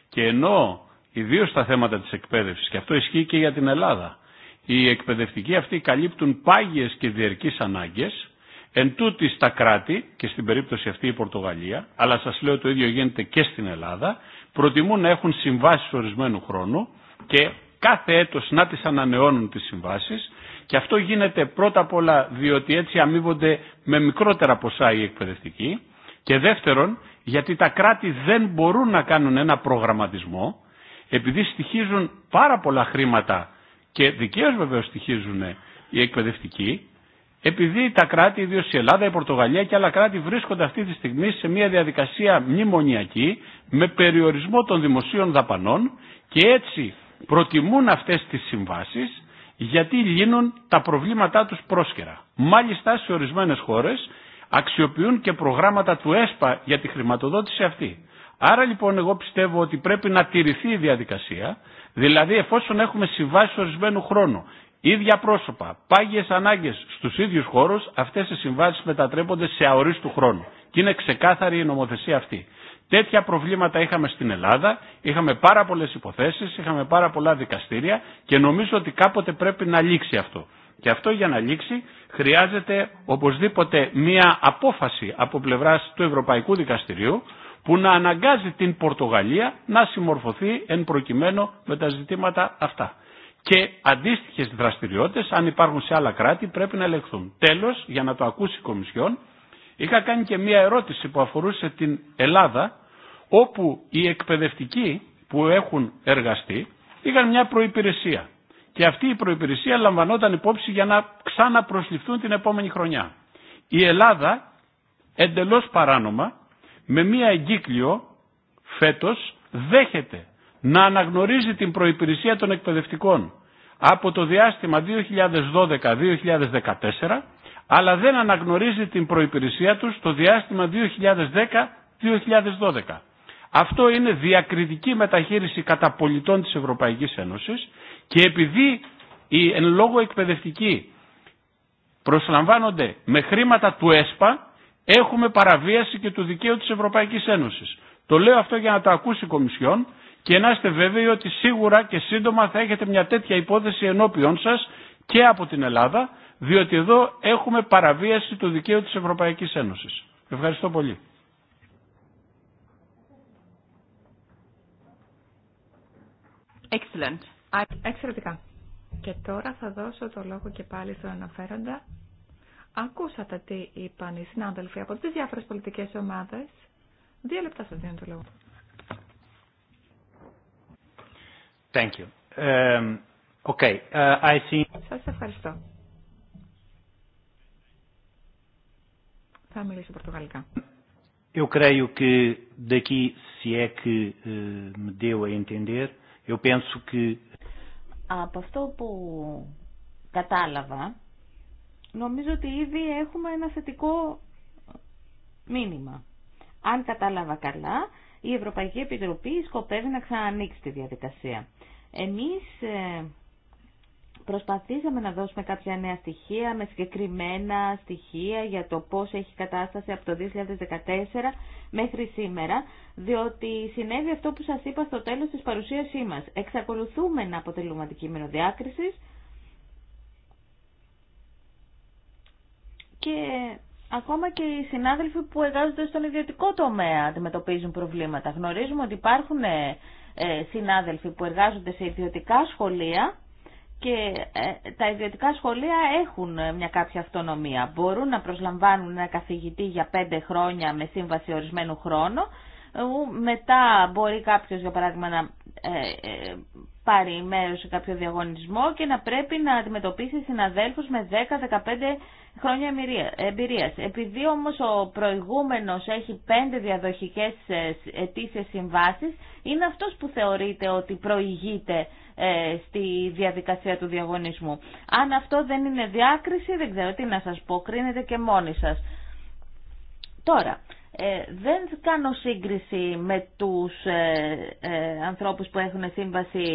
Και ενώ ιδίω στα θέματα τη εκπαίδευση και αυτό ισχύει και για την Ελλάδα. Οι εκπαιδευτικοί αυτοί καλύπτουν πάγιες και διερκείς ανάγκε, εν τούτη στα κράτη και στην περίπτωση αυτή η Πορτογαλία, αλλά σα λέω το ίδιο γίνεται και στην Ελλάδα, προτιμούν να έχουν συμβάσει ορισμένου χρόνου και κάθε έτος να τις ανανεώνουν τις συμβάσεις και αυτό γίνεται πρώτα απ' όλα διότι έτσι αμείβονται με μικρότερα ποσά οι εκπαιδευτικοί και δεύτερον γιατί τα κράτη δεν μπορούν να κάνουν ένα προγραμματισμό επειδή στοιχίζουν πάρα πολλά χρήματα και δικαίως βεβαίως στοιχίζουν οι εκπαιδευτικοί, επειδή τα κράτη, ιδίω η Ελλάδα, η Πορτογαλία και άλλα κράτη βρίσκονται αυτή τη στιγμή σε μια διαδικασία μνημονιακή με περιορισμό των δημοσίων δαπανών και έτσι προτιμούν αυτές τις συμβάσεις γιατί λύνουν τα προβλήματά τους πρόσκαιρα. Μάλιστα σε ορισμένες χώρες αξιοποιούν και προγράμματα του ΕΣΠΑ για τη χρηματοδότηση αυτή. Άρα λοιπόν εγώ πιστεύω ότι πρέπει να τηρηθεί η διαδικασία, δηλαδή εφόσον έχουμε συμβάσει ορισμένου χρόνου, ίδια πρόσωπα, πάγιε ανάγκε στου ίδιου χώρου, αυτέ οι συμβάσει μετατρέπονται σε αορίστου χρόνου. Και είναι ξεκάθαρη η νομοθεσία αυτή. Τέτοια προβλήματα είχαμε στην Ελλάδα, είχαμε πάρα πολλέ υποθέσει, είχαμε πάρα πολλά δικαστήρια και νομίζω ότι κάποτε πρέπει να λήξει αυτό. Και αυτό για να λήξει χρειάζεται οπωσδήποτε μία απόφαση από πλευρά του Ευρωπαϊκού Δικαστηρίου που να αναγκάζει την Πορτογαλία να συμμορφωθεί εν προκειμένου με τα ζητήματα αυτά. Και αντίστοιχε δραστηριότητε, αν υπάρχουν σε άλλα κράτη, πρέπει να ελεγχθούν. Τέλο, για να το ακούσει η Κομισιόν, είχα κάνει και μία ερώτηση που αφορούσε την Ελλάδα, όπου οι εκπαιδευτικοί που έχουν εργαστεί είχαν μια προπηρεσία. Και αυτή η προπηρεσία λαμβανόταν υπόψη για να ξαναπροσληφθούν την επόμενη χρονιά. Η Ελλάδα εντελώς παράνομα με μία εγκύκλιο φέτος δέχεται να αναγνωρίζει την προϋπηρεσία των εκπαιδευτικών από το διάστημα 2012-2014 αλλά δεν αναγνωρίζει την προϋπηρεσία τους το διάστημα 2010-2012. Αυτό είναι διακριτική μεταχείριση κατά πολιτών της Ευρωπαϊκής Ένωσης και επειδή οι εν λόγω εκπαιδευτικοί προσλαμβάνονται με χρήματα του ΕΣΠΑ έχουμε παραβίαση και του δικαίου της Ευρωπαϊκής Ένωσης. Το λέω αυτό για να το ακούσει η Κομισιόν και να είστε βέβαιοι ότι σίγουρα και σύντομα θα έχετε μια τέτοια υπόθεση ενώπιον σας και από την Ελλάδα, διότι εδώ έχουμε παραβίαση του δικαίου της Ευρωπαϊκής Ένωσης. Ευχαριστώ πολύ. Excellent. Εξαιρετικά. Και τώρα θα δώσω το λόγο και πάλι στον αναφέροντα Ακούσατε τι είπαν οι συνάδελφοι από τις διάφορες πολιτικές ομάδες. Δύο λεπτά σας δίνω το λόγο. Thank you. Um, okay. uh, I see... Σας ευχαριστώ. Θα μιλήσω πορτογαλικά. Eu creio que daqui, se é que uh, me deu a entender, eu penso que... Από αυτό που κατάλαβα, νομίζω ότι ήδη έχουμε ένα θετικό μήνυμα. Αν κατάλαβα καλά, η Ευρωπαϊκή Επιτροπή σκοπεύει να ξανανοίξει τη διαδικασία. Εμείς ε, προσπαθήσαμε να δώσουμε κάποια νέα στοιχεία με συγκεκριμένα στοιχεία για το πώς έχει κατάσταση από το 2014 μέχρι σήμερα, διότι συνέβη αυτό που σας είπα στο τέλος της παρουσίασή μας. Εξακολουθούμε να αποτελούμε αντικείμενο διάκρισης, και ακόμα και οι συνάδελφοι που εργάζονται στον ιδιωτικό τομέα αντιμετωπίζουν προβλήματα. Γνωρίζουμε ότι υπάρχουν ε, ε, συνάδελφοι που εργάζονται σε ιδιωτικά σχολεία και ε, τα ιδιωτικά σχολεία έχουν μια κάποια αυτονομία. Μπορούν να προσλαμβάνουν ένα καθηγητή για πέντε χρόνια με σύμβαση ορισμένου χρόνου. Μετά μπορεί κάποιος, για παράδειγμα, να πάρει μέρος σε κάποιο διαγωνισμό και να πρέπει να αντιμετωπίσει συναδέλφους με 10-15 χρόνια εμπειρία. Επειδή όμω ο προηγούμενος έχει πέντε διαδοχικές αιτήσει ε, συμβάσεις, είναι αυτός που θεωρείται ότι προηγείται ε, στη διαδικασία του διαγωνισμού. Αν αυτό δεν είναι διάκριση, δεν ξέρω τι να σα πω, κρίνετε και μόνοι σας. Τώρα, ε, δεν κάνω σύγκριση με τους ε, ε, ανθρώπους που έχουν σύμβαση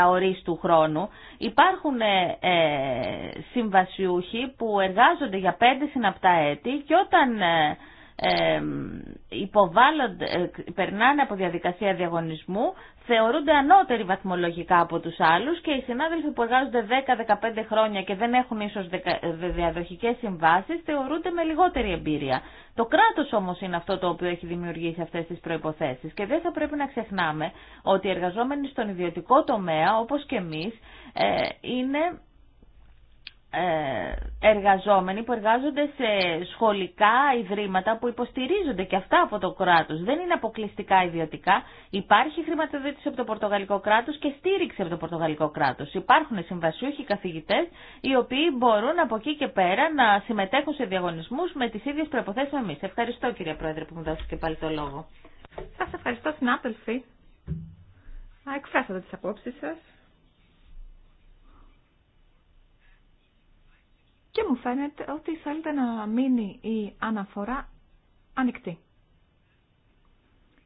αορίστου χρόνου. Υπάρχουν ε, ε, συμβασιούχοι που εργάζονται για πέντε συναπτά έτη και όταν ε, υποβάλλονται, περνάνε από διαδικασία διαγωνισμού θεωρούνται ανώτεροι βαθμολογικά από τους άλλους και οι συνάδελφοι που εργάζονται 10-15 χρόνια και δεν έχουν ίσως ε, διαδοχικές συμβάσεις θεωρούνται με λιγότερη εμπειρία. Το κράτος όμως είναι αυτό το οποίο έχει δημιουργήσει αυτές τις προϋποθέσεις και δεν θα πρέπει να ξεχνάμε ότι οι εργαζόμενοι στον ιδιωτικό τομέα όπως και εμείς ε, είναι ε, εργαζόμενοι που εργάζονται σε σχολικά ιδρύματα που υποστηρίζονται και αυτά από το κράτος. Δεν είναι αποκλειστικά ιδιωτικά. Υπάρχει χρηματοδότηση από το Πορτογαλικό κράτος και στήριξη από το Πορτογαλικό κράτος. Υπάρχουν συμβασιούχοι καθηγητές οι οποίοι μπορούν από εκεί και πέρα να συμμετέχουν σε διαγωνισμούς με τις ίδιες προϋποθέσεις εμείς. Ευχαριστώ κυρία Πρόεδρε που μου δώσετε και πάλι το λόγο. Σας ευχαριστώ συνάδελφοι. Εκφράσατε τις απόψεις σας. Και μου φαίνεται ότι θέλετε να μείνει η αναφορά ανοιχτή.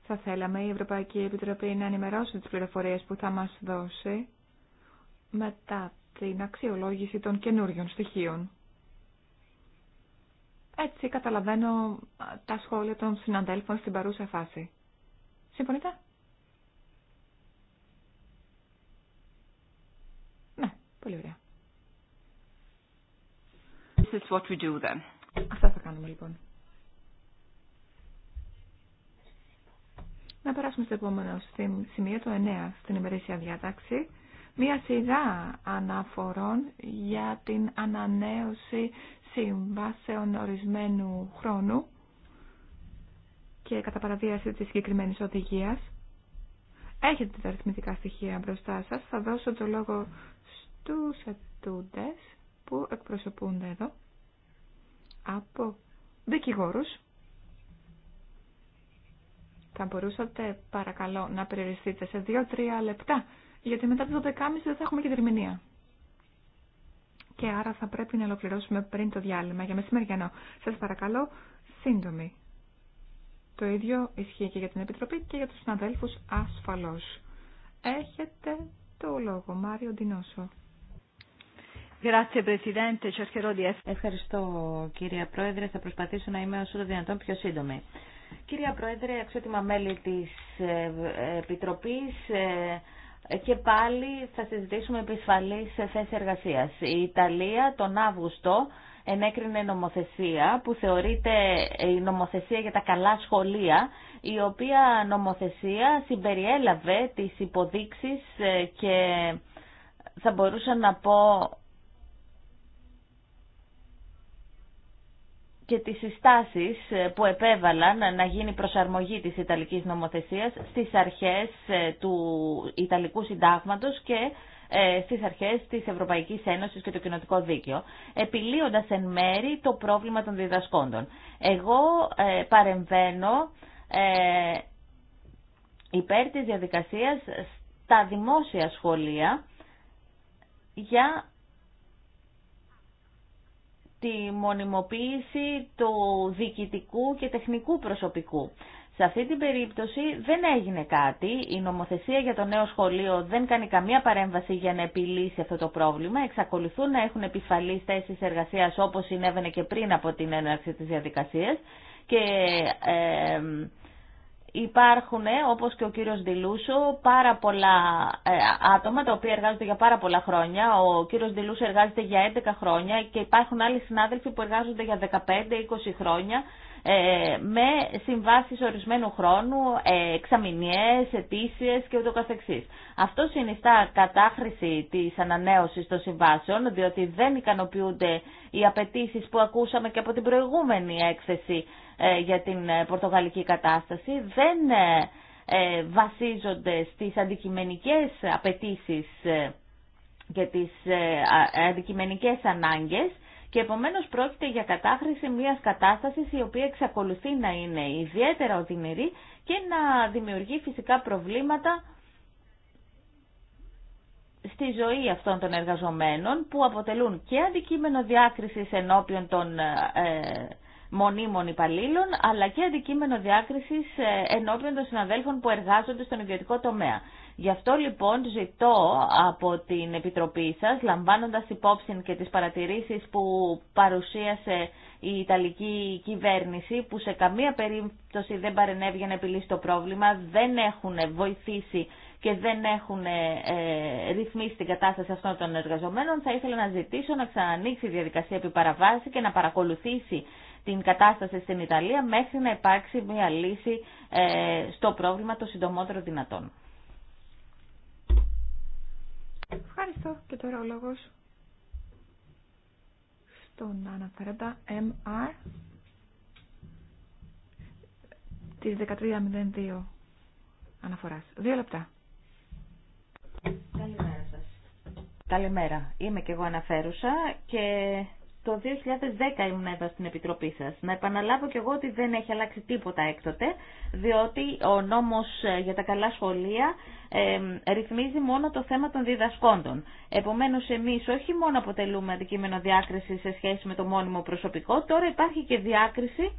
Θα θέλαμε η Ευρωπαϊκή Επιτροπή να ενημερώσει τις πληροφορίες που θα μας δώσει μετά την αξιολόγηση των καινούριων στοιχείων. Έτσι καταλαβαίνω τα σχόλια των συναντέλφων στην παρούσα φάση. Συμφωνείτε? Ναι, πολύ ωραία. This is what we do then. Αυτά θα κάνουμε λοιπόν. Να περάσουμε στο επόμενο σημείο, το 9, στην ημερήσια διάταξη. Μία σειρά αναφορών για την ανανέωση συμβάσεων ορισμένου χρόνου και κατά παραβίαση της συγκεκριμένη οδηγίας. Έχετε τα αριθμητικά στοιχεία μπροστά σας. Θα δώσω το λόγο στους ετούντες που εκπροσωπούνται εδώ από δικηγόρους. Θα μπορούσατε παρακαλώ να περιοριστείτε σε 2-3 λεπτά, γιατί μετά το 12.30 δεν θα έχουμε και τερμηνία. Και άρα θα πρέπει να ολοκληρώσουμε πριν το διάλειμμα για μεσημεριανό. Σας παρακαλώ, σύντομη. Το ίδιο ισχύει και για την Επιτροπή και για τους συναδέλφους ασφαλώς. Έχετε το λόγο, Μάριο Ντινόσο. Ευχαριστώ κύρια Πρόεδρε. Θα προσπαθήσω να είμαι όσο το δυνατόν πιο σύντομη. Κυρία Πρόεδρε, αξιότιμα μέλη της ε, Επιτροπής, ε, και πάλι θα συζητήσουμε επισφαλή σε θέση εργασία. Η Ιταλία τον Αύγουστο ενέκρινε νομοθεσία που θεωρείται ε, η νομοθεσία για τα καλά σχολεία, η οποία νομοθεσία συμπεριέλαβε τις υποδείξεις και θα μπορούσα να πω και τις συστάσεις ε, που επέβαλαν να γίνει προσαρμογή της Ιταλικής νομοθεσίας στις αρχές ε, του Ιταλικού Συντάγματος και ε, στις αρχές της Ευρωπαϊκής Ένωσης και το κοινοτικό δίκαιο, επιλύοντας εν μέρη το πρόβλημα των διδασκόντων. Εγώ παρεμβαίνω υπέρ της διαδικασίας στα δημόσια σχολεία για τη μονιμοποίηση του διοικητικού και τεχνικού προσωπικού. Σε αυτή την περίπτωση δεν έγινε κάτι. Η νομοθεσία για το νέο σχολείο δεν κάνει καμία παρέμβαση για να επιλύσει αυτό το πρόβλημα. Εξακολουθούν να έχουν επιφαλή θέσει εργασίας όπως συνέβαινε και πριν από την έναρξη της διαδικασίας. Και ε, υπάρχουν, ε, όπως και ο κύριος Δηλούσο, πάρα πολλά ε, άτομα τα οποία εργάζονται για πάρα πολλά χρόνια. Ο κύριος Δηλούσο εργάζεται για 11 χρόνια και υπάρχουν άλλοι συνάδελφοι που εργάζονται για 15-20 χρόνια ε, με συμβάσεις ορισμένου χρόνου, εξαμηνιές, ετήσιες και ούτω καθεξής. Αυτό συνιστά κατάχρηση της ανανέωσης των συμβάσεων, διότι δεν ικανοποιούνται οι απαιτήσει που ακούσαμε και από την προηγούμενη έκθεση ε, για την ε, πορτογαλική κατάσταση δεν ε, βασίζονται στις αντικειμενικές απαιτήσεις και τις αντικειμενικές ανάγκες και επομένως πρόκειται για κατάχρηση μιας κατάστασης η οποία εξακολουθεί να είναι ιδιαίτερα οδυνηρή και να δημιουργεί φυσικά προβλήματα στη ζωή αυτών των εργαζομένων που αποτελούν και αντικείμενο διάκρισης ενώπιον των μονίμων υπαλλήλων, αλλά και αντικείμενο διάκριση ε, ενώπιον των συναδέλφων που εργάζονται στον ιδιωτικό τομέα. Γι' αυτό λοιπόν ζητώ από την Επιτροπή σας, λαμβάνοντας υπόψη και τις παρατηρήσεις που παρουσίασε η Ιταλική κυβέρνηση, που σε καμία περίπτωση δεν παρενέβη για να επιλύσει το πρόβλημα, δεν έχουν βοηθήσει και δεν έχουν ε, ε ρυθμίσει την κατάσταση αυτών των εργαζομένων, θα ήθελα να ζητήσω να ξανανοίξει η διαδικασία επιπαραβάση και να παρακολουθήσει την κατάσταση στην Ιταλία μέχρι να υπάρξει μια λύση ε, στο πρόβλημα το συντομότερο δυνατόν. Ευχαριστώ και τώρα ο λόγος στον αναφέροντα MR της 1302 αναφοράς. Δύο λεπτά. Καλημέρα σας. Καλημέρα. Είμαι και εγώ αναφέρουσα και το 2010 ήμουν εδώ στην Επιτροπή σας. Να επαναλάβω κι εγώ ότι δεν έχει αλλάξει τίποτα έκτοτε, διότι ο νόμος ε, για τα καλά σχολεία ε, ρυθμίζει μόνο το θέμα των διδασκόντων. Επομένως εμείς όχι μόνο αποτελούμε αντικείμενο διάκριση σε σχέση με το μόνιμο προσωπικό, τώρα υπάρχει και διάκριση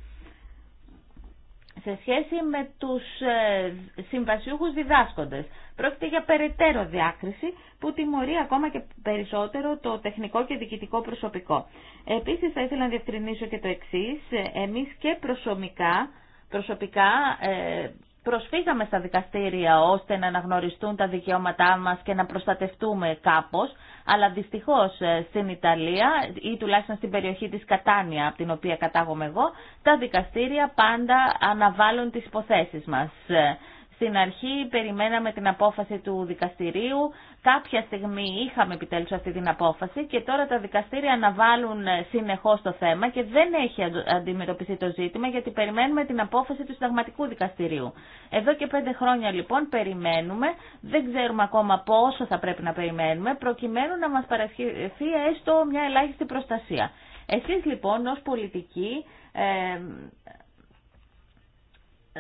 σε σχέση με τους ε, συμβασιούχους διδάσκοντες. Πρόκειται για περαιτέρω διάκριση που τιμωρεί ακόμα και περισσότερο το τεχνικό και διοικητικό προσωπικό. Επίσης θα ήθελα να διευκρινίσω και το εξής. Εμείς και προσωπικά, προσωπικά ε, προσφύγαμε στα δικαστήρια ώστε να αναγνωριστούν τα δικαιώματά μας και να προστατευτούμε κάπως, αλλά δυστυχώ, ε, στην Ιταλία ή τουλάχιστον στην περιοχή της Κατάνια από την οποία κατάγομαι εγώ, τα δικαστήρια πάντα αναβάλουν τι υποθέσει μας. Ε, στην αρχή περιμέναμε την απόφαση του δικαστηρίου, κάποια στιγμή είχαμε επιτέλους αυτή την απόφαση και τώρα τα δικαστήρια αναβάλουν ε, συνεχώς το θέμα και δεν έχει αντιμετωπιστεί το ζήτημα γιατί περιμένουμε την απόφαση του συνταγματικού δικαστηρίου. Εδώ και πέντε χρόνια λοιπόν περιμένουμε, δεν ξέρουμε ακόμα πόσο θα πρέπει να περιμένουμε, προκειμένου να μας παρασχεθεί έστω μια ελάχιστη προστασία. Εσείς λοιπόν ως πολιτικοί ε,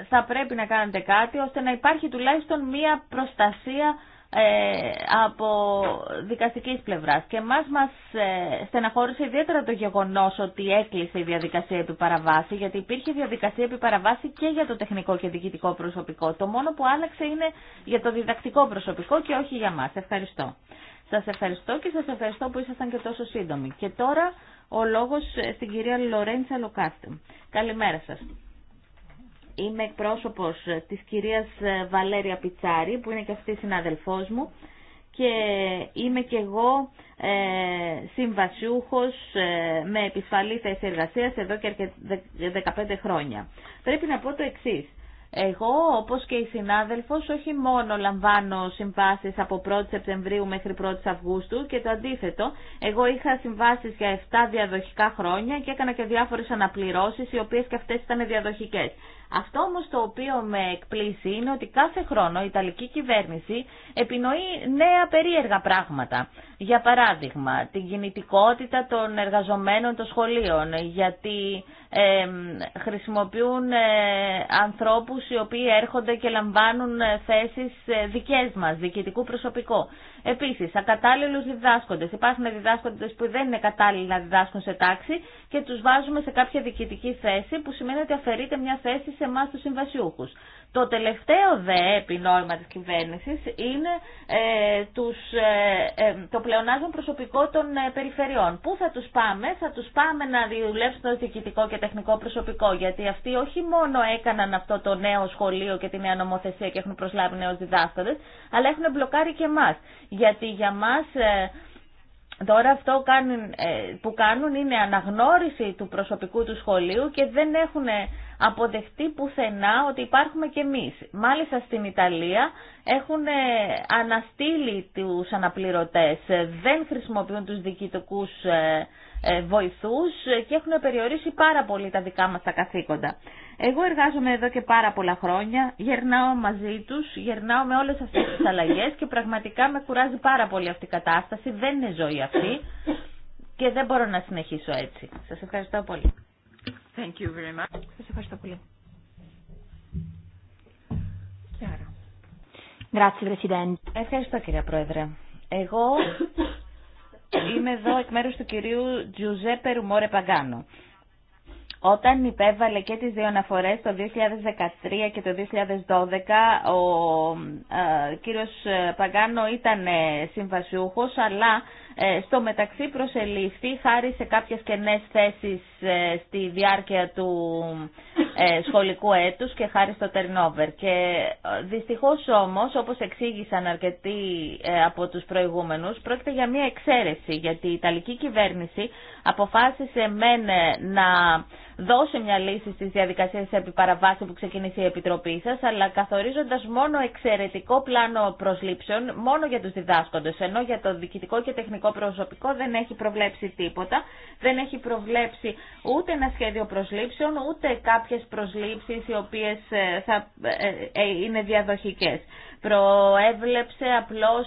θα πρέπει να κάνετε κάτι ώστε να υπάρχει τουλάχιστον μία προστασία ε, από δικαστικής πλευράς. Και μας μας ε, στεναχώρησε ιδιαίτερα το γεγονός ότι έκλεισε η διαδικασία επί παραβάση, γιατί υπήρχε διαδικασία επί παραβάση και για το τεχνικό και διοικητικό προσωπικό. Το μόνο που άλλαξε είναι για το διδακτικό προσωπικό και όχι για μας. Ευχαριστώ. Σας ευχαριστώ και σας ευχαριστώ που ήσασταν και τόσο σύντομοι. Και τώρα ο λόγος ε, στην κυρία Λορέντσα Λοκάστη. Καλημέρα σας είμαι εκπρόσωπος της κυρίας Βαλέρια Πιτσάρη, που είναι και αυτή συναδελφός μου, και είμαι και εγώ ε, συμβασιούχος ε, με επισφαλή θέση εργασίας εδώ και 15 χρόνια. Πρέπει να πω το εξής. Εγώ, όπως και η συνάδελφος, όχι μόνο λαμβάνω συμβάσεις από 1η Σεπτεμβρίου μέχρι 1η Αυγούστου και το αντίθετο, εγώ είχα συμβάσεις για 7 διαδοχικά χρόνια και έκανα και διάφορες αναπληρώσεις, οι οποίες και αυτές ήταν διαδοχικές. Αυτό όμως το οποίο με εκπλήσει είναι ότι κάθε χρόνο η Ιταλική κυβέρνηση επινοεί νέα περίεργα πράγματα. Για παράδειγμα, την κινητικότητα των εργαζομένων των σχολείων, γιατί ε, χρησιμοποιούν ε, ανθρώπους οι οποίοι έρχονται και λαμβάνουν ε, θέσεις ε, δικές μας, διοικητικού προσωπικού. Επίσης, ακατάλληλους διδάσκοντες. Υπάρχουν διδάσκοντες που δεν είναι κατάλληλοι να διδάσκουν σε τάξη και τους βάζουμε σε κάποια διοικητική θέση που σημαίνει ότι αφαιρείται μια θέση σε εμά του συμβασιούχου. Το τελευταίο δε επινόημα της κυβέρνησης είναι ε, τους, ε, ε, το πλεονάζον προσωπικό των ε, περιφερειών. Πού θα τους πάμε, θα τους πάμε να δουλέψουν το διοικητικό και τεχνικό προσωπικό, γιατί αυτοί όχι μόνο έκαναν αυτό το νέο σχολείο και τη νέα νομοθεσία και έχουν προσλάβει νέους διδάσκοντες, αλλά έχουν μπλοκάρει και εμάς. Γιατί για μας... Τώρα αυτό που κάνουν είναι αναγνώριση του προσωπικού του σχολείου και δεν έχουν αποδεχτεί πουθενά ότι υπάρχουμε κι εμείς. Μάλιστα στην Ιταλία έχουν ε, αναστείλει τους αναπληρωτές, ε, δεν χρησιμοποιούν τους διοικητικούς ε, βοηθούς και έχουν περιορίσει πάρα πολύ τα δικά μας τα καθήκοντα. Εγώ εργάζομαι εδώ και πάρα πολλά χρόνια, γερνάω μαζί τους, γερνάω με όλες αυτές τις αλλαγές και πραγματικά με κουράζει πάρα πολύ αυτή η κατάσταση, δεν είναι ζωή αυτή και δεν μπορώ να συνεχίσω έτσι. Σας ευχαριστώ πολύ. Thank you very much. Σας ευχαριστώ πολύ. Άρα. Grazie, ευχαριστώ κύριε Πρόεδρε. Εγώ είμαι εδώ εκ μέρους του κυρίου Τζουζέπε Ρουμόρε Παγκάνο. Όταν υπέβαλε και τις δύο αναφορές το 2013 και το 2012, ο ε, κύριος Παγκάνο ήταν ε, συμβασιούχος, αλλά ε, στο μεταξύ προσελήφθη χάρη σε κάποιες κενές θέσεις ε, στη διάρκεια του ε, σχολικού έτους και χάρη στο turnover. Και δυστυχώς όμως, όπως εξήγησαν αρκετοί από τους προηγούμενους, πρόκειται για μια εξαίρεση, γιατί η Ιταλική κυβέρνηση αποφάσισε μεν να δώσει μια λύση στις διαδικασίες επιπαραβάσεων παραβάση που ξεκίνησε η Επιτροπή σας, αλλά καθορίζοντας μόνο εξαιρετικό πλάνο προσλήψεων, μόνο για τους διδάσκοντες, ενώ για το διοικητικό και τεχνικό προσωπικό δεν έχει προβλέψει τίποτα. Δεν έχει προβλέψει ούτε ένα σχέδιο προσλήψεων, ούτε κάποιες προσλήψεις οι οποίες ε, θα ε, ε, είναι διαδοχικές. Προέβλεψε απλώς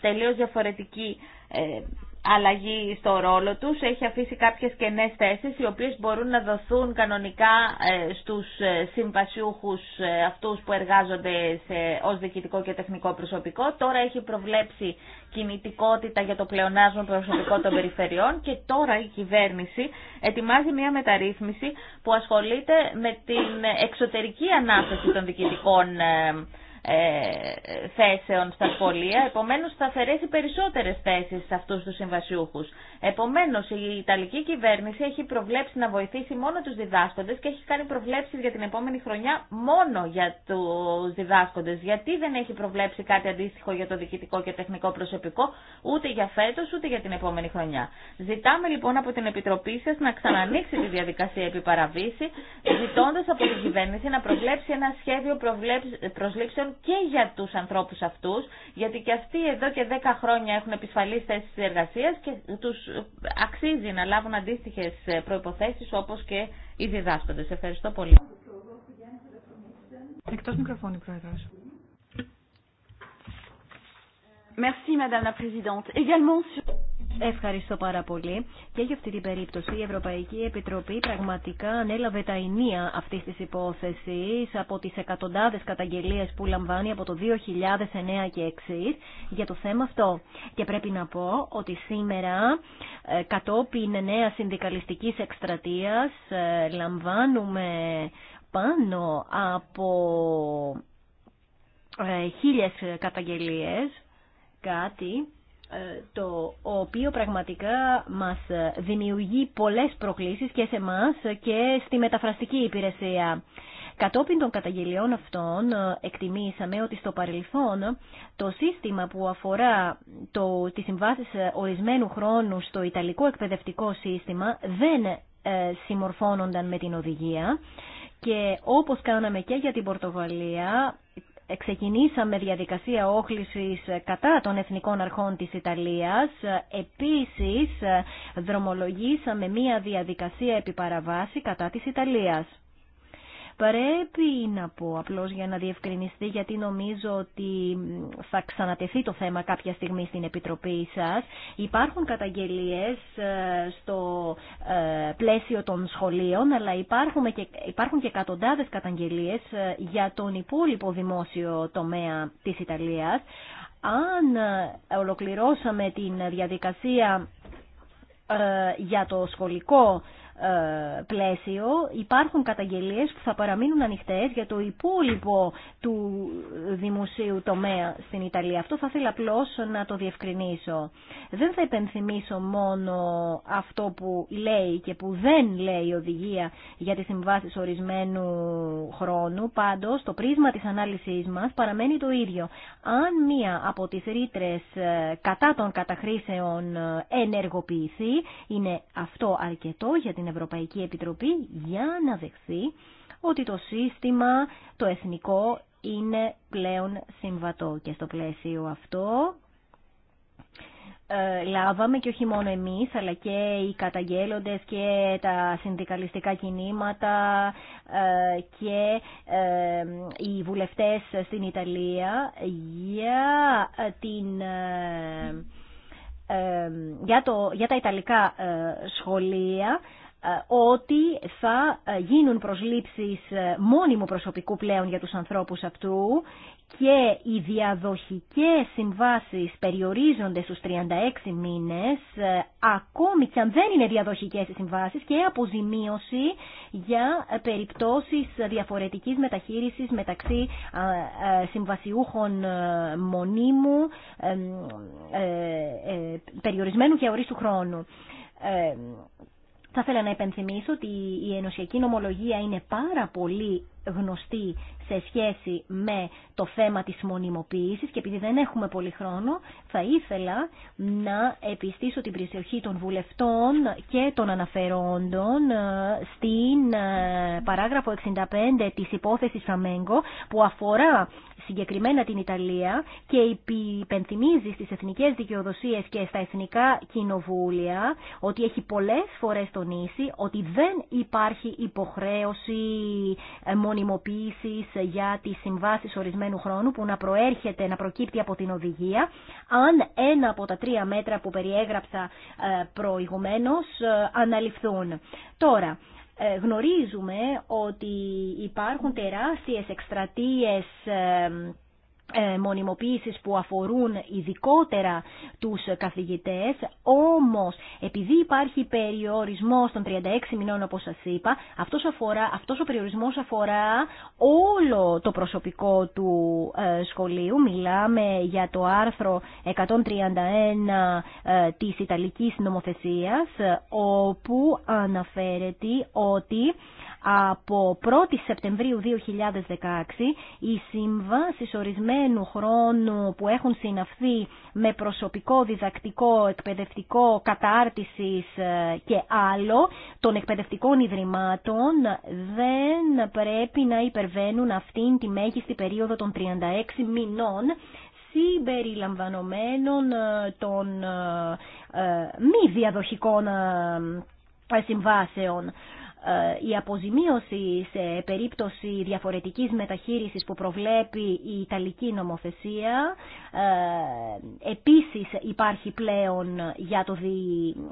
τελείως διαφορετική αλλαγή στο ρόλο τους, έχει αφήσει κάποιες κενές θέσεις οι οποίες μπορούν να δοθούν κανονικά ε, στους ε, συμβασιούχους ε, αυτούς που εργάζονται σε, ως διοικητικό και τεχνικό προσωπικό. Τώρα έχει προβλέψει κινητικότητα για το πλεονάσμα προσωπικό των περιφερειών και τώρα η κυβέρνηση ετοιμάζει μια μεταρρύθμιση που ασχολείται με την εξωτερική ανάθεση των διοικητικών ε, θέσεων στα σχολεία, επομένως θα αφαιρέσει περισσότερες θέσεις σε αυτούς τους συμβασιούχους. Επομένως η Ιταλική κυβέρνηση έχει προβλέψει να βοηθήσει μόνο τους διδάσκοντες και έχει κάνει προβλέψεις για την επόμενη χρονιά μόνο για τους διδάσκοντες. Γιατί δεν έχει προβλέψει κάτι αντίστοιχο για το διοικητικό και τεχνικό προσωπικό, ούτε για φέτος, ούτε για την επόμενη χρονιά. Ζητάμε λοιπόν από την Επιτροπή σας να ξανανοίξει τη διαδικασία επιπαραβήση, ζητώντα από την κυβέρνηση να προβλέψει ένα σχέδιο προσλήψεων Λοιπόν και για τους ανθρώπους αυτούς, γιατί και αυτοί εδώ και 10 χρόνια έχουν επισφαλείς θέσεις εργασίας και τους αξίζει να λάβουν αντίστοιχες προϋποθέσεις όπως και οι διδάσκοντες. Ευχαριστώ πολύ. Εκτός μικροφώνου, Πρόεδρος. Merci, Madame la Présidente. Également Ευχαριστώ πάρα πολύ. Και για αυτή την περίπτωση η Ευρωπαϊκή Επιτροπή πραγματικά ανέλαβε τα ενία αυτή τη υπόθεση από τι εκατοντάδε καταγγελίε που λαμβάνει από το 2009 και εξή για το θέμα αυτό. Και πρέπει να πω ότι σήμερα ε, κατόπιν νέα συνδικαλιστική εκστρατεία ε, λαμβάνουμε πάνω από ε, χίλιες καταγγελίες, κάτι ε, το οποίο πραγματικά μας δημιουργεί πολλές προκλήσεις και σε μας και στη μεταφραστική υπηρεσία. Κατόπιν των καταγγελιών αυτών ε, εκτιμήσαμε ότι στο παρελθόν το σύστημα που αφορά το, τις συμβάσεις ε, ορισμένου χρόνου στο Ιταλικό εκπαιδευτικό σύστημα δεν συμμορφώνονταν με την οδηγία και όπως κάναμε και για την Πορτογαλία ξεκινήσαμε διαδικασία όχλησης κατά των εθνικών αρχών της Ιταλίας. Επίσης, δρομολογήσαμε μία διαδικασία επιπαραβάση κατά της Ιταλίας. Πρέπει να πω απλώς για να διευκρινιστεί γιατί νομίζω ότι θα ξανατεθεί το θέμα κάποια στιγμή στην Επιτροπή σας. Υπάρχουν καταγγελίες ε, στο ε, πλαίσιο των σχολείων αλλά υπάρχουν και, υπάρχουν και εκατοντάδες καταγγελίες ε, για τον υπόλοιπο δημόσιο τομέα της Ιταλίας. Αν ολοκληρώσαμε την διαδικασία για το σχολικό ε, πλαίσιο υπάρχουν καταγγελίες που θα παραμείνουν ανοιχτές για το υπόλοιπο του δημοσίου τομέα στην Ιταλία. Αυτό θα ήθελα απλώ να το διευκρινίσω. Δεν θα υπενθυμίσω μόνο αυτό που λέει και που δεν λέει η οδηγία για τις συμβάσεις ορισμένου χρόνου. Πάντως το πρίσμα της ανάλυσης μας παραμένει το ίδιο. Αν μία από τις ρήτρε ε, κατά των καταχρήσεων ε, ενεργοποιηθεί, είναι αυτό αρκετό για την Ευρωπαϊκή Επιτροπή για να δεχθεί ότι το σύστημα, το εθνικό, είναι πλέον συμβατό. Και στο πλαίσιο αυτό ε, λάβαμε και όχι μόνο εμείς αλλά και οι καταγγέλλοντες και τα συνδικαλιστικά κινήματα ε, και ε, οι βουλευτές στην Ιταλία για, την, για, το, για τα Ιταλικά σχολεία ε, ότι θα ε, γίνουν προσλήψεις ε, μόνιμου προσωπικού πλέον για τους ανθρώπους αυτού και οι διαδοχικές συμβάσεις περιορίζονται στους 36 μήνες, ακόμη και αν δεν είναι διαδοχικές οι συμβάσεις και αποζημίωση για περιπτώσεις διαφορετικής μεταχείρισης μεταξύ συμβασιούχων μονίμου, περιορισμένου και ορίστου χρόνου θα ήθελα να υπενθυμίσω ότι η ενωσιακή νομολογία είναι πάρα πολύ γνωστή σε σχέση με το θέμα της μονιμοποίησης και επειδή δεν έχουμε πολύ χρόνο θα ήθελα να επιστήσω την προσοχή των βουλευτών και των αναφερόντων ε, στην ε, παράγραφο 65 της υπόθεσης Φαμέγκο που αφορά συγκεκριμένα την Ιταλία και υπενθυμίζει στις εθνικές δικαιοδοσίες και στα εθνικά κοινοβούλια ότι έχει πολλές φορές τονίσει ότι δεν υπάρχει υποχρέωση ε, μονιμοποίησης για τις συμβάσεις ορισμένου χρόνου που να προέρχεται, να προκύπτει από την οδηγία αν ένα από τα τρία μέτρα που περιέγραψα ε, προηγουμένως ε, αναλυφθούν. Τώρα, ε, γνωρίζουμε ότι υπάρχουν τεράστιες εκστρατείες ε, ε, μονιμοποίησης που αφορούν ειδικότερα τους καθηγητές, όμως επειδή υπάρχει περιορισμός των 36 μηνών όπως σας είπα, αυτός, αφορά, αυτός ο περιορισμός αφορά όλο το προσωπικό του ε, σχολείου. Μιλάμε για το άρθρο 131 ε, της Ιταλικής νομοθεσίας, όπου αναφέρεται ότι από 1η Σεπτεμβρίου 2016 οι συμβάσει ορισμένου χρόνου που έχουν συναυθεί με προσωπικό, διδακτικό, εκπαιδευτικό, κατάρτισης ε, και άλλο των εκπαιδευτικών ιδρυμάτων δεν πρέπει να υπερβαίνουν αυτήν τη μέγιστη περίοδο των 36 μηνών συμπεριλαμβανομένων ε, των ε, μη διαδοχικών συμβάσεων. Ε, η αποζημίωση σε περίπτωση διαφορετικής μεταχείρισης που προβλέπει η Ιταλική νομοθεσία ε, επίσης υπάρχει πλέον για το,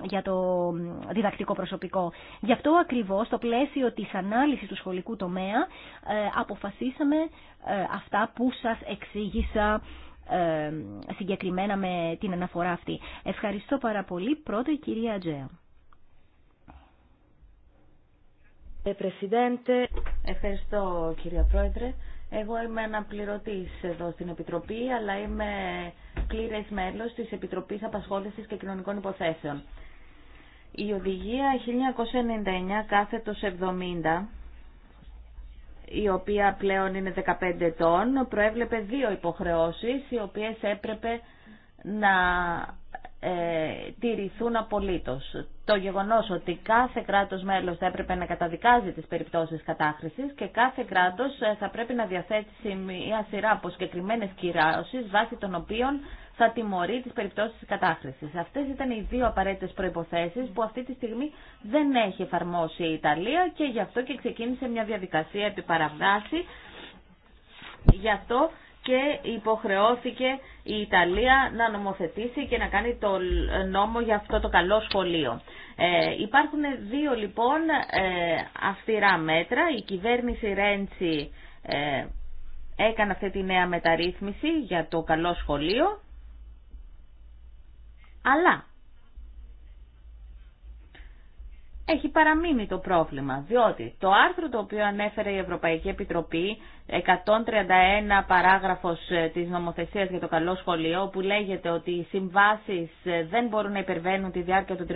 για το διδακτικό προσωπικό. Γι' αυτό ακριβώς στο πλαίσιο της ανάλυσης του σχολικού τομέα ε, αποφασίσαμε αυτά που σας εξήγησα συγκεκριμένα με την αναφορά αυτή. Ευχαριστώ πάρα πολύ. Πρώτα κυρία Τζέα. Ε, Ευχαριστώ κυρία Πρόεδρε. Εγώ είμαι αναπληρωτής εδώ στην Επιτροπή, αλλά είμαι πλήρες μέλος της Επιτροπής Απασχόλησης και Κοινωνικών Υποθέσεων. Η οδηγία 1999 κάθετος 70, η οποία πλέον είναι 15 ετών, προέβλεπε δύο υποχρεώσεις, οι οποίες έπρεπε να ε, τηρηθούν απολύτως. Το γεγονός ότι κάθε κράτος μέλος θα έπρεπε να καταδικάζει τις περιπτώσεις κατάχρησης και κάθε κράτος ε, θα πρέπει να διαθέτει μια σειρά από συγκεκριμένες κυρώσεις βάσει των οποίων θα τιμωρεί τις περιπτώσεις της κατάχρησης. Αυτές ήταν οι δύο απαραίτητες προϋποθέσεις που αυτή τη στιγμή δεν έχει εφαρμόσει η Ιταλία και γι' αυτό και ξεκίνησε μια διαδικασία επιπαραβάση. Γι' αυτό και υποχρεώθηκε η Ιταλία να νομοθετήσει και να κάνει το νόμο για αυτό το καλό σχολείο. Ε, υπάρχουν δύο λοιπόν ε, αυστηρά μέτρα. Η κυβέρνηση Ρέντσι ε, έκανε αυτή τη νέα μεταρρύθμιση για το καλό σχολείο. Αλλά έχει παραμείνει το πρόβλημα, διότι το άρθρο το οποίο ανέφερε η Ευρωπαϊκή Επιτροπή, 131 παράγραφος ε, της νομοθεσίας για το καλό σχολείο, που λέγεται ότι οι συμβάσεις ε, δεν μπορούν να υπερβαίνουν τη διάρκεια των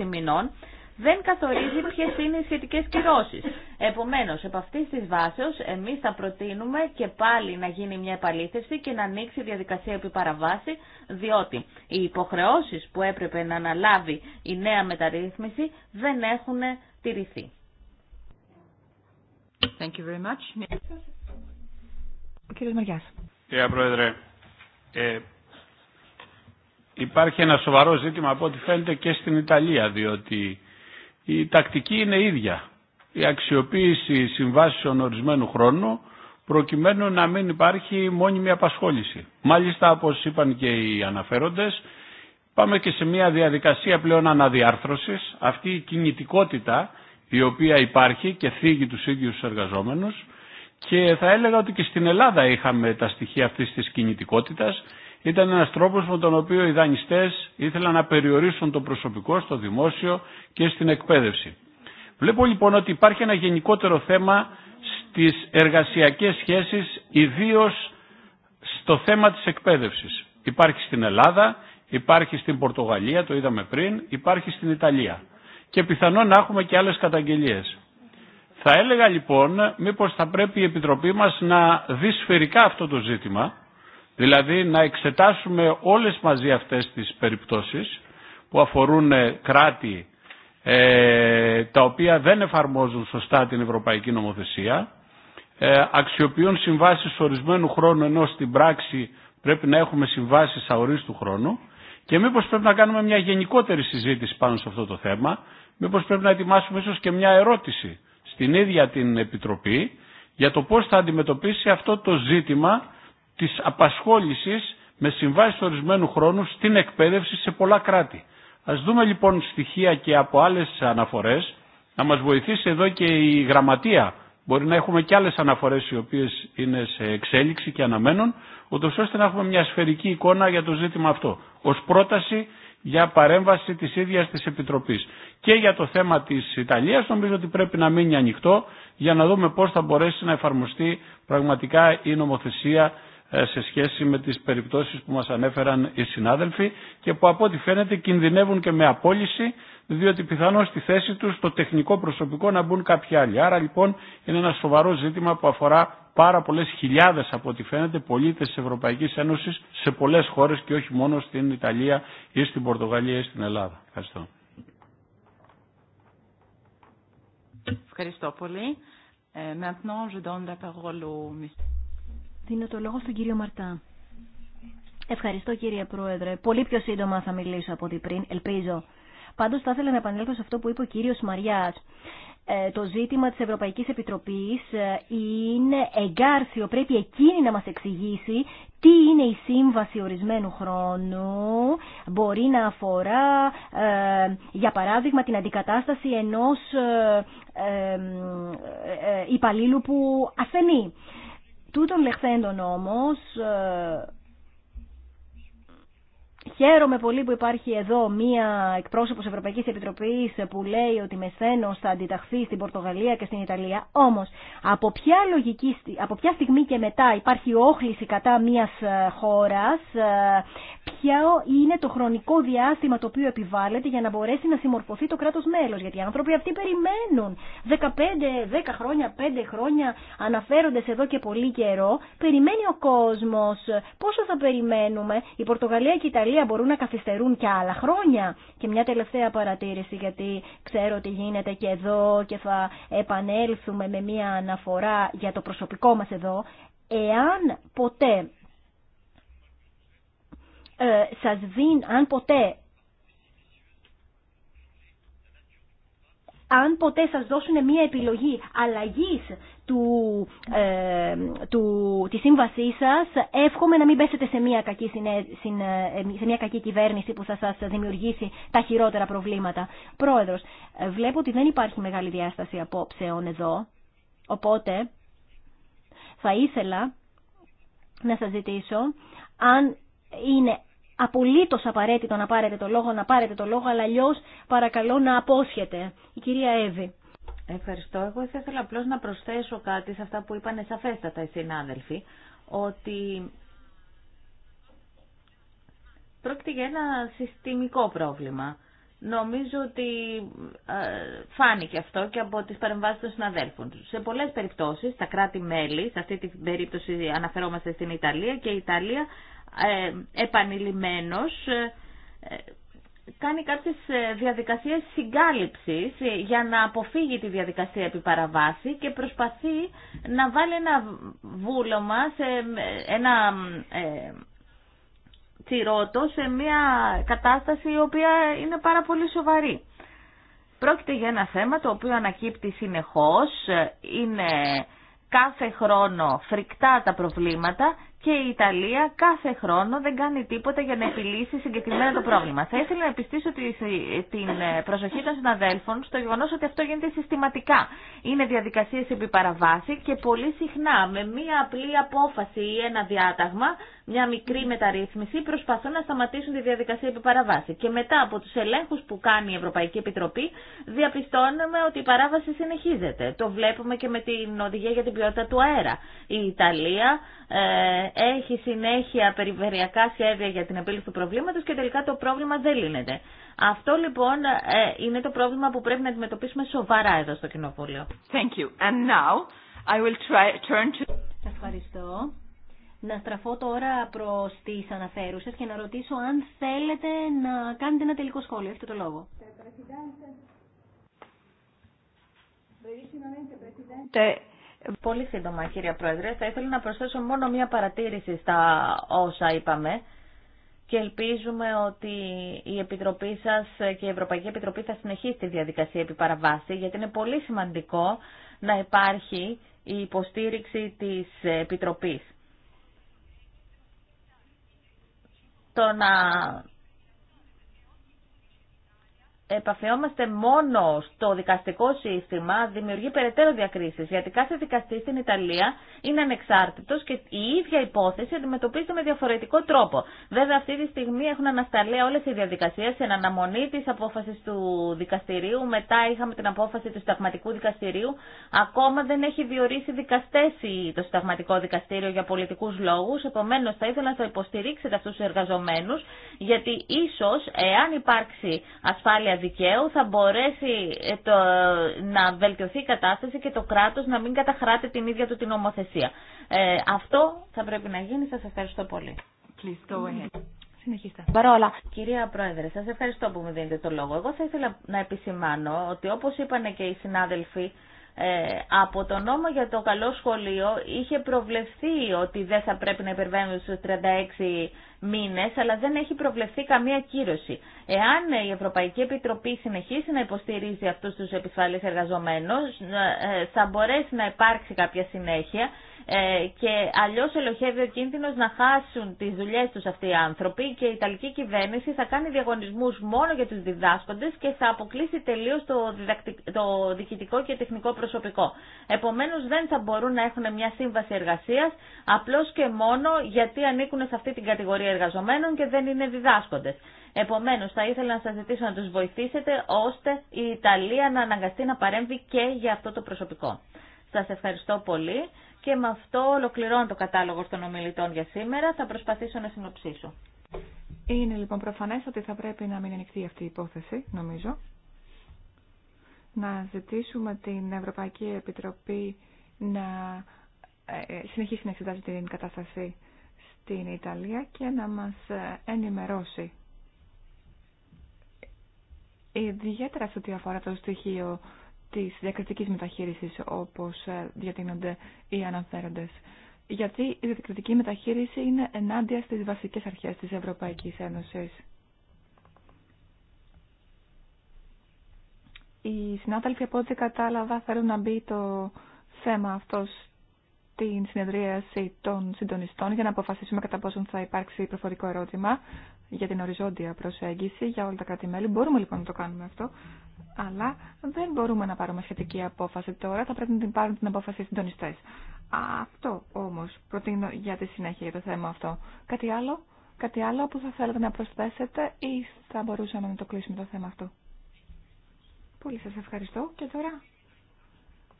36 μηνών, δεν καθορίζει ποιε είναι οι σχετικέ κυρώσει. Επομένω, επ' αυτή τη βάση, εμεί θα προτείνουμε και πάλι να γίνει μια επαλήθευση και να ανοίξει η διαδικασία επί παραβάση, διότι οι υποχρεώσει που έπρεπε να αναλάβει η νέα μεταρρύθμιση δεν έχουν τηρηθεί. Thank you very much. Κύριε Πρόεδρε, ε, υπάρχει ένα σοβαρό ζήτημα από ό,τι φαίνεται και στην Ιταλία, διότι η τακτική είναι ίδια. Η αξιοποίηση συμβάσεων ορισμένου χρόνου προκειμένου να μην υπάρχει μόνιμη απασχόληση. Μάλιστα, όπως είπαν και οι αναφέροντες, πάμε και σε μια διαδικασία πλέον αναδιάρθρωσης. Αυτή η κινητικότητα η οποία υπάρχει και θίγει τους ίδιους εργαζόμενους και θα έλεγα ότι και στην Ελλάδα είχαμε τα στοιχεία αυτής της κινητικότητας ήταν ένας τρόπος με τον οποίο οι δανειστές ήθελαν να περιορίσουν το προσωπικό στο δημόσιο και στην εκπαίδευση. Βλέπω λοιπόν ότι υπάρχει ένα γενικότερο θέμα στις εργασιακές σχέσεις, ιδίως στο θέμα της εκπαίδευσης. Υπάρχει στην Ελλάδα, υπάρχει στην Πορτογαλία, το είδαμε πριν, υπάρχει στην Ιταλία. Και πιθανόν να έχουμε και άλλες καταγγελίες. Θα έλεγα λοιπόν μήπως θα πρέπει η Επιτροπή μας να δει σφαιρικά αυτό το ζήτημα, Δηλαδή να εξετάσουμε όλες μαζί αυτές τις περιπτώσεις που αφορούν ε, κράτη ε, τα οποία δεν εφαρμόζουν σωστά την Ευρωπαϊκή Νομοθεσία, ε, αξιοποιούν συμβάσεις ορισμένου χρόνου ενώ στην πράξη πρέπει να έχουμε συμβάσεις αορίστου χρόνου και μήπως πρέπει να κάνουμε μια γενικότερη συζήτηση πάνω σε αυτό το θέμα, μήπως πρέπει να ετοιμάσουμε ίσως και μια ερώτηση στην ίδια την Επιτροπή για το πώς θα αντιμετωπίσει αυτό το ζήτημα της απασχόλησης με συμβάσεις ορισμένου χρόνου στην εκπαίδευση σε πολλά κράτη. Ας δούμε λοιπόν στοιχεία και από άλλες αναφορές, να μας βοηθήσει εδώ και η γραμματεία. Μπορεί να έχουμε και άλλες αναφορές οι οποίες είναι σε εξέλιξη και αναμένουν, ούτως ώστε να έχουμε μια σφαιρική εικόνα για το ζήτημα αυτό. Ως πρόταση για παρέμβαση της ίδιας της Επιτροπής. Και για το θέμα της Ιταλίας νομίζω ότι πρέπει να μείνει ανοιχτό για να δούμε πώς θα μπορέσει να εφαρμοστεί πραγματικά η νομοθεσία ε, σε σχέση με τις περιπτώσεις που μας ανέφεραν οι συνάδελφοι και που από ό,τι φαίνεται κινδυνεύουν και με απόλυση διότι πιθανώς στη θέση τους το τεχνικό προσωπικό να μπουν κάποιοι άλλοι. Άρα λοιπόν είναι ένα σοβαρό ζήτημα που αφορά πάρα πολλές χιλιάδες από ό,τι φαίνεται πολίτες της Ευρωπαϊκής Ένωσης σε πολλές χώρες και όχι μόνο στην Ιταλία ή στην Πορτογαλία ή στην Ελλάδα. Ευχαριστώ. Ευχαριστώ πολύ. Ε, Δίνω το λόγο στον κύριο Μαρτά. Ευχαριστώ κύριε Πρόεδρε. Πολύ πιο σύντομα θα μιλήσω από ό,τι πριν, ελπίζω. Πάντως θα ήθελα να επανέλθω σε αυτό που είπε ο κύριος Μαριάς. Ε, το ζήτημα της Ευρωπαϊκής Επιτροπής ε, είναι εγκάρσιο. Πρέπει εκείνη να μας εξηγήσει τι είναι η σύμβαση ορισμένου χρόνου. Μπορεί να αφορά, ε, για παράδειγμα, την αντικατάσταση ενός υπαλλήλου που ασθενεί τούτων λεχθέντων όμως ε, Χαίρομαι πολύ που υπάρχει εδώ μία εκπρόσωπος Ευρωπαϊκής Επιτροπής που λέει ότι Μεσένος θα αντιταχθεί στην Πορτογαλία και στην Ιταλία. Όμως, από ποια, λογική, από ποια στιγμή και μετά υπάρχει όχληση κατά μίας ε, χώρας ε, ποιο είναι το χρονικό διάστημα το οποίο επιβάλλεται για να μπορέσει να συμμορφωθεί το κράτος μέλος. Γιατί οι άνθρωποι αυτοί περιμένουν 15, 10 χρόνια, 5 χρόνια, αναφέρονται σε εδώ και πολύ καιρό. Περιμένει ο κόσμος. Πόσο θα περιμένουμε. Η Πορτογαλία και η Ιταλία μπορούν να καθυστερούν και άλλα χρόνια. Και μια τελευταία παρατήρηση γιατί ξέρω ότι γίνεται και εδώ και θα επανέλθουμε με μια αναφορά για το προσωπικό μας εδώ. Εάν ποτέ ε, σας δίνει, αν ποτέ αν ποτέ σας δώσουν μια επιλογή αλλαγής του, ε, του, της σύμβασής σας, εύχομαι να μην πέσετε σε μια, κακή συνέ, ε, σε μια κακή κυβέρνηση που θα σας δημιουργήσει τα χειρότερα προβλήματα. Πρόεδρος, ε, βλέπω ότι δεν υπάρχει μεγάλη διάσταση απόψεων εδώ, οπότε θα ήθελα να σας ζητήσω αν είναι απολύτως απαραίτητο να πάρετε το λόγο, να πάρετε το λόγο, αλλά αλλιώ παρακαλώ να απόσχετε. Η κυρία Εύη. Ευχαριστώ. Εγώ θα ήθελα απλώ να προσθέσω κάτι σε αυτά που είπαν σαφέστατα οι συνάδελφοι, ότι πρόκειται για ένα συστημικό πρόβλημα. Νομίζω ότι ε, φάνηκε αυτό και από τις παρεμβάσεις των συναδέλφων. Σε πολλές περιπτώσεις, τα κράτη-μέλη, σε αυτή την περίπτωση αναφερόμαστε στην Ιταλία και η Ιταλία ε, επανειλημμένος ε, κάνει κάποιες ε, διαδικασίες συγκάλυψης για να αποφύγει τη διαδικασία επί παραβάση και προσπαθεί να βάλει ένα βούλωμα, σε ένα ε, τσιρότο σε μια κατάσταση η οποία είναι πάρα πολύ σοβαρή. Πρόκειται για ένα θέμα το οποίο ανακύπτει συνεχώς, είναι κάθε χρόνο φρικτά τα προβλήματα και η Ιταλία κάθε χρόνο δεν κάνει τίποτα για να επιλύσει συγκεκριμένα το πρόβλημα. Θα ήθελα να επιστήσω την προσοχή των συναδέλφων στο γεγονό ότι αυτό γίνεται συστηματικά. Είναι διαδικασίε επί παραβάση και πολύ συχνά με μία απλή απόφαση ή ένα διάταγμα, μια μικρή μεταρρύθμιση, προσπαθούν να σταματήσουν τη διαδικασία επί παραβάση. Και μετά από του ελέγχου που κάνει η Ευρωπαϊκή Επιτροπή, διαπιστώνουμε ότι η παράβαση συνεχίζεται. Το βλέπουμε και με την οδηγία για την ποιότητα του αέρα. Η Ιταλία. Ε, έχει συνέχεια περιφερειακά σχέδια για την επίλυση του προβλήματος και τελικά το πρόβλημα δεν λύνεται. Αυτό λοιπόν ε, είναι το πρόβλημα που πρέπει να αντιμετωπίσουμε σοβαρά εδώ στο Κοινοβούλιο. Thank Ευχαριστώ. Να στραφώ τώρα προς τις αναφέρουσες και να ρωτήσω αν θέλετε να κάνετε ένα τελικό σχόλιο. Έχετε το λόγο. Πολύ σύντομα, κύριε Πρόεδρε. Θα ήθελα να προσθέσω μόνο μία παρατήρηση στα όσα είπαμε και ελπίζουμε ότι η Επιτροπή σας και η Ευρωπαϊκή Επιτροπή θα συνεχίσει τη διαδικασία επί παραβάση, γιατί είναι πολύ σημαντικό να υπάρχει η υποστήριξη της Επιτροπής. Το να επαφιόμαστε μόνο στο δικαστικό σύστημα δημιουργεί περαιτέρω διακρίσει. γιατί κάθε δικαστή στην Ιταλία είναι ανεξάρτητο και η ίδια υπόθεση αντιμετωπίζεται με διαφορετικό τρόπο. Βέβαια αυτή τη στιγμή έχουν ανασταλεί όλε οι διαδικασίε εν αναμονή τη απόφαση του δικαστηρίου, μετά είχαμε την απόφαση του συνταγματικού δικαστηρίου, ακόμα δεν έχει διορίσει δικαστέ το συνταγματικό δικαστήριο για πολιτικού λόγου. Επομένω, θα ήθελα να το υποστηρίξετε αυτού του εργαζομένους, γιατί ίσω, εάν υπάρξει ασφάλεια δικαίου θα μπορέσει ε, το, να βελτιωθεί η κατάσταση και το κράτος να μην καταχράται την ίδια του την νομοθεσία. Ε, αυτό θα πρέπει να γίνει. Σας ευχαριστώ πολύ. Παρόλα. Κυρία Πρόεδρε, σας ευχαριστώ που μου δίνετε το λόγο. Εγώ θα ήθελα να επισημάνω ότι όπως είπαν και οι συνάδελφοι, ε, από το νόμο για το καλό σχολείο είχε προβλεφθεί ότι δεν θα πρέπει να υπερβαίνουν στους 36 Μήνε, αλλά δεν έχει προβλεφθεί καμία κύρωση. Εάν η Ευρωπαϊκή Επιτροπή συνεχίσει να υποστηρίζει αυτού του επισφαλείς εργαζομένους, ε, ε, θα μπορέσει να υπάρξει κάποια συνέχεια ε, και αλλιώ ελοχεύει ο κίνδυνο να χάσουν τι δουλειέ του αυτοί οι άνθρωποι και η Ιταλική κυβέρνηση θα κάνει διαγωνισμού μόνο για του διδάσκοντε και θα αποκλείσει τελείω το, το διοικητικό και τεχνικό προσωπικό. Επομένω, δεν θα μπορούν να έχουν μια σύμβαση εργασία, απλώ και μόνο γιατί ανήκουν σε αυτή την κατηγορία εργαζομένων και δεν είναι διδάσκοντε. Επομένω, θα ήθελα να σα ζητήσω να του βοηθήσετε ώστε η Ιταλία να αναγκαστεί να παρέμβει και για αυτό το προσωπικό. Σας ευχαριστώ πολύ και με αυτό ολοκληρώνω το κατάλογο των ομιλητών για σήμερα. Θα προσπαθήσω να συνοψίσω. Είναι λοιπόν προφανές ότι θα πρέπει να μην ανοιχτεί αυτή η υπόθεση, νομίζω. Να ζητήσουμε την Ευρωπαϊκή Επιτροπή να ε, ε, συνεχίσει να εξετάζει την κατάσταση στην Ιταλία και να μας ε, ενημερώσει. Ιδιαίτερα σε ό,τι αφορά το στοιχείο της διακριτικής μεταχείρισης όπως ε, διατείνονται οι αναφέροντες. Γιατί η διακριτική μεταχείριση είναι ενάντια στις βασικές αρχές της Ευρωπαϊκής Ένωσης. Οι συνάδελφοι από ό,τι κατάλαβα θέλουν να μπει το θέμα αυτό στην συνεδρίαση των συντονιστών για να αποφασίσουμε κατά πόσον θα υπάρξει προφορικό ερώτημα για την οριζόντια προσέγγιση για όλα τα κράτη-μέλη. Μπορούμε λοιπόν να το κάνουμε αυτό, αλλά δεν μπορούμε να πάρουμε σχετική απόφαση τώρα. Θα πρέπει να την πάρουν την απόφαση οι συντονιστέ. Αυτό όμω προτείνω για τη συνέχεια για το θέμα αυτό. Κάτι άλλο, κάτι άλλο που θα θέλατε να προσθέσετε ή θα μπορούσαμε να το κλείσουμε το θέμα αυτό. Πολύ σα ευχαριστώ και τώρα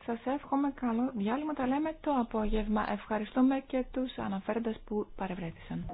Σα εύχομαι καλό διάλειμμα. Τα λέμε το απόγευμα. Ευχαριστούμε και του αναφέροντε που παρευρέθησαν.